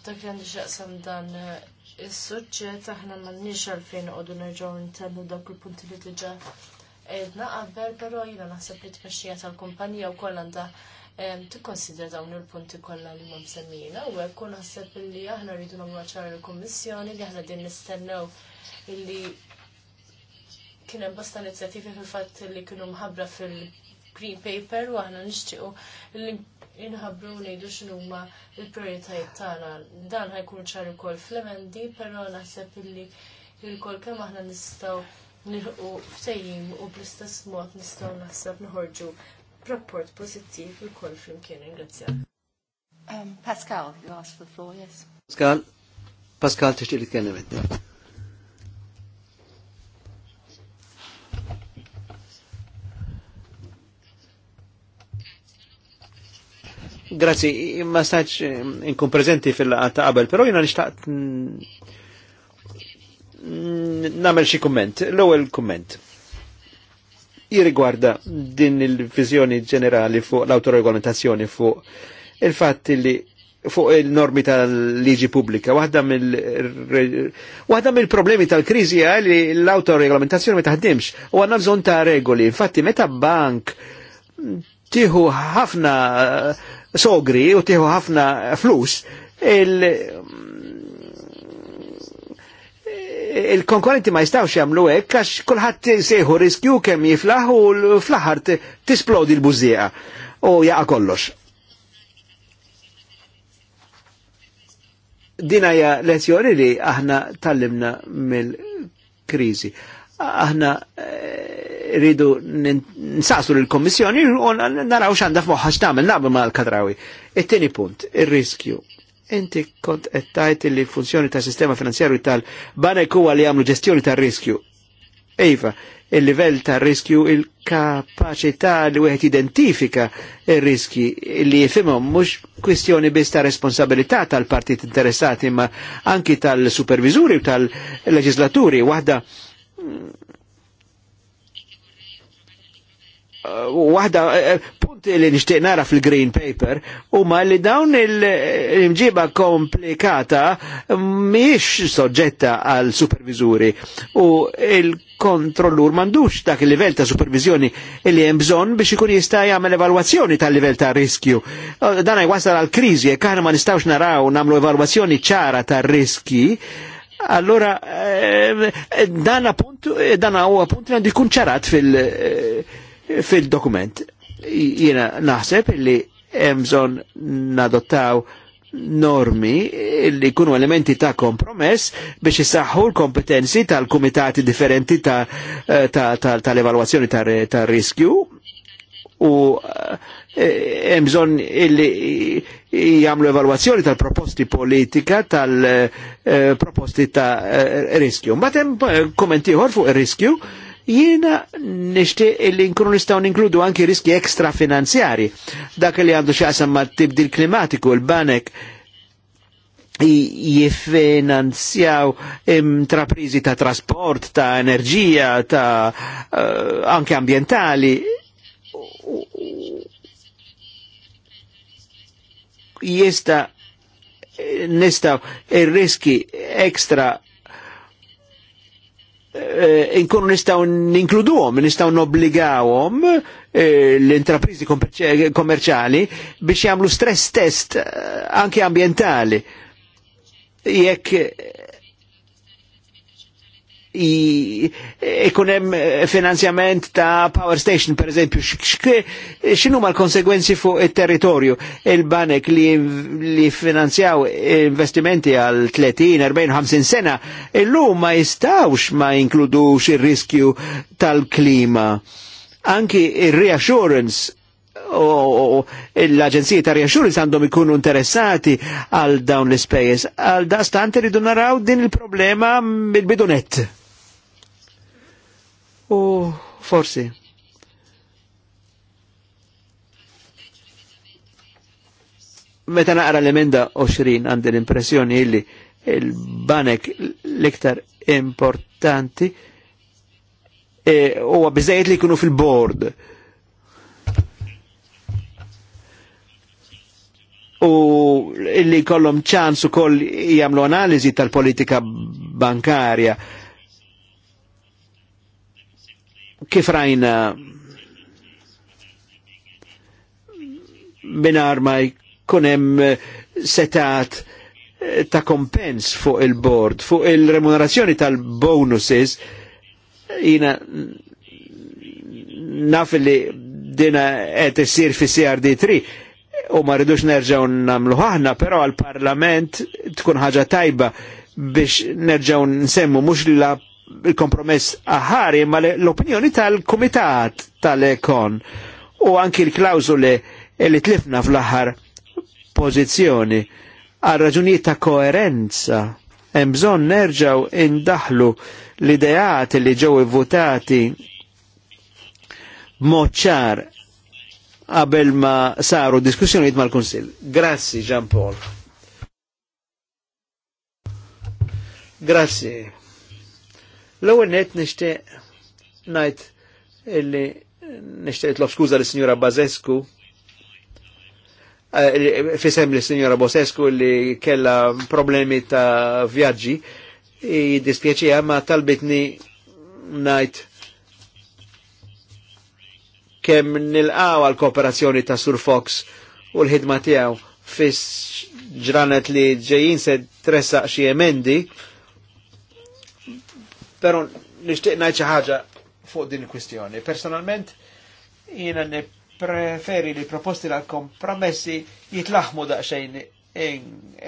dak li għandi x'aqsam dan is-suġġett aħna m'għandniex għalfejn qogħdu nerġgħu ntennu dak il-punti li diġà edna qabel, però jina naħseb li tmexxija tal-kumpanija wkoll għandha tikkonsidra dawn il-punti kollha li huma semmina u hekk naħseb li aħna rridu nagħmlu għacħar il kummissjoni li aħna din nistennew li kien hemm bosta inizjattivi fil-fatt li kienu mħabbra fil-Green Paper u aħna nixtiequ li inħabru nejdu xinu huma l-prijoritajiet tagħna. Dan ħajkun ċar ukoll fl-emendi, però naħseb illi il-kol kemm aħna nistgħu nirqu ftejjim u bl-istess mod nistgħu naħseb nħorġu rapport pożittiv il-koll flimkien ingrazzjak. Um, Pascal, you asked for the floor, yes. Pascal, Pascal tixtieq li tkellem inti. Grazie, ma staċ eh, inkun prezenti fil għata qabel, pero jina nishtaqt namel xi kumment. L-ewwel kumment jirigwarda din il-vizjoni ġenerali fuq l-autoregolamentazzjoni fuq il-fatt li fuq il-normi tal-liġi pubblika. Waħda mill-problemi mil tal-krizi hija li l-autoregolamentazzjoni ma taħdimx u għanna bżonn ta' regoli. Infatti meta bank tieħu ħafna eh, sogri u tieħu ħafna flus, il il konkurenti ma jistawx jagħmlu hekk għax kulħadd sejħu riskju kemm jiflaħ u fl-aħħar tisplodi l-bużieqa u jaqa' kollox. Dina hija lezzjoni li aħna tallimna mill-kriżi. Aħna eh, rridu nsaqsu l-Kommissjoni u naraw x'għandha f'moħħa x'tagħmel naqbel mal-kadrawi. It-tieni punt, ir-riskju. Inti kont ettajt li funzjoni ta' sistema finanzjarju tal-banek huwa li għamlu ġestjoni ta' riskju Iva, il-livell ta' riskju, il-kapacità li wieħed identifika il-riski li jifimhom mhux kwistjoni biss ta' responsabilità tal-partit interessati ma anki tal-supervizuri u tal-leġislaturi waħda wahda eh, eh, punti li nishtiq nara fil-green paper huma li dawn il-imġiba komplikata mhijiex soġġetta għal supervizuri u il-kontrollur m'għandux dak il-livell ta' supervizjoni li hemm bżonn biex ikun jista' jagħmel evalwazzjoni tal-livell ta' riskju. Eh, dan jwassal għal krizi jekk ma nistawx naraw namlu evalwazzjoni ċara ta' riski Allora, dan appunto dan huwa appunt li għandu jkun ċarat fil- fil-dokument jiena naħseb li emżon nadottaw normi li kunu elementi ta' kompromess biex jisaxħu l-kompetenzi tal-kumitati differenti tal-evaluazzjoni eh, ta, ta, ta, tal-riskju u eh, emżon illi jamlu evaluazzjoni tal-proposti politika tal-proposti eh, ta' riskju. Matem kommenti fuq il-riskju, il riskju Jiena nishtiq li nkunu nistgħu ninkludu anki riski ekstra finanzjari. Dak li għandu x'aqsam ma' tibdil klimatiku l-banek jiffinanzjaw intraprizi ta' trasport, ta' enerġija, ta' uh, eh, anke ambientali. Jista' nistaw ir-riski ekstra Eh, inkunu nistaw ninkluduhom, nistaw nobbligawhom eh, l-intraprizi kommerċali eh, biex jagħmlu stress test anke ambientali. Jekk ikunem eh, finanzjament ta' power station per eżempju, xinu ma l-konsegwenzi fuq it-territorju il-banek li, li finanzjaw investimenti għal 30, 40, 50 sena illum ma jistawx ma inkludux il riskju tal-klima. Anki il reassurance o, l-Aġenziji ta' Reassurance għandhom ikunu interessati għal dawn l-ispejjeż. Għal da stant irridu naraw din il-problema mill bidunett U forsi. Meta naqra l-emenda 20 għandi l-impressjoni illi il-banek l-iktar importanti e, huwa e, li jkunu fil-board. u illi kollom ċans u koll jamlu analizi tal-politika bankarja kif rajna minar ma jkunem setat ta' kompens fuq il-bord, fuq il-remunerazzjoni tal-bonuses, jina naf li dina qed issir fi CRD3 u ma rridux nerġgħu namlu aħna, però għall-Parlament tkun ħaġa tajba biex nerġgħu nsemmu mhux la il-kompromess aħari ma l-opinjoni tal-Kumitat tal-Ekon u anki l klawzuli li tlifna fl-aħħar pożizzjoni għal raġunijiet ta' koerenza hemm bżonn nerġaw indaħlu l-ideat li ġew votati moċċar qabel ma saru diskussjonijiet mal-Kunsill. Grazzi Jean Paul. Grazie. L-ewwel net nixtieq ngħid illi nixtieq nitlob skuża lis-Sinjura Bazescu eh, fisem lis-Sinjura Bosescu li kella problemi ta' vjaġġi jiddispjaċija ma talbitni ngħid kemm nilqaw għal kooperazzjoni ta' Sur Fox u l-ħidma tiegħu fis ġranet li ġejjin se tressaq xi emendi Pero nixtieq ngħid xi ħaġa fuq din il-kwistjoni. Personalment ne preferi li proposti l kompromessi jitlaħmu daqsxejn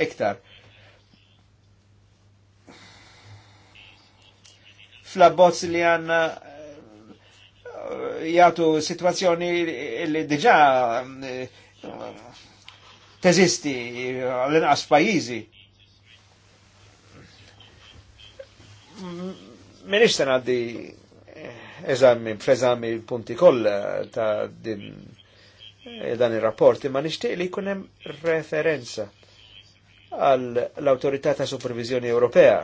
iktar. Fla bozz li għanna eh, jgħatu situazzjoni li diġa eh, teżisti għal-inqas pajizi Minix se għaddi eh, eżami, f'eżami punti koll eh, ta' din eh, dan ir-rapporti, ma nixtieq li jkun hemm referenza għall autorità ta' Supervizjoni Ewropea.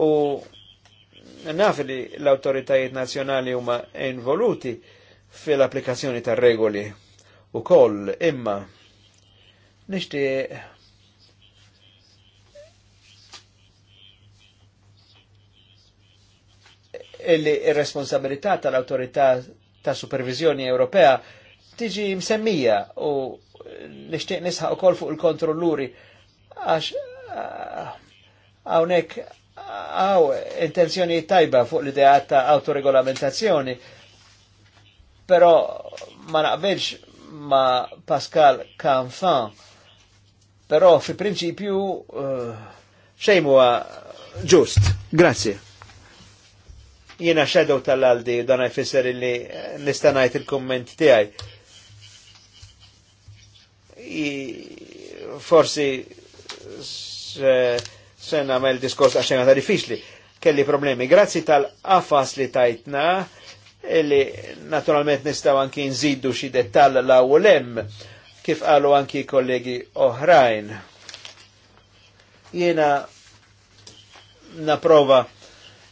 U naf li l-autoritajiet Nazjonali huma involuti fil-applikazzjoni tar regoli u koll imma nixtieq illi responsabilità tal-autorità ta' supervizjoni Ewropea tiġi msemmija u nishtiq nisħaq ukoll fuq il-kontrolluri għax ah, hawnhekk għaw intenzjoni tajba fuq l-idea ta' autoregolamentazzjoni, pero ma naqbilx ma Pascal Canfan, pero fi prinċipju uh, xejn ġust. Grazie. Jiena shadow tal-għaldi u dan jfisser illi nistanajt il-komment tiegħi. Forsi se nagħmel diskors għaxena ta' diffiċli. Kelli problemi. Grazzi tal afas li tajtna illi naturalment nistaw anki nżiddu xi dettall l u lem, kif qalu anki kollegi oħrajn. Jiena naprova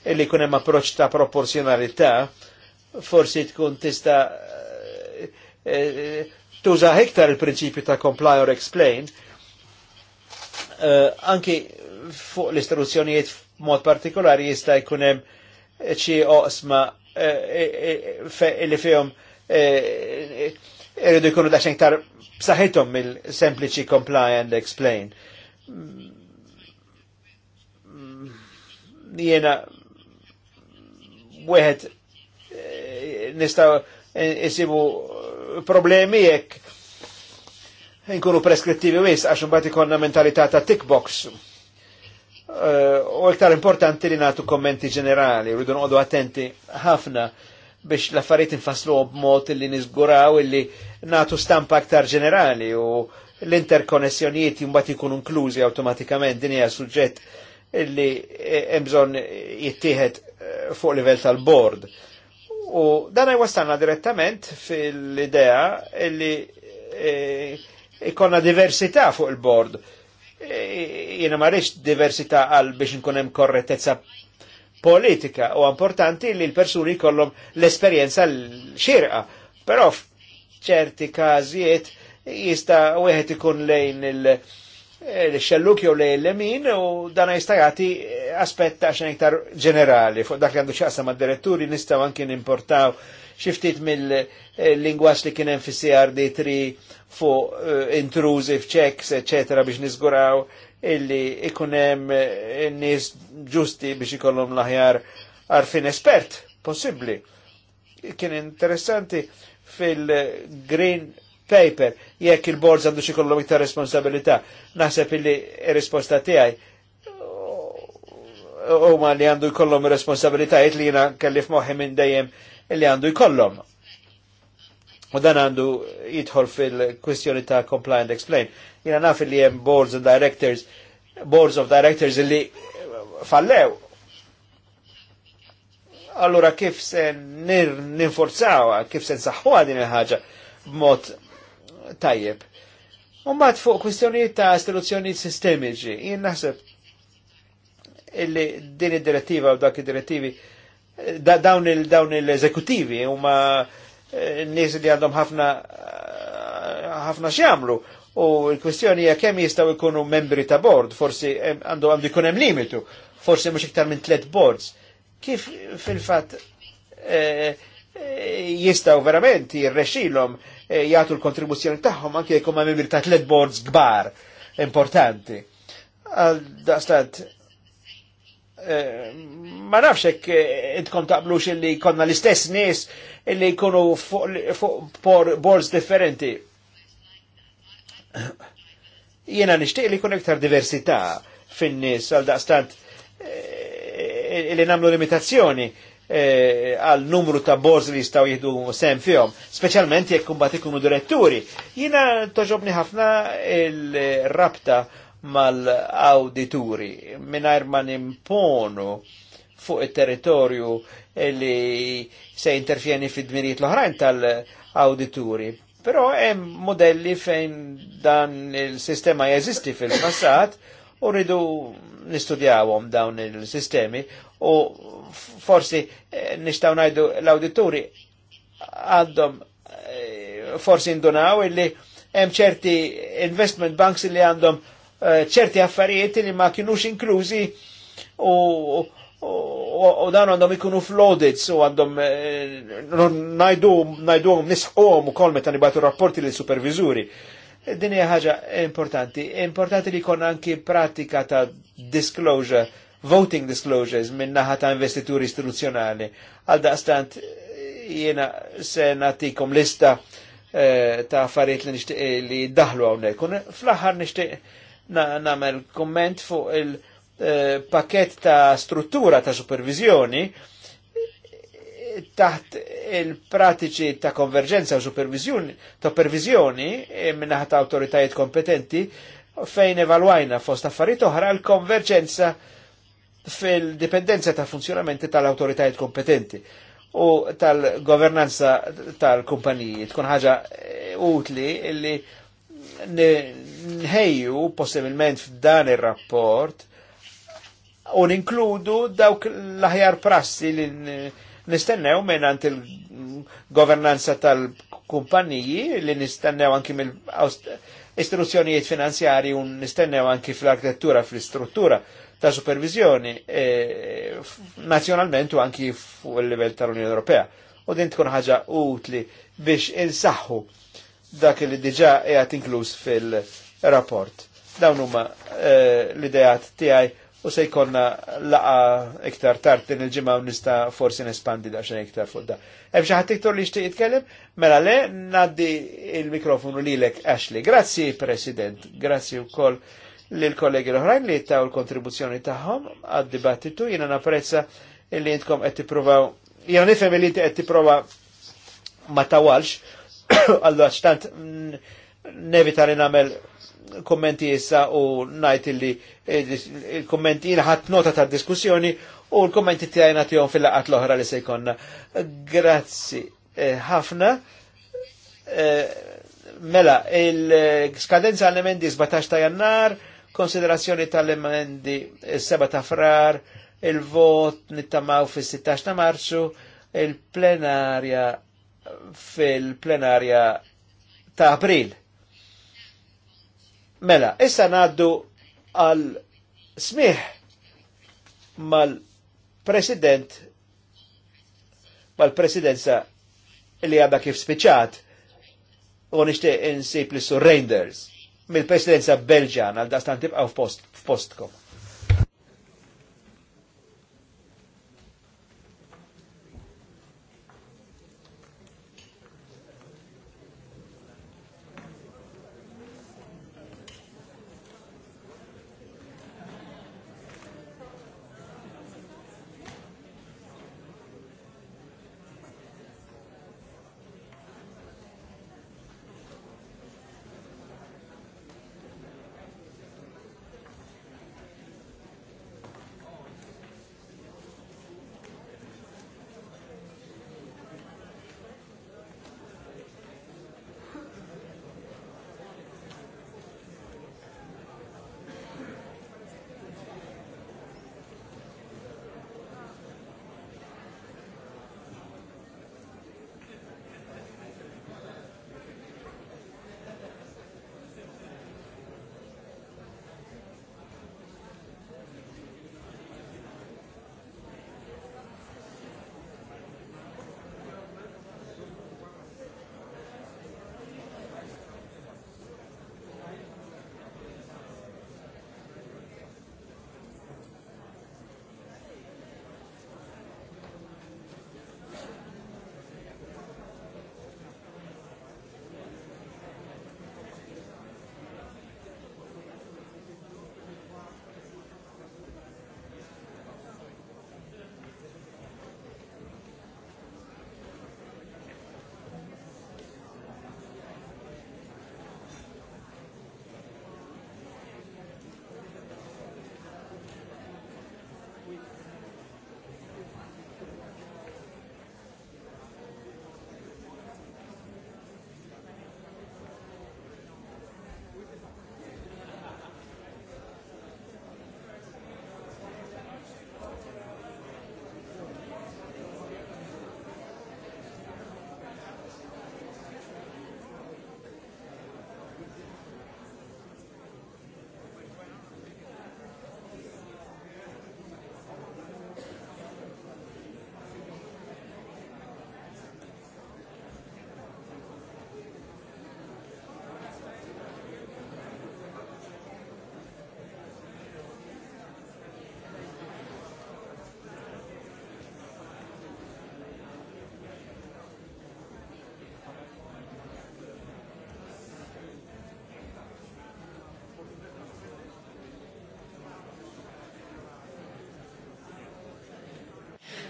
illi kun hemm approċċ ta' proporzjonalità, forsi tkun tista' eh, eh, tuża iktar il-prinċipju ta' comply or explain, eh, anki fuq l-istruzzjonijiet mod partikolari jista' jkun hemm xi oqsma li fihom irridu jkunu daċċen iktar b'saħħithom mill-sempliċi comply and explain. Mm. Jiena weħed eh, nistaw jisibu eh, problemi jekk nkunu preskrittivi wis għax mbagħad ikonna mentalità ta' tick box. Eh, u iktar importanti li nagħtu kommenti ġenerali, rridu noqogħdu attenti ħafna biex l-affarijiet infaslu b'mod li niżguraw illi nagħtu stampa aktar ġenerali u l-interkonnessjonijiet jumbat ikunu inklużi automatikament din hija suġġett illi hemm bżonn jittieħed Eh, fuq livell tal-bord. U dan għajwastanna direttament fil-idea li eh, ikonna diversità fuq il-bord. E, eh, Jena marriċ diversità għal biex nkunem korretezza politika u importanti li l-persuni kollom l-esperienza l-xirqa. Però f'ċerti kazijiet jista' wieħed ikun lejn il- Eh, l-xelluk jew l-lemin u dan jistagħati eh, aspetta għaxen iktar ġenerali. Fuq dak li għandu xaqsa ma' diretturi nistaw anki nimportaw xiftit mill-lingwax eh, li kienem fi CRD3 fuq intrusive checks, eccetera, biex nizguraw illi ikunem nis ġusti biex ikollum laħjar arfin għarfin espert, possibli. Kien interessanti fil-green paper jekk il bords għandu xi kollu iktar responsabilità. Naħseb li risposta tiegħi huma li għandu jkollhom responsabilitajiet li jiena kelli f'moħħi minn dejjem li għandu jkollhom. U dan għandu jidħol fil-kwistjoni ta' comply and explain. Jiena naf li hemm boards of directors, boards of directors li fallew Allura kif se nir ninforzawa, kif se nsaħħuha din il-ħaġa b'mod tajjeb. Umbat fuq kwistjoni ta' istituzzjonijiet sistemiċi, jien naħseb illi din id-direttiva u dak id-direttivi dawn il-dawn il-eżekutivi huma eh, n-nies li għandhom ħafna eh, ħafna x'jamlu u l-kwestjoni hija kemm jistgħu jkunu membri ta' board, forsi għandu għandu jkun hemm limitu, forsi mhux iktar minn tliet boards. Kif fil-fatt eh, jistgħu verament jirrexilhom Eh, jagħtu l-kontribuzzjoni tagħhom anke jekk huma membri ta' tliet boards kbar importanti. Għal daqstat eh, ma nafx hekk eh, intkom taqblux illi konna l-istess nies illi jkunu fuq boards differenti. Jiena nixtieq li jkun iktar diversità fin-nies għal daqstant illi namlu limitazzjoni Eh, għal numru ta' borz li jistaw jihdu sem fjom, specialment jek kumbat ikunu diretturi. Jina toġobni ħafna il-rabta mal audituri minnajr ma nimponu fuq il-territorju li se interfjeni fid-dmirijiet l-oħrajn tal audituri Però hemm modelli fejn dan il-sistema jeżisti fil-passat u rridu nistudjawom dawn il-sistemi u forsi eh, nistaw najdu l auditori għaddom eh, forsi indunaw illi hemm ċerti investment banks li għandhom eh, ċerti affarijiet li ma kienux inklużi u u dan għandhom ikunu flodits u għandhom najdu najdu għom u kolmet għanibatu rapporti li supervizuri Din hija ħaġa importanti. Importanti li jkun anki pratika ta' disclosure, voting disclosures minn naħa ta' investituri istituzzjonali. Għal daqstant jiena se natikom lista eh, ta' affarijiet li nixtieq li daħlu hawnhekk. Fl-aħħar nixtieq nagħmel komment fuq il- eh, pakett ta' struttura ta' supervizjoni taħt il-pratiċi ta' konverġenza u supervizjoni, ta' pervizjoni e, minnaħat ta' autoritajiet kompetenti fejn evalwajna fost affarijiet oħra l-konverġenza fil-dipendenza ta' funzjonamenti tal-autoritajiet kompetenti u tal-governanza tal-kumpaniji. Tkun ħaġa e, utli li nħejju possibilment f'dan ir-rapport u ninkludu dawk l-aħjar prassi li nistennew minnant il-governanza tal-kumpaniji li nistennew anki mill-istruzzjonijiet finanzjari un nistennew anki fl-arkitettura, fl-istruttura ta' supervizjoni e, nazjonalment u anki fuq il-livell tal-Unjoni Ewropea. U din tkun ħaġa utli biex insaħħu dak li diġa qiegħed inkluż fil-rapport. Dawn huma e, l-idejat tiegħi u se jkonna laqa iktar tard din il-ġimgħa u nista' forsi nespandi xejn iktar fuq da. Hemm xi ħadd iktar li jixtieq jitkellem? Mela le ngħaddi il-mikrofonu lilek Ashley. Grazzi President, grazzi wkoll lill kollegi l-oħrajn li jittaw l kontribuzzjoni tagħhom għad-dibattitu jiena napprezza li intkom qed tippruvaw jiena nifhem li inti qed tipprova ma tawalx għallu [COUGHS] għax tant nevita li kommenti issa u najt illi il-kommenti il-ħat nota ta' diskussjoni u l-kommenti tijaj natijom fil-laqat l-ohra li sejkonna. Grazzi eh, ħafna. Eh, mela, il-skadenza għall-emendi 17 ta' jannar, konsiderazzjoni tal-emendi 7 ta' frar, il-vot nittamaw fil-16 ta' marzu, il-plenarja fil-plenarja ta' april. Mela, issa naddu għal smih mal-president mal-presidenza li għabba kif spiċat u nishtiq insib li surrenders mill-presidenza Belġan għal dastan tibqaw f'postkom.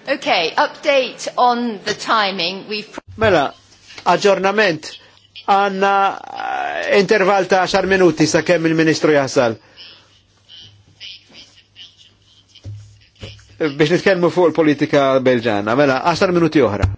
Okay, update on the timing. We've Mela, aġġornament għanna eh, interval ta' 10 minuti sa' kemm il-ministru jasal. Eh, biex nitkellmu fuq il-politika belġana, mela 10 minuti oħra.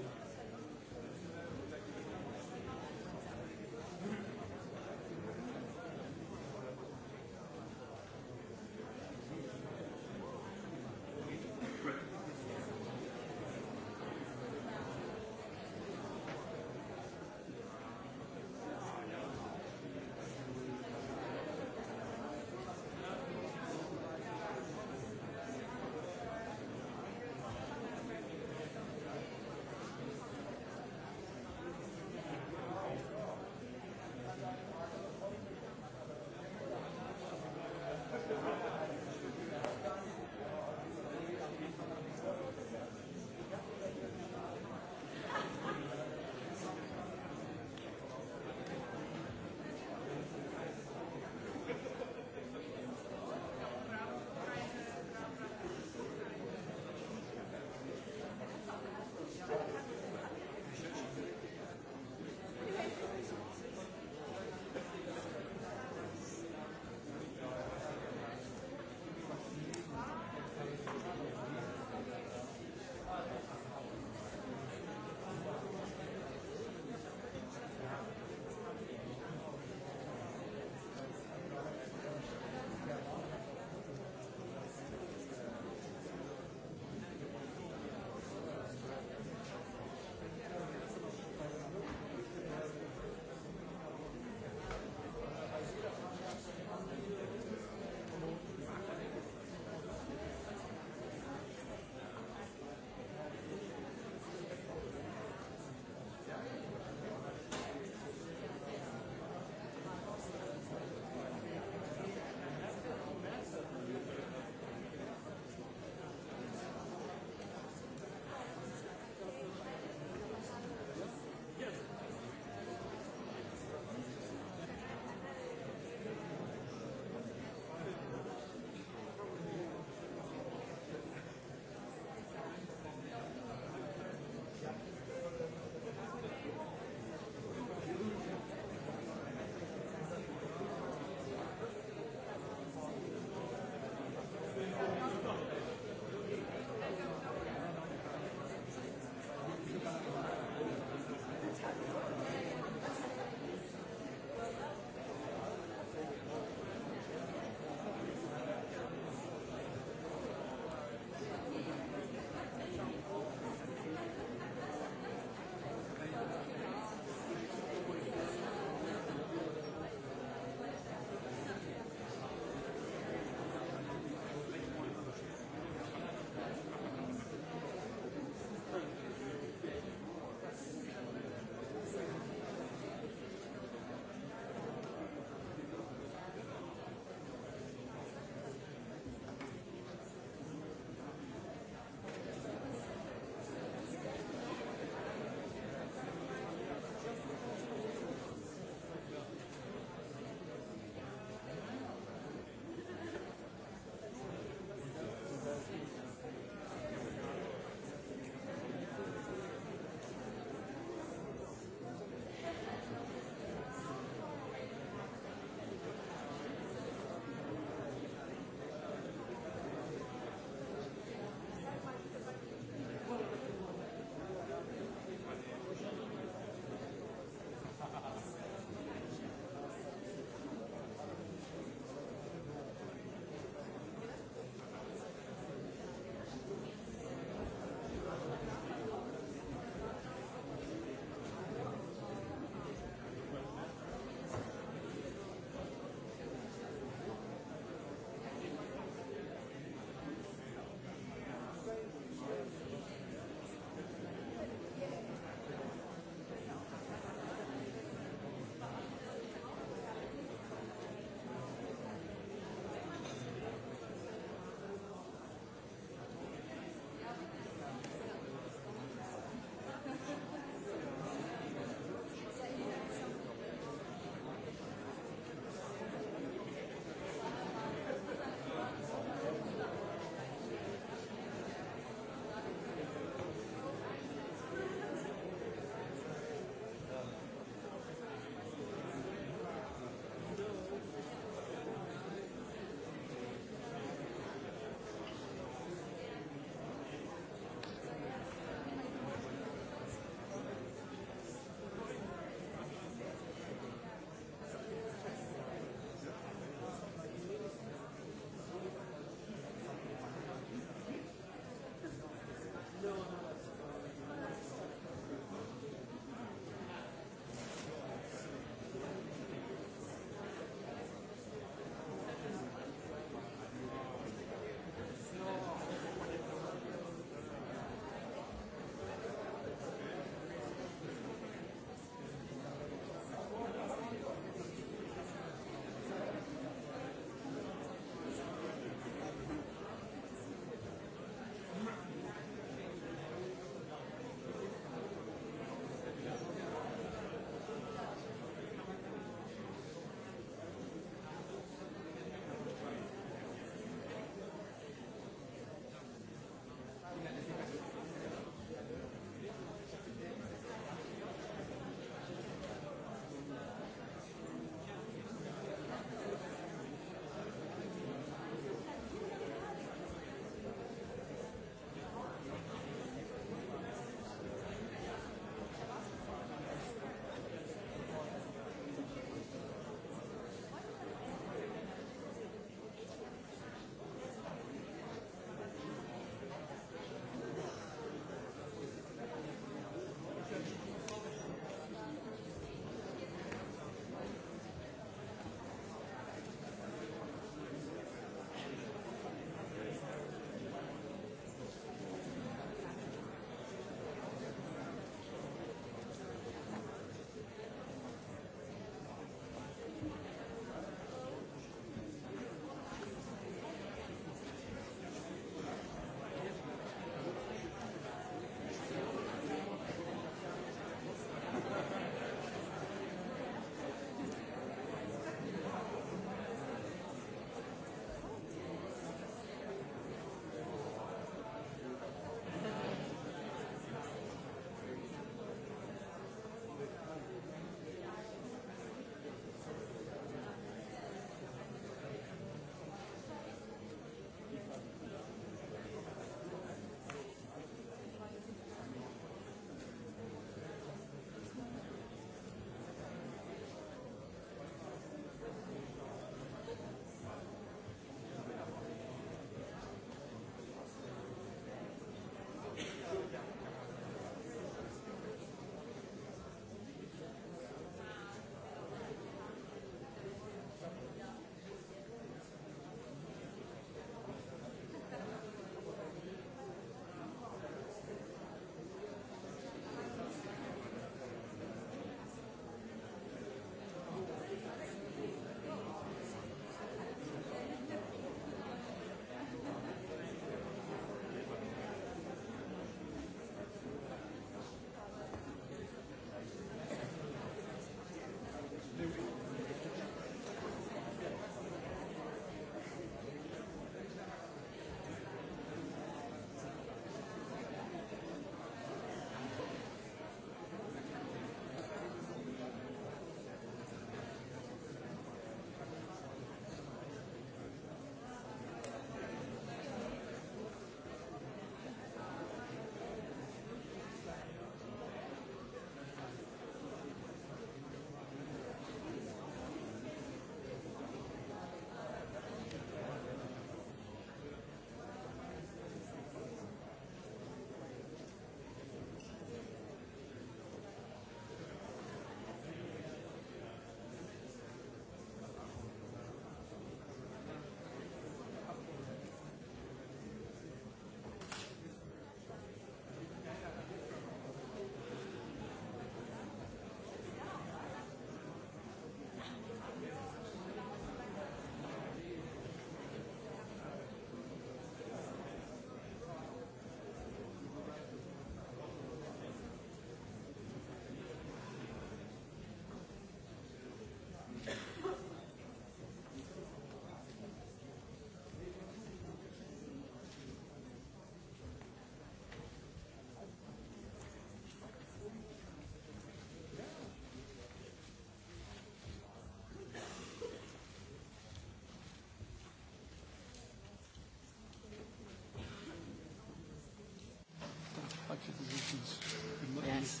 Yes.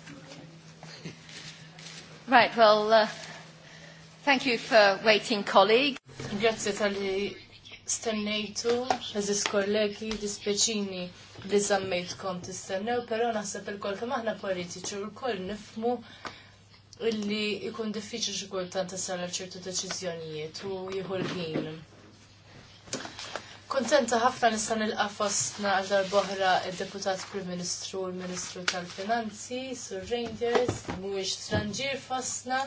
Okay. Right, well, uh, thank you for waiting, colleague. Grazie tal-li stennejtu, għaziz kollegi, dispeċini li zammejtkom t-stennew, pero naħseb il-kol kem aħna politiċi u l-kol nifmu illi ikun diffiċi xikultant tasal ċertu deċizjonijiet u jieħu l-ħin. Kontenta ħafna nista' nilqa' fostna għal darb'oħra id-Deputat Prim Ministru u l-Ministru tal-Finanzi, Sur Rangers, mhuwiex stranġir fostna.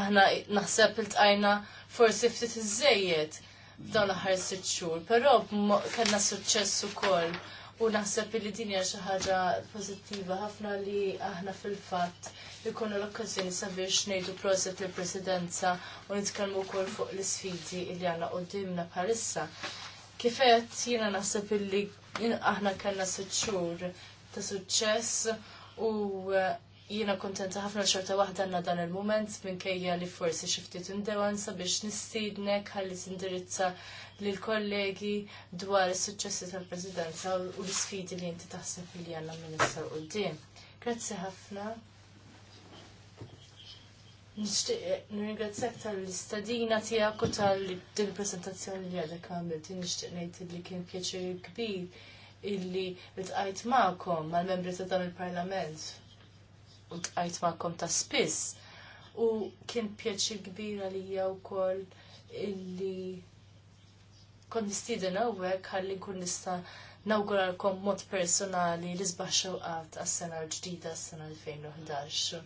Aħna naħseb iltqajna forsi ftit iżejjed f'dawn l-aħħar sitt xhur, però kellna suċċess ukoll u naħseb li din hija xi ħaġa pożittiva ħafna li aħna fil-fatt ikunu l-okkażjoni sabiex ngħidu proset il-presidenza u nitkellmu wkoll fuq l-isfidi li għandna qudiemna bħalissa. qed jiena naħseb illi aħna kellna sitt xhur ta' suċċess u jiena kontenta ħafna xorta waħda għanna dan il-moment minkejja li forsi xiftit indewansa biex nistidnek ħalli tindirizza l kollegi dwar is-suċċessi tal-Presidenza u l-sfidi li jinti taħseb li għandna minister qudiem. Grazzi ħafna. Nishtiq, nirringrazzjak tal-istadina tiegħek u tal-presentazzjoni li għadek għamilt. Nishtiq ngħid li kien pjaċir kbir illi bitqajt magħkom mal-membri ta' dan il-Parlament u tqajt ma'kom ta' spiss. U kien pjaċir kbir għalija wkoll illi kon nistieden nawwek ħalli nkun nista' nawguralkom mod personali li sbaħ xewqat għas-sena l-ġdida għas-sena 2011.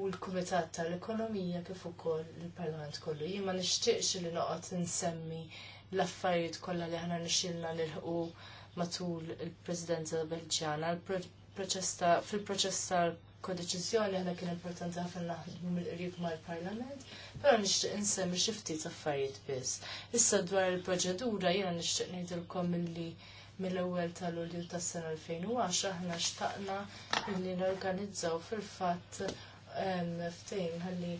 U l-Kumitat tal-Ekonomija kif ukoll il-Parlament kollu. Jien ma nixtieqx li noqgħod insemmi l-affarijiet kollha li aħna nixilna nilħqu matul il-Presidenza Belġjana, fil-proċess tal-kodeċizjoni ħna kien importanti ħafna naħdmu mill-qrib mal-Parlament, però nixtieq insemmi xi ftit affarijiet biss. Issa dwar il-proċedura jiena nixtieq ngħidilkom milli mill-ewwel tal-Ulju tas-sena 2010 aħna xtaqna li norganizzaw fil-fatt ehm, ftejn ħalli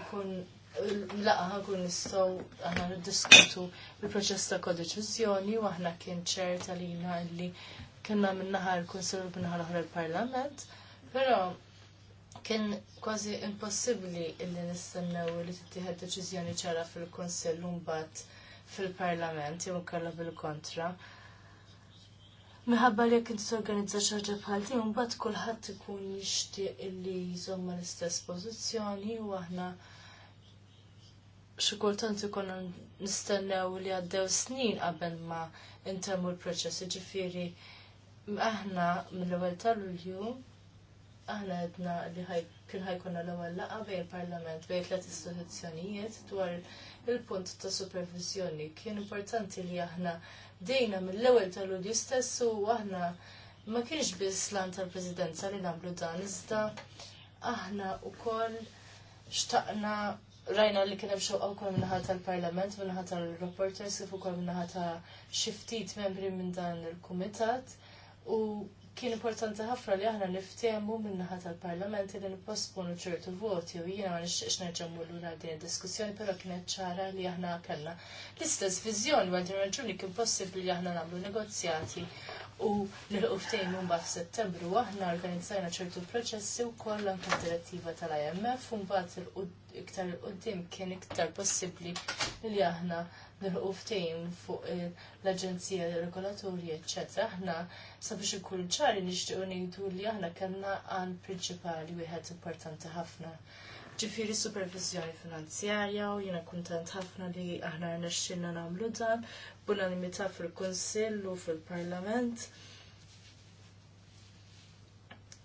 nkun Laqa ħakun nistaw aħna niddiskutu il-proċess ta' kodeċizjoni u aħna kien ċerta li li kena naħar l minn naħar uħra l il-Parlament, pero kien kważi impossibli illi nistennew li tittieħed deċiżjoni ċara fil kunsill u mbagħad fil-Parlament jew kellha bil-kontra. Minħabba li jekk inti torganizza ċarġa bħal din mbagħad kulħadd ikun jixtieq illi jżomma l-istess pożizzjoni u aħna xi kultant ikunu nistennew li għaddew snin qabel ma intemmu l-proċess, ġifieri aħna mill-ewwel tal-Lulju aħna għedna li kien ħajkun l-ewwel laqgħa bejn il-Parlament bejn tliet istituzzjonijiet dwar il-punt ta' supervizjoni. Kien importanti li aħna dejna mill-ewwel tal-Lulju stess u aħna ma kienx biss lan tal-Presidenza li nagħmlu dan iżda aħna wkoll xtaqna rajna li kien hemm xewqa wkoll minnaħa tal-Parlament, minnaħa tal-reporters kif ukoll minnaħa ta' xi ftit membri minn dan il-kumitat u kien importanti ħafna li aħna niftehmu min-naħa tal-Parlament li nipposponu ċertu voti u jiena ma nixtieqx nerġgħu lura din id-diskussjoni però kienet ċara li aħna kellna l-istess viżjoni għal din raġuni kien possibbli li aħna nagħmlu negozjati u nilqu ftejn Settembru f'Settembru aħna organizzajna ċertu proċessi wkoll anke direttiva tal-IMF u mbagħad iktar il-qudiem kien iktar possibbli li aħna nilħu ftejn fuq l-Aġenzija Regolatorja, ecc. Aħna sabiex ikun ċari nixtiequ ngħidu li aħna kellna għan prinċipali wieħed importanti ħafna. Ġifieri supervizjoni finanzjarja u jiena kuntent ħafna li aħna rnexxinna nagħmlu dan b'unanimità fil-Kunsill u fil-Parlament.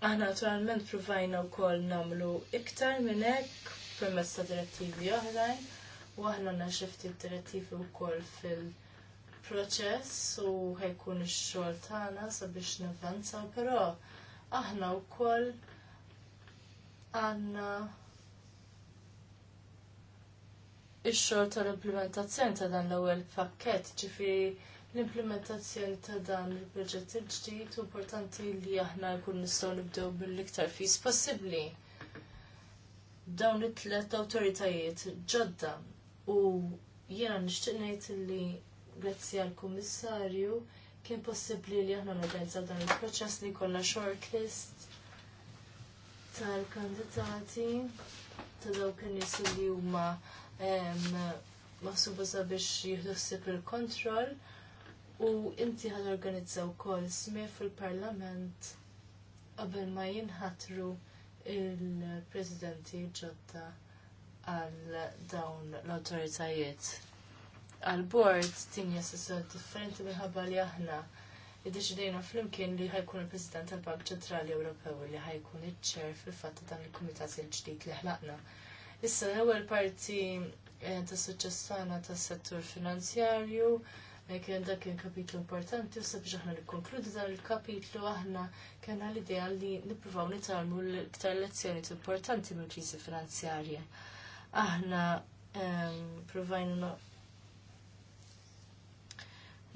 Aħna naturalment provajna wkoll nagħmlu iktar minn hekk permezz ta' direttivi oħrajn u aħna għandna xi ftit direttivi wkoll fil-proċess u ħejkun ix-xogħol tagħna sabiex nivvanzaw, però aħna wkoll għandna ix-xogħol tal-implementazzjoni ta' dan l-ewwel pakkett, ġifi l-implementazzjoni ta' dan il-proġett il-ġdid u importanti li aħna jkun nistgħu nibdew bil iktar fis possibbli dawn it-tlet awtoritajiet ġodda U jena nishtiq ngħid li grazzi għall kummissarju kien possibbli li aħna norganizzaw dan il-proċess li kollha shortlist tal-kandidati ta' dawk in-nies li huma maħsuba biex jieħdu il-kontroll u inti ħad organizzaw kol smi fil-parlament qabel ma jinħatru il-presidenti ġodda għal dawn l-autoritajiet. Għal bord tinja sessor differenti minħabba li aħna id-deċidejna fl-imkien li ħajkun il-President tal-Bank Ċentrali Ewropew li ħajkun iċ-ċer fil-fatt dan il-Kumitat il-ġdid li ħlaqna. Issa l-ewwel parti eh, ta' suċċessana tas-settur finanzjarju eh, kien dak kien kapitlu importanti u sabiex aħna nikkonkludi dan il-kapitlu aħna kien l-idea li nippruvaw nitalmu l-iktar lezzjoni importanti mill-kriżi finanzjarja aħna provajna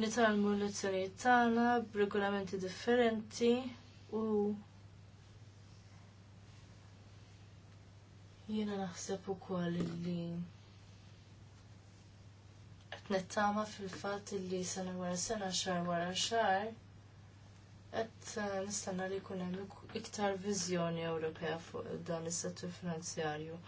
nitalmu lezzjonijiet tagħna b'regolamenti differenti u jiena naħseb ukoll li qed nittama fil-fatt li sena wara sena xahar wara xahar qed eh, nistenna li jkun hemm iktar viżjoni Ewropea fuq dan is-settur finanzjarju.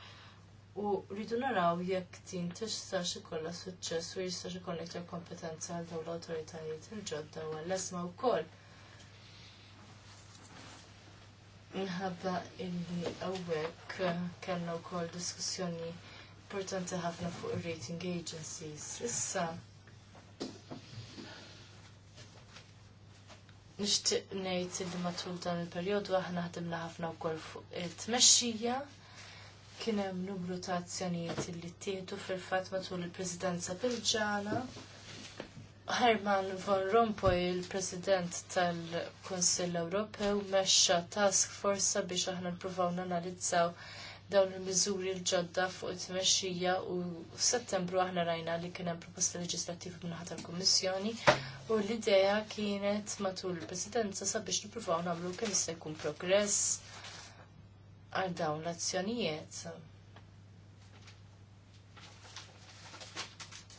U rridu naraw jekk tin xi ikollha suċċess u xi ikollek l kompetenza għal dawn l-awtoritajiet il-ġodda u għall-esma wkoll. Minħabba illi hawnhekk kellna wkoll diskussjoni importanti ħafna fuq ir-rating agencies. Issa nixtieq ngħid li matul dan il-perjodu aħna ħdimna ħafna wkoll fuq it-tmexxija. Kien hemm numru ta' azzjonijiet li ttieħdu fil-fatt matul il-Presidenza Belġana. Herman von Rompuy, il-President tal-Kunsill Ewropew, mexxa task force biex aħna nippruvaw nanalizzaw dawn il-miżuri l-ġodda fuq it-tmexxija u f'Settembru aħna rajna li kien hemm proposta leġislattiva minnaħa tal-Kummissjoni u l-idea kienet matul il-Presidenza sabiex nippruvaw nagħmlu kemm jista' jkun progress għal dawn l-azzjonijiet.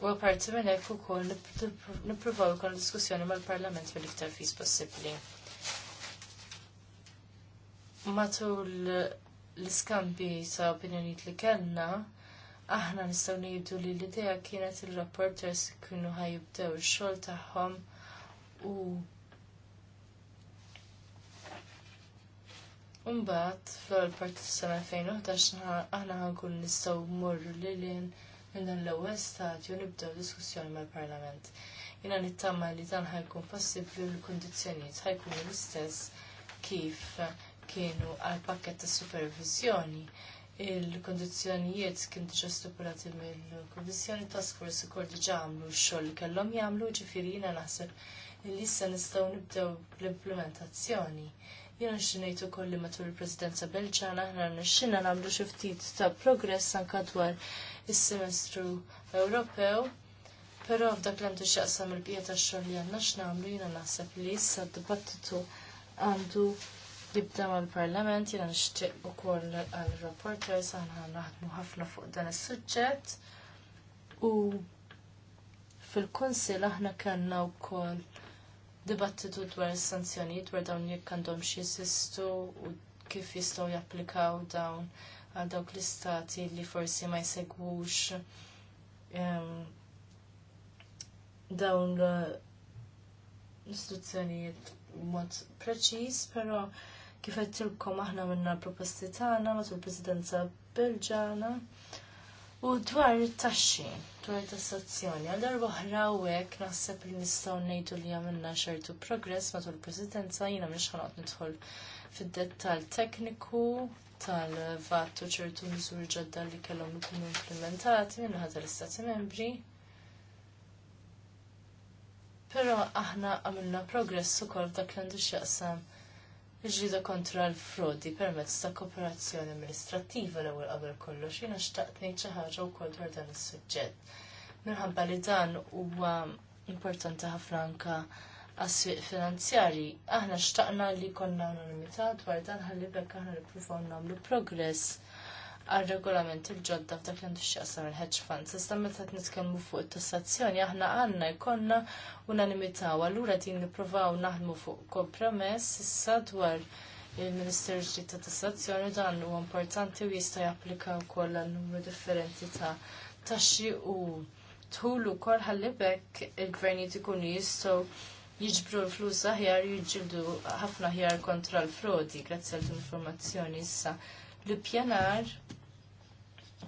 U għaparti minn hekk ukoll nippruvaw ikun diskussjoni mal-Parlament fil iktar fis possibbli. Matul l-iskambi ta' opinjoniet li kellna, aħna nistgħu ngħidu li l-idea kienet il-rapporters kienu ħajibdew il-xol tagħhom u Umbat, fl għol part s sena 2011 aħna ħankun nistgħu mmorru lilien minn dan l-ewwel stadju nibdew diskussjoni mal-Parlament. Jiena nittamma li dan ħajkun possibbli u l-kundizzjonijiet ħajkunu l-istess kif kienu għal pakket ta' supervizjoni. Il-kondizjonijiet kien diġa stipulati mill-Kummissjoni Task Force ukoll diġa għamlu x-xogħol li kellhom jagħmlu, ġifieri jiena naħseb li issa nistgħu nibdew l-implementazzjoni. Jena nxinejt u kolli matul il-Presidenza Belġana, ħna nxinna namlu xiftit ta' progress anka dwar il-semestru Ewropew. Pero f'dak l għandu xaqsam il-bija ta' xogħol li għandna x'namlu jiena naħseb li issa d-dibattitu għandu jibda mal-parlament, jena nxtiq u koll għal-reporter, saħna naħdmu ħafna fuq dan is suġġett u fil-konsil aħna kanna u koll dibattitu dwar is-sanzjoni dwar dawn jekk għandhom xi jeżistu u kif jistgħu japplikaw dawn għal dawk l-istati li forsi ma jsegwux ehm, dawn l-istituzzjonijiet mod preċiż, però kif qed tilkom aħna minna proposti tagħna matul il-Presidenza Belġana U dwar it-taxxi, dwar tassazzjoni, għal darba oħra u hekk naħseb li nistgħu ngħidu li għamilna xertu progress matul il-Presidenza jiena mhix ħanoqgħod nidħol fid-dettall tekniku tal vattu u ċertu miżur ġodda li kellhom ikunu implementati minn ħadd l-Istati Membri. Però aħna għamilna progress ukoll dak l għandu x'jaqsam ġlida kontra l-frodi permezz ta' kooperazzjoni amministrativa l-ewwel qabel kollox jiena xtaqt ngħid xi ħaġa wkoll dwar dan is-suġġett. Minħabba li dan huwa importanti ħafna anke għas-swieq finanzjarji, aħna xtaqna li konna anonimità dwar dan ħalli bekk aħna nippruvaw nagħmlu progress għal-regolament il-ġodda f'dak li xaqsam il-hedge funds. S'ista meta qed nitkellmu fuq it-tassazzjoni aħna għandna jkollna unanimità u allura din nippruvaw naħdmu fuq kompromess issa dwar il-Ministeru ġdid ta' Tassazzjoni dan huwa importanti u jista' japplika wkoll għal numru differenti ta' taxxi u tħulu ħalli ħallibek il-gvernijiet ikunu jistgħu jiġbru l-flus aħjar jiġġildu ħafna aħjar kontra l-frodi grazzi għal informazzjoni issa. L-pjanar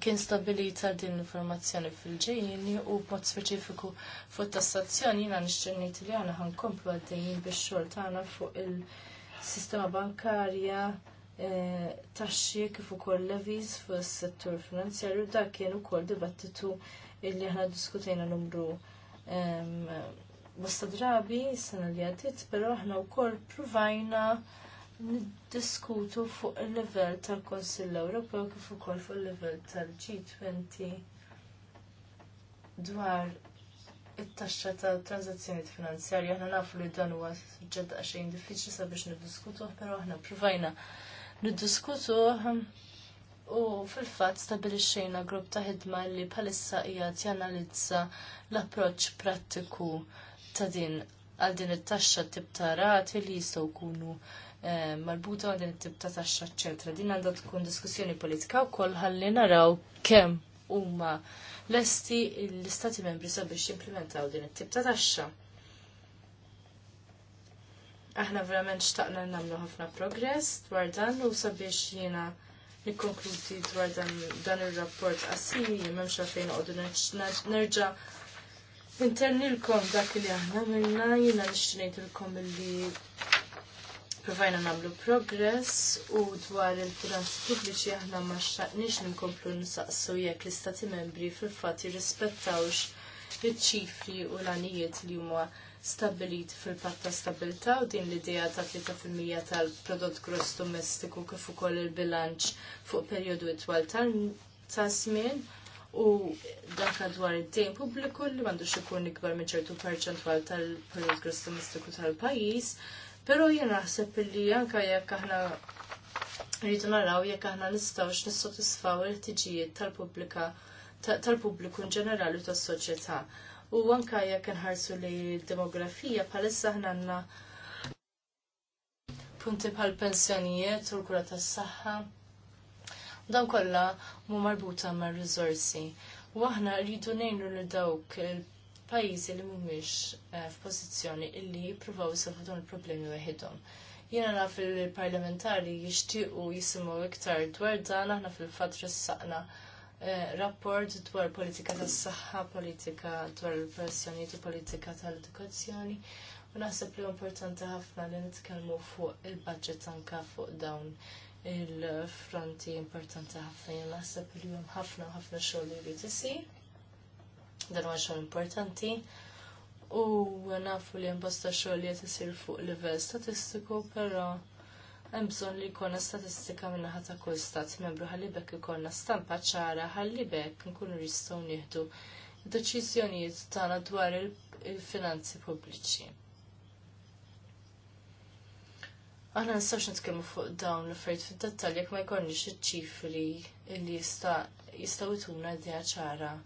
kien stabilita din l-informazzjoni fil-ġejjini u b'mod speċifiku fuq tassazzjoni jiena nixtiennit li għana ħankomplu għaddejjin bix-xogħol tagħna fuq il-sistema bankarja eh, taxxi kif ukoll levies fuq is-settur finanzjarju dak kien ukoll dibattitu illi aħna diskutejna numru bosta drabi s-sena li għaddiet, però aħna wkoll provajna niddiskutu fuq il-level tal-Konsill Ewropew kif ukoll fuq il-level tal-G20 dwar it-taxxa tat transazzjonijiet finanzjarji aħna nafu li dan huwa suġġett xejn diffiċli sabiex niddiskutuh, però aħna provajna niddiskutuh U fil-fatt stabilixxejna grupp ta' ħidma li bħalissa qiegħed janalizza l-approċċ prattiku ta' din għal din it-taxxa tip ta' rati li jistgħu jkunu Eh, marbuta għal din it-tip ta' taxxa ċentra. Din għandha tkun diskussjoni politika wkoll ħalli naraw kemm huma lesti l-istati membri sabiex jimplementaw din it-tip ta' taxxa. Aħna verament xtaqna nagħmlu ħafna progress dwar dan u sabiex jiena nikkonkludi dwar dan ir-rapport qasir m'hemmx fejn noqogħdu nerġa' l-kom dak li aħna minna jina nixtinejt ilkom illi provajna namlu progress u dwar il-finanzi pubbliċi aħna ma xtaqniex ninkomplu nsaqsu jekk l-istati membri fil-fatt jirrispettawx iċ-ċifri u l-għanijiet li huma stabiliti fil-patt ta' stabilità u din l-idea ta' 3% tal-prodott gross domestiku kif ukoll il-bilanċ fuq perjodu itwal ta' żmien u dak dwar id-dejn pubbliku li m'għandux ikun ikbar minn ċertu perċentwal tal-prodott gross domestiku tal-pajjiż Pero jien naħseb li anka jekk aħna rridu naraw jekk aħna nistgħux nissodisfaw il-ħtiġijiet tal-pubblika tal-pubbliku in ġenerali tas-soċjetà. U anka jekk inħarsu li l-demografija bħalissa aħna għandna punti bħal pensjonijiet u l-kura tas-saħħa. Dan kollha mu marbuta mar-riżorsi. U aħna rridu ngħinu li dawk il pajjiżi li mhumiex eh, f'pożizzjoni illi jippruvaw isolvu dawn il-problemi weħidhom. Jiena naf il-parlamentari jixtiequ jisimgħu iktar dwar dan aħna fil-fatt ressaqna eh, rapport dwar politika tas saħħa politika dwar il pressjonijiet u politika tal-edukazzjoni. U naħseb li importanti ħafna li nitkellmu fuq il-budget anka fuq dawn il-fronti importanti ħafna. Jiena naħseb li hemm ħafna ħafna xogħol li jrid isir dan huwa xogħol importanti. U nafu li bosta xogħol li qed isir fuq livell statistiku, però hemm bżonn li jkollna statistika min-naħa ta' kull stat membru ħalli bekk ikollna stampa ċara ħalli bekk nkunu nistgħu nieħdu deċiżjonijiet tagħna dwar il-finanzi pubbliċi. Aħna nistax nitkellmu fuq dawn l-affarijiet fid-dettalj jekk ma jkollniex iċ-ċifri li jista' jistgħu jtuna idea ċara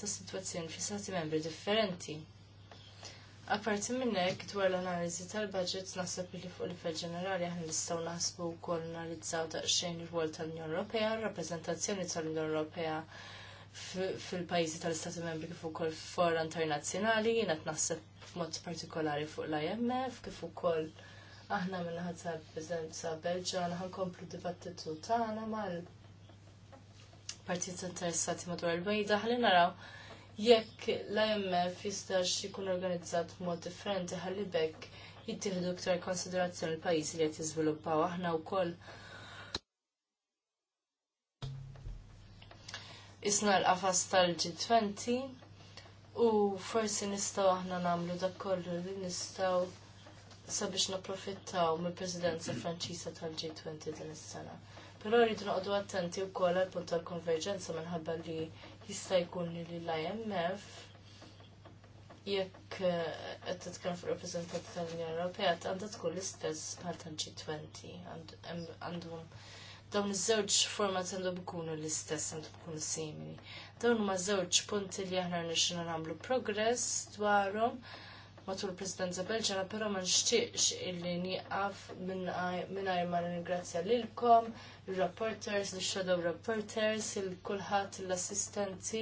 ta' situazzjoni fi stati membri differenti. Apparti minnek, dwar l-analizi tal-budget naħseb li fuq l-ifel ġenerali aħna nistgħu naħsbu wkoll analizzaw xejn ir-rwol tal-Unjoni Ewropea, rappreżentazzjoni tal unjon Ewropea fil-pajjiżi tal-Istati Membri kif ukoll fora internazzjonali, jiena naħseb mod partikolari fuq l-IMF, kif ukoll aħna minnaħat tal prezenza Belġana ħankomplu dibattitu tagħna mal partit interessati madwar il-bajda ħalli naraw jekk l-IMF jistax jikun organizzat mod differenti ħalli bekk jittieħdu iktar konsiderazzjoni l-pajjiżi li qed jiżviluppaw aħna wkoll. Isna l-qafas tal-G20 u forsi nistgħu aħna nagħmlu da kollu li nistgħu sabiex napprofittaw mill-Presidenza Franċiża tal-G20 din is-sena. Però rridu noqogħdu attenti wkoll għal punt tal-konverġenza minħabba li jista' jkun li l-IMF jekk eh, qed titkellem fuq rappreżentanti tal-Unjoni Ewropea għandha tkun l-istess bħal tal-G20 għandhom dawn iż-żewġ format għandhom ikunu l-istess għandhom ikunu simili. Dawn huma żewġ punti li aħna nixxina nagħmlu progress dwarhom matul il-Presidenza Belġana, però ma nixtieqx illi nieqaf mingħajr ma ringrazzja lilkom rapporters, il shadow rapporters, il-kulħat, l-assistenti,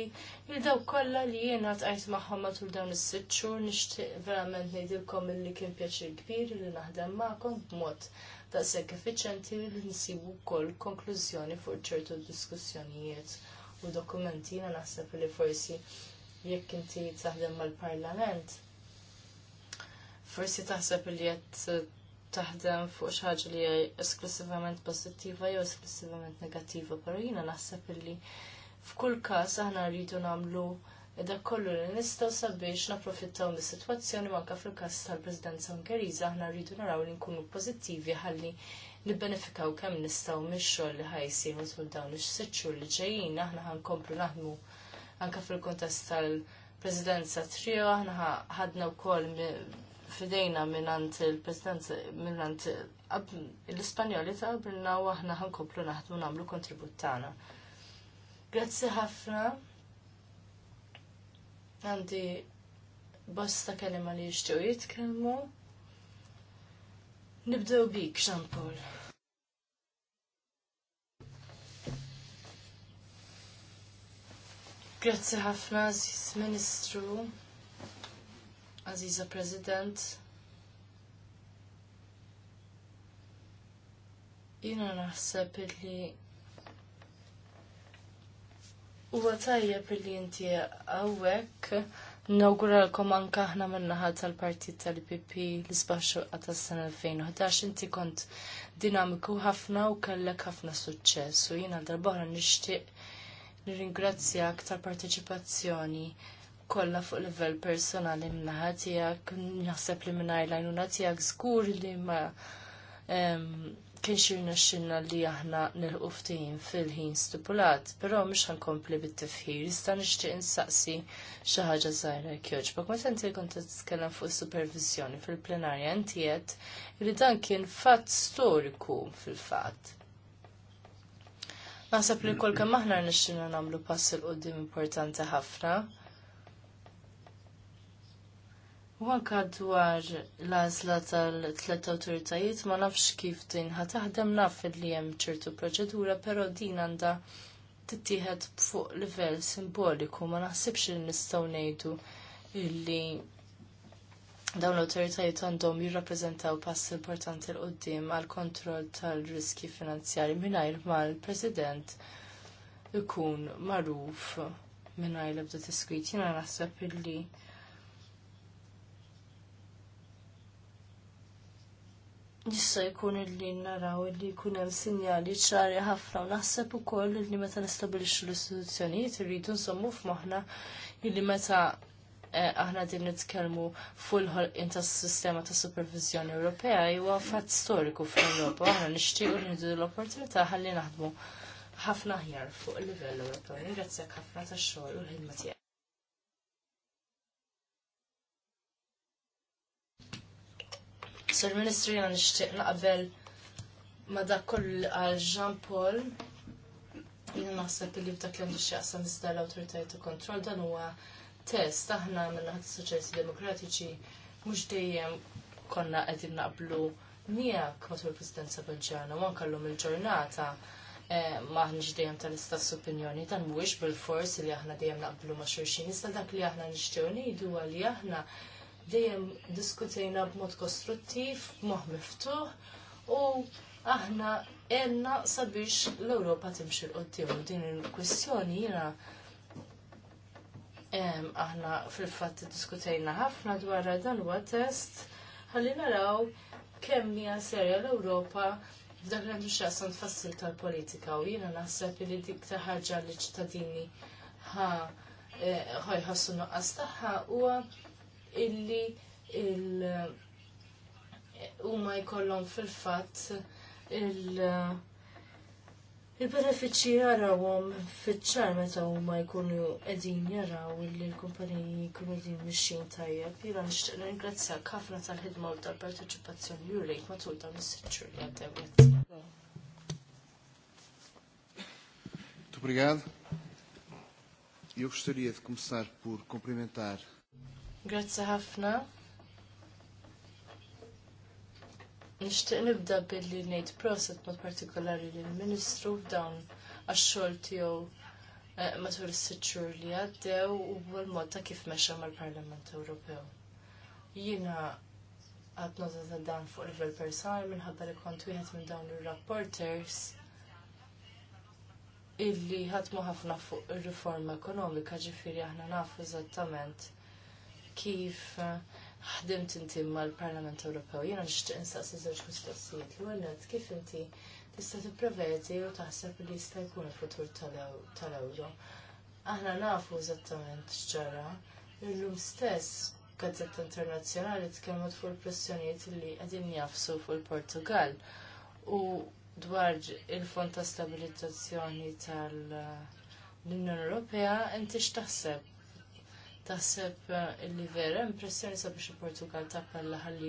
il-daw kolla li jena għajt maħħom matul dawn is-sitt xhur nixtieq verament ngħidilkom li kien pjaċir kbir li naħdem maħkom b'mod ta' sekk effiċenti li nsibu wkoll konklużjoni fuq ċertu diskussjonijiet u dokumenti jiena naħseb li forsi jekk inti taħdem mal-Parlament. Forsi taħseb li jett taħdem fuq xi ħaġa li hija esklusivament pożittiva jew esklusivament negattiva, però jiena naħseb illi f'kull każ aħna rridu nagħmlu dak kollu li nistgħu sabiex napprofittaw mis-sitwazzjoni manka fil-każ tal-Presidenza Ungeriża aħna rridu naraw li nkunu pożittivi ħalli nibbenefikaw kemm nistgħu mix-xogħol li ħajsiru tul dawn ix sitt li ġejjin aħna ħankomplu naħdmu anke fil-kuntest tal-Presidenza trio aħna ħadna wkoll fidejna minnant il presidenza minnant l-Ispanjoli ta' għabrilna u aħna għankoplu naħdmu namlu kontribut tagħna. Grazzi ħafna. Għandi bosta kelima li jishtu jitkelmu. Nibdew bik, Jean Paul. Grazzi ħafna, Ministru. Aziza President. Jina naħseb li Huwa tajjeb li inti hawnhekk nawguralkom anke aħna min-naħa tal-partit tal-PP l għata s sena 2011 inti kont dinamiku ħafna u kellek ħafna suċċess u jiena darbohra nixtieq nirringrazzjak tal-parteċipazzjoni kollha fuq livell personali minnaħa tiegħek, naħseb li mingħajr lajnuna tiegħek żgur li ma kienx naxxinna li aħna nilqu ftehim fil-ħin stipulat, però mhux ħankompli bit-tifħir, iżda nixtieq insaqsi xi ħaġa żgħira ma Meta inti t titkellem fuq supervizjoni fil-plenarja inti li dan kien fatt storiku fil-fatt. Naħseb li kol kemm aħna nixxinna nagħmlu pass il qudiem importanti ħafna U anka dwar l-għażla tal-tlet awtoritajiet ma nafx kif din taħdem naf li hemm ċertu proċedura, però din għandha tittieħed fuq livell simboliku ma naħsibx li nistgħu ngħidu illi dawn l-autoritajiet għandhom jirrappreżentaw pass importanti l qoddim għal kontroll tal-riski finanzjari mingħajr ma l-President ikun magħruf mingħajr l-ebda tiskwit. Jiena naħseb illi jissa jkun illi naraw li jkun hemm sinjali ċari ħafna u naħseb ukoll li meta nistabilixxu l-istituzzjonijiet irridu nsommu f'moħħna li meta eh, aħna din nitkellmu full ħolqien tas-sistema ta' supervizjoni Ewropea huwa fatt storiku fl-Ewropa aħna nixtiequ rridu l-opportunità ħalli naħdmu ħafna aħjar fuq il-livell Ewropew. Ringrazzjak ħafna tax-xogħol u l-ħidma tiegħek. Sur Ministri għan nixtieq naqbel ma dak għal Jean Paul jina naħseb li f'dak li għandu x'jaqsam iżda l-awtoritajiet u kontrol dan huwa test aħna mill-ħadd soċjalisti demokratiċi mhux dejjem konna qegħdin naqblu miegħek matul il-Presidenza Belġjana u anke il-ġurnata eh, maħniġ dejjem tal-istess opinjoni dan mhuwiex bil-fors li aħna dejjem naqblu ma' xulxin, issa dak li aħna nixtiew ngħidu għalli aħna dejjem diskutejna b'mod kostruttiv, b'mod miftuħ u aħna enna sabiex l-Ewropa timxil qoddim din il-kwestjoni jiena aħna fil-fatt diskutejna ħafna dwar dan huwa test ħalli naraw kemm hija serja l-Ewropa f'dak li għandu xaqsan tfassil tal-politika u jiena naħseb li dik ta' ħaġa li ċittadini ħa eh, ħajħassu nuqqas tagħha huwa illi il huma jkollhom fil-fatt il Il-benefiċċji jarawhom fiċ-ċar meta huma jkunu qegħdin jaraw illi l-kumpaniji jkunu qegħdin mixjin tajjeb. Jiena nixtieq ringrazzjak ħafna tal-ħidma u tal-parteċipazzjoni li rejt matul dan is-sitxur li għaddew. Obrigado. Eu gostaria de começar por cumprimentar Grazzi ħafna. Nixtieq nibda billi ngħid proset mod partikolari lill ministru f'dawn għax-xogħol tiegħu eh, matul is-sitt li għaddew u l-mod ta' kif mexa mal-Parlament Ewropew. Jiena għad nota ta' dan fuq livell personali minħabba li kont wieħed minn dawn ir-rapporters illi ħadmu ħafna fuq ir-riforma ekonomika ġifieri aħna nafu eżattament kif eh, ħdimt inti mal-Parlament Ewropew. Jiena nixtieq insaqsi żewġ mistoqsijiet. L-ewwel kif inti tista' tipprevedi u taħseb li jista' jkun il-futur tal-ewro. Aħna nafu eżattament x'ġara. Illum stess Gazzetta Internazzjonali tkellmu fuq il-pressjonijiet li qegħdin jafsu fuq il-Portugal u dwar il-Fond ta' Stabilizzazzjoni tal- eh, unjoni Ewropea inti x'taħseb taħseb eh, illi vera impressjoni sabiex il-Portugal tappella ħalli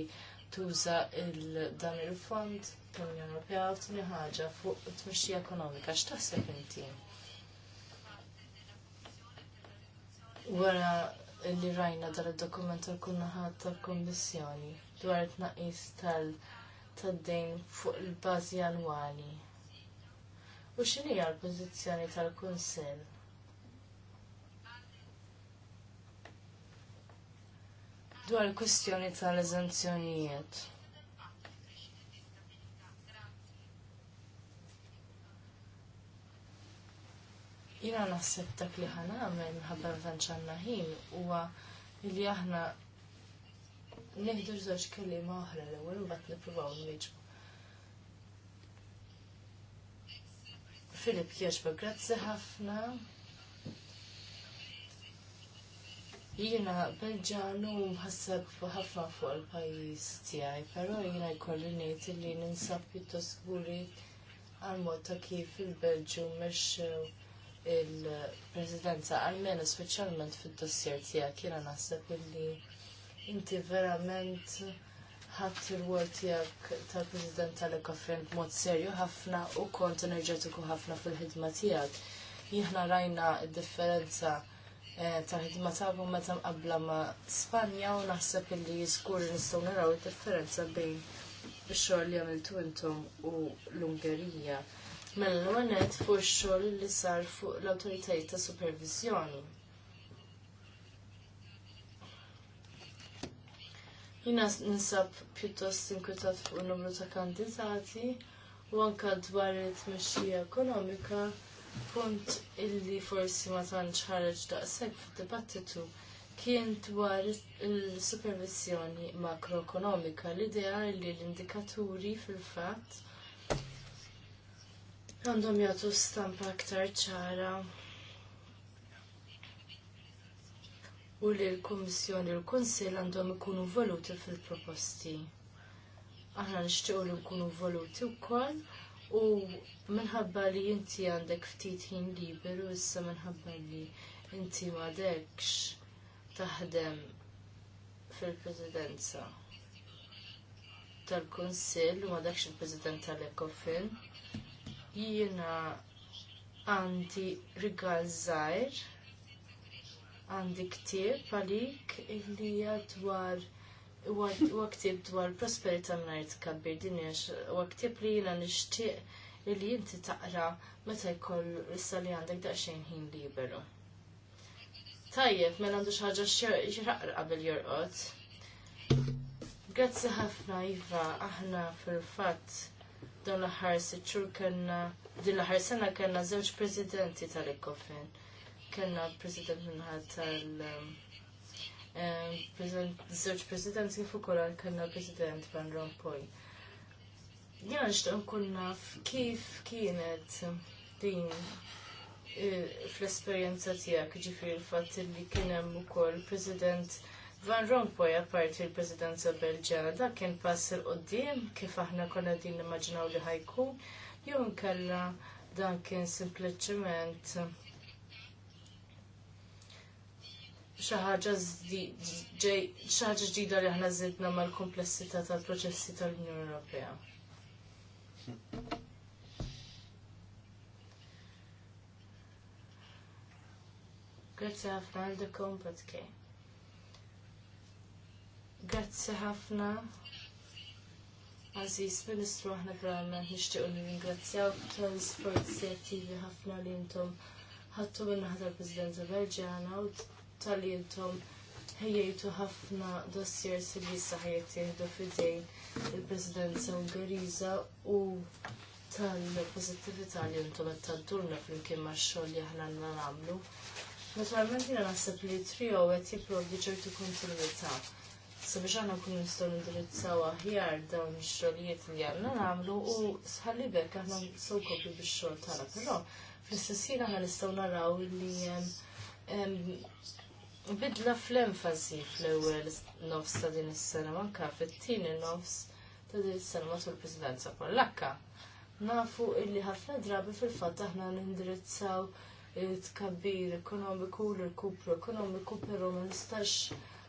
tuża dan il-fond tal-Unjoni Ewropea u tini ħaġa fuq it tmixxija ekonomika x'taħseb inti? Wara li rajna dan id-dokument tal-kunnaħat tal-Kommissjoni dwar it-tnaqqis tal-dejn fuq il-bażi annwali. U x'inhi l-pożizzjoni tal-Kunsill? dwar il-kwestjoni tal-eżenzjonijiet. Jina naħseb dak li ħana għamil minħabba nfanċanna ħin huwa li aħna nieħdu żewġ kelliema oħra li ewwel u nippruvaw nwiġbu. Filip Kieġba, grazzi ħafna. Jiena num mħassab ħafna fuq il-pajis tiegħi, però jiena jkolli ngħid li ninsab pittos gburi għal-mod ta' kif il-Belġu mexxew il-Presidenza għall-mena speċjalment fid-dossier tiegħek jiena naħseb illi inti verament ħadd il-wol tiegħek tal-President tal-Ekofren b'mod serju ħafna u kont enerġetiku ħafna fil-ħidma tiegħek. Jihna rajna d differenza Eh, ta' ħidma tagħhom meta mqabbla ma' Spanja u naħseb illi jiskur nistgħu naraw id-differenza bejn ix-xogħol li għamiltu intom u l-Ungerija. Mela l-għanet fuq ix-xogħol li sar fuq l-awtoritajiet ta' supervizjoni. Jina ninsab pjuttost inkwetat fuq numru ta' kandidati u anka dwar it-tmexxija ekonomika punt illi forsi ma tantx ħareġ daqshekk fid-dibattitu kien dwar il supervisjoni makroekonomika l-idea li l-indikaturi fil-fatt għandhom jagħtu stampa aktar ċara u li l-Kummissjoni u l-Kunsill għandhom ikunu voluti fil-proposti. Aħna nixtiequ li nkunu voluti wkoll U minħabba li inti għandek ftit ħin liberu, issa minħabba li inti m'għadekx taħdem fil-presidenza tal-Kunsill u m'għadekx il-President tal-Ekofin, jina għandi rigal zaħir, għandi ktib għalik illi dwar u għaktib dwar prosperita mnajt kabbir dinjax, u għaktib li jina nishtiq li jinti taqra meta jkoll issa li għandek daqsxejn ħin liberu. Tajjeb, mela għandu xaġa xiraqra qabel jorqot. Grazzi ħafna Iva, aħna fil-fatt dawn l-aħħar xhur kellna din l-aħħar sena kellna żewġ presidenti tal-Ekofin. Kellna president minnħat tal- um, żewġ presidenti kif ukoll għalkemm president Van Rompuy. Jena nixtieq nkun naf kif kienet din e, fl-esperjenza tiegħek ġifieri l-fatt li kien hemm ukoll President Van Rompuy apparti l-Presidenza Belġana, da kien pass il qoddim kif aħna konna din nimmaġinaw li ħajkun, jew nkella dan kien sempliċement xaħġa ġdida li aħna zidna mal-komplessità tal-proċessi tal-Unjoni Ewropea. Grazzi ħafna għal dekom patke. ħafna. Aziz Ministru, aħna verament nixtiequ li ringrazzjaw tal-sforzi attivi ħafna li intom ħattu minna ħadar Presidenza Belġjana u tal-li ħejjejtu ħafna dossiers li issa ħajjet fidejn il-Presidenza Ungeriża u tal-pozittività li intom qed tantulna flimkien max-xogħol li aħna għandna nagħmlu. Naturalment jiena naħseb li trio qed jipprovdi ċertu kontinuità. Sabiex aħna nkunu nistgħu nindirizzaw aħjar dawn ix-xogħlijiet li għandna nagħmlu u sħalli bekk aħna sew kopju bix-xogħol tagħna, però fl-istess ħin aħna nistgħu naraw li hemm bidla fl-enfasi fl-ewwel nofs ta' din is-sena manka fit-tieni nofs ta' din is-sena matul presidenza Pollakka. Nafu illi ħafna drabi fil-fatt aħna nindirizzaw it-tkabbir ekonomiku l kupru ekonomiku però ma nistax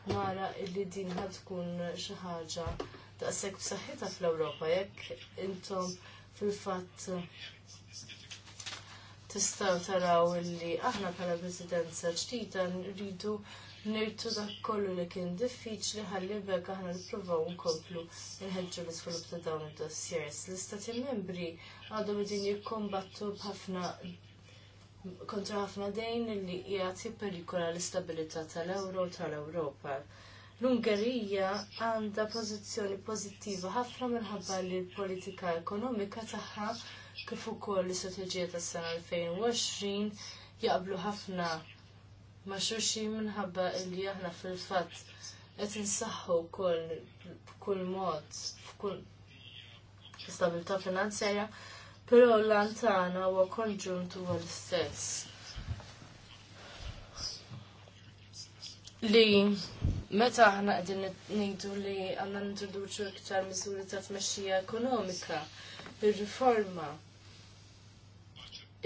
nara illi din ħad tkun xi ħaġa daqshekk b'saħħitha fl-Ewropa jekk intom fil-fatt tistaw taraw li aħna bħala presidenza ġdida rridu nirtu dak kollu li kien diffiċli ħalli bekk aħna nippruvaw nkomplu nħeġġu l-isvilupp ta' dawn id-dossiers. L-istati membri għadhom din jikkombattu b'ħafna kontra ħafna dejn li jagħti perikola l-istabilità tal-Ewro u tal-Ewropa. L-Ungerija għandha pożizzjoni pożittiva ħafna minħabba li l-politika ekonomika tagħha kif ukoll l-istrateġija tas-sena 2020 jaqblu ħafna ma' xulxin minħabba li aħna fil-fatt qed insaħħu wkoll b'kull mod f'kull stabilità finanzjarja, però l-lan tagħna huwa konġunt huwa l-istess. li meta aħna qegħdin ngħidu li għandna nintroduċu iktar miżuri ta' tmexxija ekonomika, ir-riforma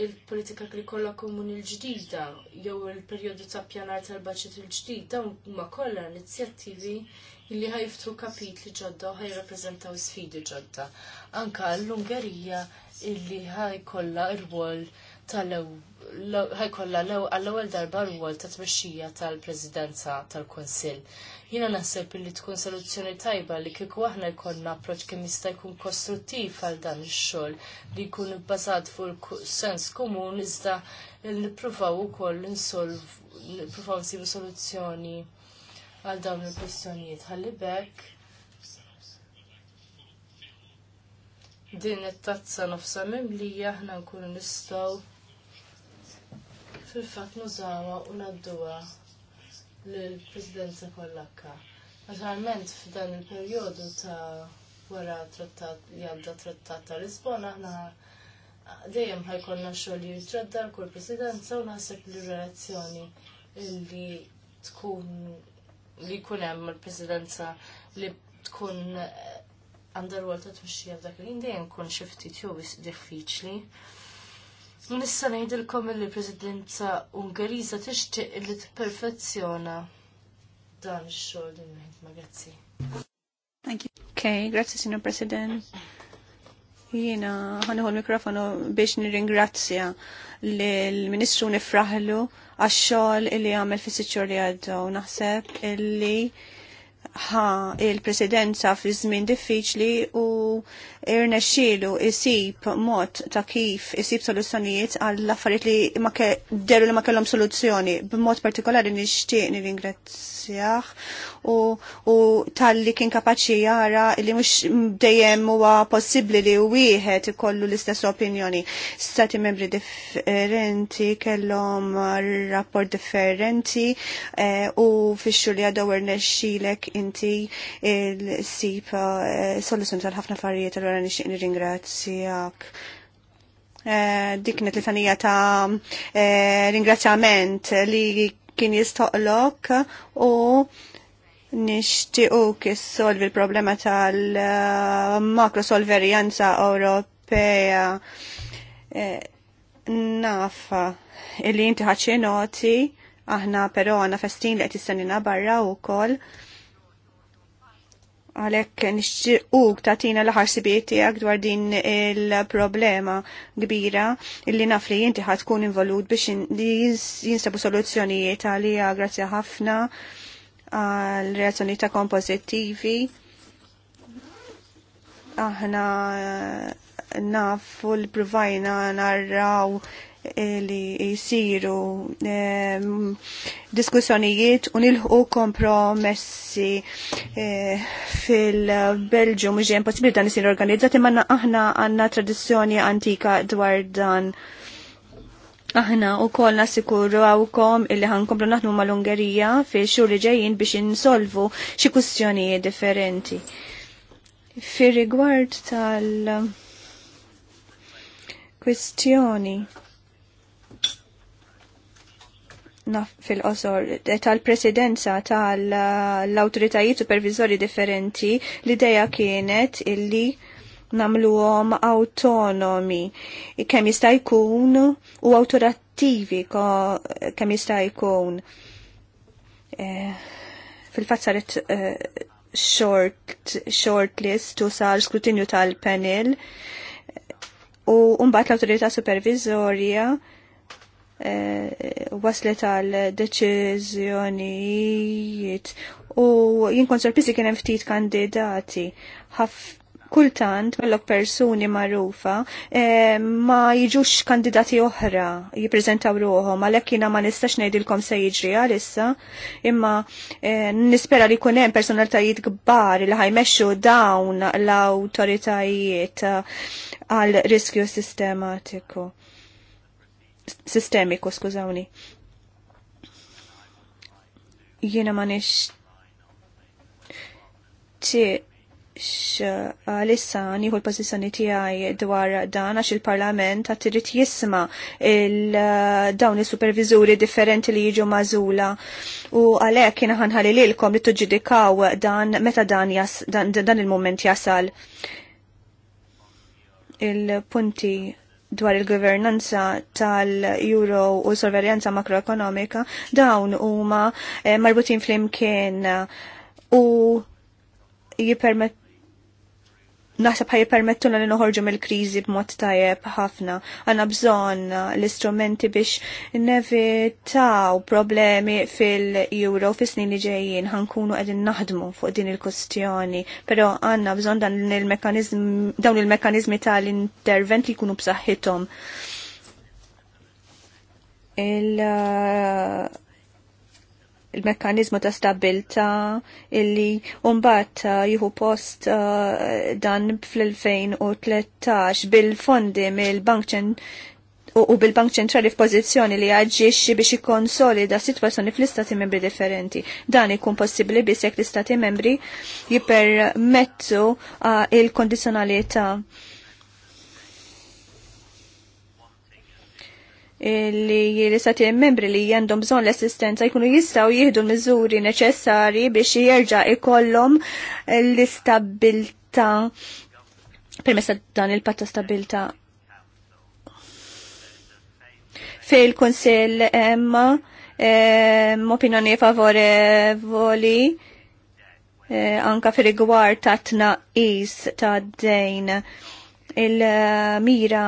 il-politika agrikola komuni l-ġdida jew il-perjodu ta' pjanar tal-baċet il-ġdid dawn huma kollha inizjattivi li ħajftu kapitli ġodda u ħajrappreżentaw sfidi ġodda. Anka l-Ungerija illi ħajkollha rwol. wol il tal-ew ħajkolla għall-ewwel darba rwol ta' tmexxija tal-Presidenza tal-Kunsill. Jiena naħseb li tkun soluzzjoni tajba li kieku aħna jkollna approċċ kemm jista' jkun kostruttiv għal dan ix-xogħol li jkun bbażat fuq sens komun iżda nippruvaw ukoll insolv nippruvaw nsibu soluzzjoni għal dawn il-kwistjonijiet ħalli bekk. din it-tazza nofsa mimlija aħna nkunu nistgħu fil-fat nużawa u nadduwa l-presidenza kollakka. Naturalment f'dan il-perjodu ta' wara trattat li għadda trattat ta' Lisbona aħna dejjem ħajkonna xogħol jitredda l-kull presidenza u naħseb li relazzjoni li tkun li jkun hemm il-presidenza li tkun eh, għandha rwol ta' twixxija f'dak li dejjem kun xi ftit jew diffiċli. Nissa ngħidilkom li l-Presidenza Ungeriża tixtieq li tipperfezzjona dan ix-xogħol din ma magazzi. Thank you. Okay, grazzi Signor President. Jiena ħanuħu l-mikrofonu biex nirringrazzja l-Ministru nifraħlu għax-xogħol li għamel fis-siċċur li għaddew naħseb illi ħa il-presidenza fi żmien diffiċli u irnexxielu isib mod ta' kif isib soluzzjonijiet għall affarijiet li ma deru li ma kellhom soluzzjoni. B'mod partikolari nixtieq nirringrazzjah u, u tal-li kien kapaċi jara li mhux dejjem huwa possibbli li wieħed ikollu l-istess opinjoni. Stati membri differenti kellhom rapport differenti eh, u fix li dawer nexxilek inti il-sipa eh, soluzzjoni tal-ħafna affarijiet allura nixtieq nirringrazzjak. Eh, dik li litanija ta' eh, ringrazzjament li kien jistoqlok u nixtiequk solvi l-problema tal-makrosolverjanza Ewropea nafa illi inti ħaċċi noti aħna però għanna festin li qed barra barra wkoll għalek nixtiequk tatina l-aħar sibiet tiegħek dwar din il-problema kbira illi nafli jinti inti ħatkun involut biex jinsabu soluzzjonijiet għalija grazzi ħafna għal reazzjoni ta' kompozittivi. Aħna nafu l-provajna narraw Eh, li jisiru ehm, diskussjonijiet u nilħu kompromessi eh, fil-Belġu mhux hemm dan nisir organizzati manna aħna għandna tradizzjoni antika dwar dan. Aħna u koll nasikuru għawkom illi komplu naħnu mal-Ungerija fi xur li ġejjin biex insolvu xi kwistjonijiet differenti. Fi rigward tal-kwistjoni naf fil-qosor eh, tal-presidenza tal-autoritajiet supervizori differenti l-ideja kienet illi namluhom autonomi kemm jista' jkun u autorattivi kemm jista' jkun. Eh, fil-fatt saret eh, short, short list u sar skrutinju tal-panel u mbagħad l-awtorità supervizorja waslet għal deċiżjonijiet u jien kont sorpriżi kien hemm ftit kandidati kultant mellok persuni magħrufa eh, ma jiġux kandidati oħra jippreżentaw ruhom għalhekk jiena ma nistax ngħidilkom se jiġri għalissa imma eh, nispera li jkun hemm personalitajiet kbar li ħajmexxu dawn l-awtoritajiet għal riskju sistematiku sistemiku, skużawni. Jiena ma nix tix uh, għalissa nieħu l-pozizjoni tiegħi dwar dan għax il-Parlament għad trid jisma uh, dawn il superviżuri differenti li jiġu mażula u għalhekk jiena ħanħalli lilkom li tuġġudikaw dan meta dan, dan, dan il-mument jasal il-punti dwar il-governanza tal-euro u sorverjanza makroekonomika dawn huma eh, marbutin flimkien u jipermet naħseb ħaj permettuna li noħorġu mill-krizi b'mod tajjeb ħafna. Għanna bżon l-istrumenti biex nevitaw problemi fil-euro fis snin li ġejjin ħankunu qegħdin naħdmu fuq din il-kustjoni, però għanna bżon dan il dawn il-mekanizmi tal-intervent li jkunu b'saħħithom. Il- il-mekkanizmu ta' stabilta illi umbat uh, juhu post uh, dan fl-2013 bil-fondi mill-Bank u, bil-Bank ċentrali f'pożizzjoni li għagġiexi biex ikkonsolida situazzjoni fl-istati membri differenti. Dan ikun possibbli biss jekk l-istati membri jippermettu uh, il-kondizjonalità li jirisati membri li jendom bżon l-assistenza jkunu jistaw jihdu l-mizzuri neċessari biex jirġa ikollom l-istabilta permessa dan il-patta stabilta il konsil emma opinjoni favorevoli eh, anka fi rigward ta' tnaqis ta' dejn il-mira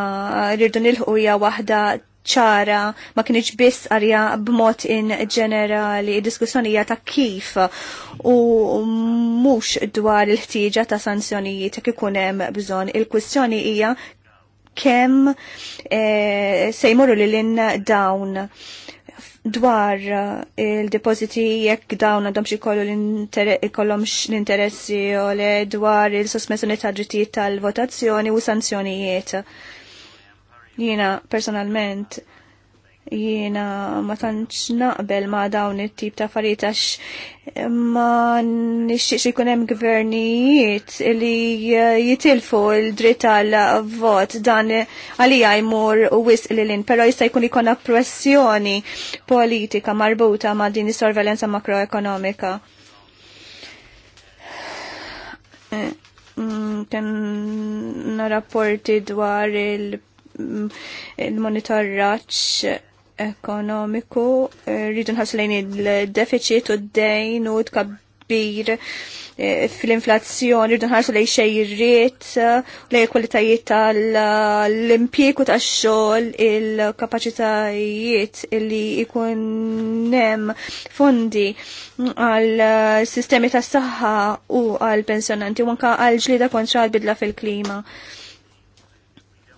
rridu nilħu hija waħda ċara, ma kienieċ biss għarja b'mod in ġenerali, diskussjonija ta' kif u mux dwar il-ħtieġa ta' sanzjonijiet kif ikun hemm bżonn. Il-kwistjoni hija kemm e, se jmorru lil dawn dwar eh, il-depositi jekk dawn għandhom xi kollu l-interessi ole dwar il-sospensjoni ta' drittijiet tal-votazzjoni u sanzjonijiet. Jiena personalment jiena ma tantx naqbel ma dawn it-tip ta' affarijiet għax ma nixtieqx ikun hemm gvernijiet li jitilfu l-dritt tal vot dan għalija jmur u wisq lil in però jista' jkun ikun pressjoni politika marbuta ma' din is sorvelenza makroekonomika. Eh, mm, Kenna rapporti dwar il- il-monitorraċ mm, ekonomiku, eh, rridu nħassu lejn il-deficit u d-dejn u tkabbir eh, fil-inflazzjoni, rridu nħarsu lejn xejriet, eh, lej kwalitajiet tal-impjeku ta' xogħol, il-kapaċitajiet li ikun hemm fondi għal sistemi tas saħħa u għal pensjonanti u anke għal ġlieda kontra l-bidla fil-klima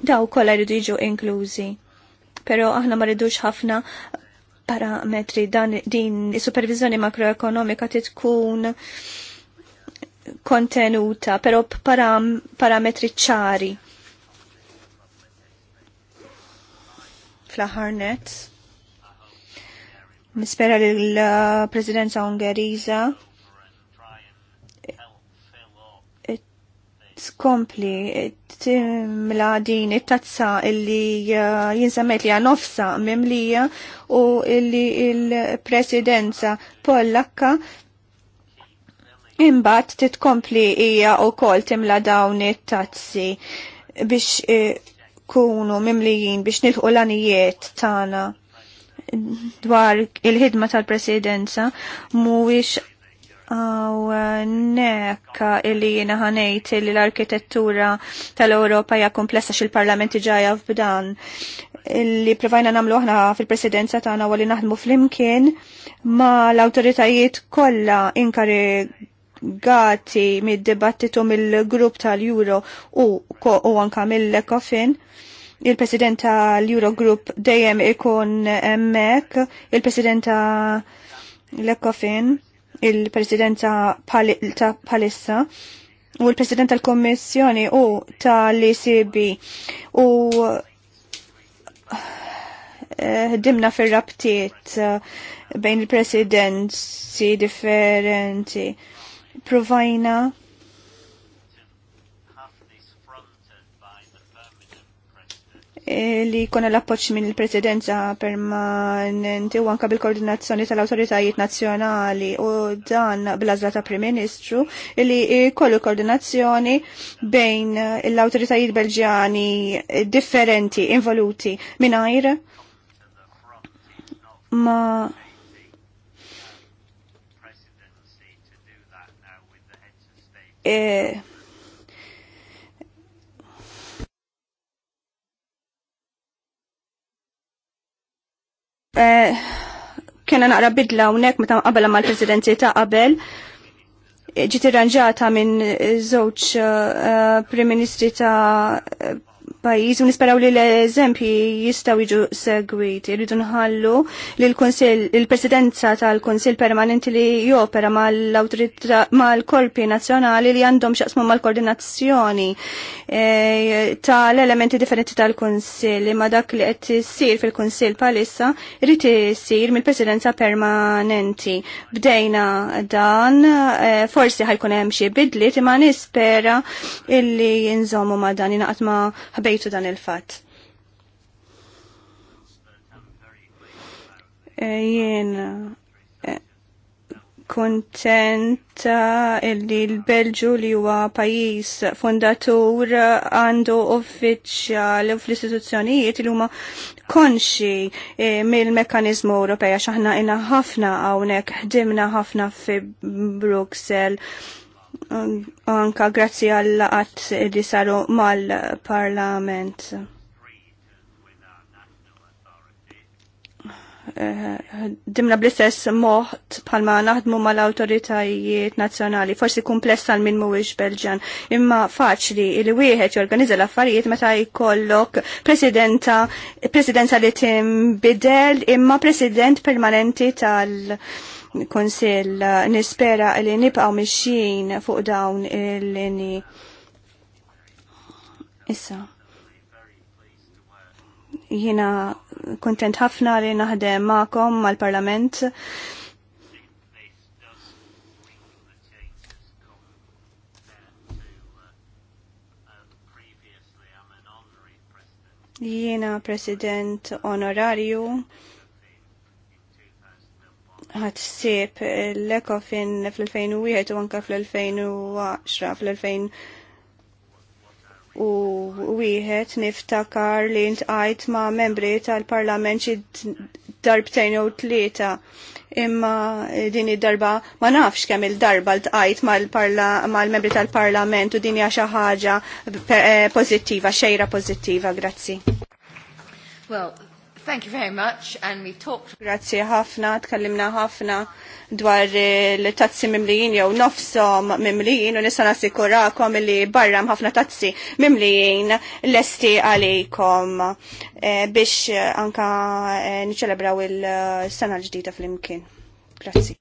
daw kollha jridu jiġu inklużi. Però aħna ma rridux ħafna parametri dan din is-supervizjoni makroekonomika titkun kontenuta, però param, parametri ċari. fl Nispera l-Presidenza Ungeriża tkompli timla din it-tazza illi uh, jinsamet li għanofsa mimlija u illi il-presidenza pollakka imbat titkompli hija u kol timla dawn it-tazzi biex uh, kunu mimlijin biex nilħu l-anijiet tana dwar il-ħidma tal-presidenza mhuwiex Aw, nek illi jina ħanejt illi l-arkitettura tal-Europa hija komplessa xil-parlament ġajja f'dan illi provajna namlu aħna fil-presidenza tagħna wali naħdmu fl-imkien ma l-awtoritajiet kollha inkarigati mid-dibattitu mill-grupp tal-Euro u, u anka mill-Ecofin il-president tal-Eurogroup dejjem ikun hemmhekk, il-president tal-Ecofin il-presidenza ta' palissa u l-president tal-kommissjoni u tal-ECB u eh, ħdimna fir-rabtiet eh, bejn il presidenti differenti. Provajna Eh, li jkun l-appoġġ minn il-Presidenza permanenti u anka bil-koordinazzjoni tal-awtoritajiet nazzjonali u dan bl-għażla ta' Prim Ministru li jkollu koordinazzjoni bejn l-awtoritajiet Belġjani differenti involuti mingħajr ma eh, Eh, kena naqra bidla unek meta qabel ma l-presidenzi ta' qabel ġiet irranġata minn eh, żewġ eh, prim ministri ta' pajis, u nisperaw li l-eżempji jistgħu jiġu segwiti. Rridu nħallu li l presidenza tal-Kunsill Permanenti li jopera mal l mal-korpi nazzjonali li għandhom x'aqsmu mal-koordinazzjoni e, tal-elementi differenti tal-Kunsill imma dak li qed sir fil-Kunsill palissa irid sir mill-Presidenza Permanenti. Bdejna dan e, forsi ħajkun hemm xi bidliet imma nispera illi jinżommu ma' dan inaqat ma' ħabej rejtu dan il fat e, Jien e, kontenta illi l-Belġu li huwa pajjiż fondatur għandu uffiċjal fl-istituzzjonijiet li huma konxi e, mill-mekkanizmu Ewropej għax aħna ħafna hawnhekk ħdimna ħafna fi Bruxelles anka grazzi għall-laqat li saru mal-parlament. dimna bl-istess moħt palma naħdmu mal awtoritajiet nazzjonali, forsi kumplessa tal minn mhuwiex Belġan, imma faċli li wieħed jorganizza l-affarijiet meta jkollok presidenta presidenza li timbidel imma president permanenti tal- konsil eh, nispera li nibqaw mixjien fuq dawn il-lini. Issa. Jina kontent ħafna li naħdem ma'kom mal-parlament. Jiena president onorarju ħatsib l-ekofin fl-2001 u anka fl-2010 fl-2000 u wieħed niftakar li ntqajt ma' membri tal-parlament xi darbtejn u tlieta imma din id-darba ma nafx kemm il-darba tqajt mal-membri tal-parlament u din hija xi ħaġa eh, pożittiva, xejra pożittiva, grazzi. Well, Thank you very much and we talked Grazie ħafna, tkellimna ħafna dwar eh, l-tazzi mimlijin jew nofsom mimlijin u nisa nasikurakom li barram ħafna tazzi mimlijin lesti għalikom eh, biex eh, anka niċelebraw il-sena l-ġdida fl-imkien. Grazie.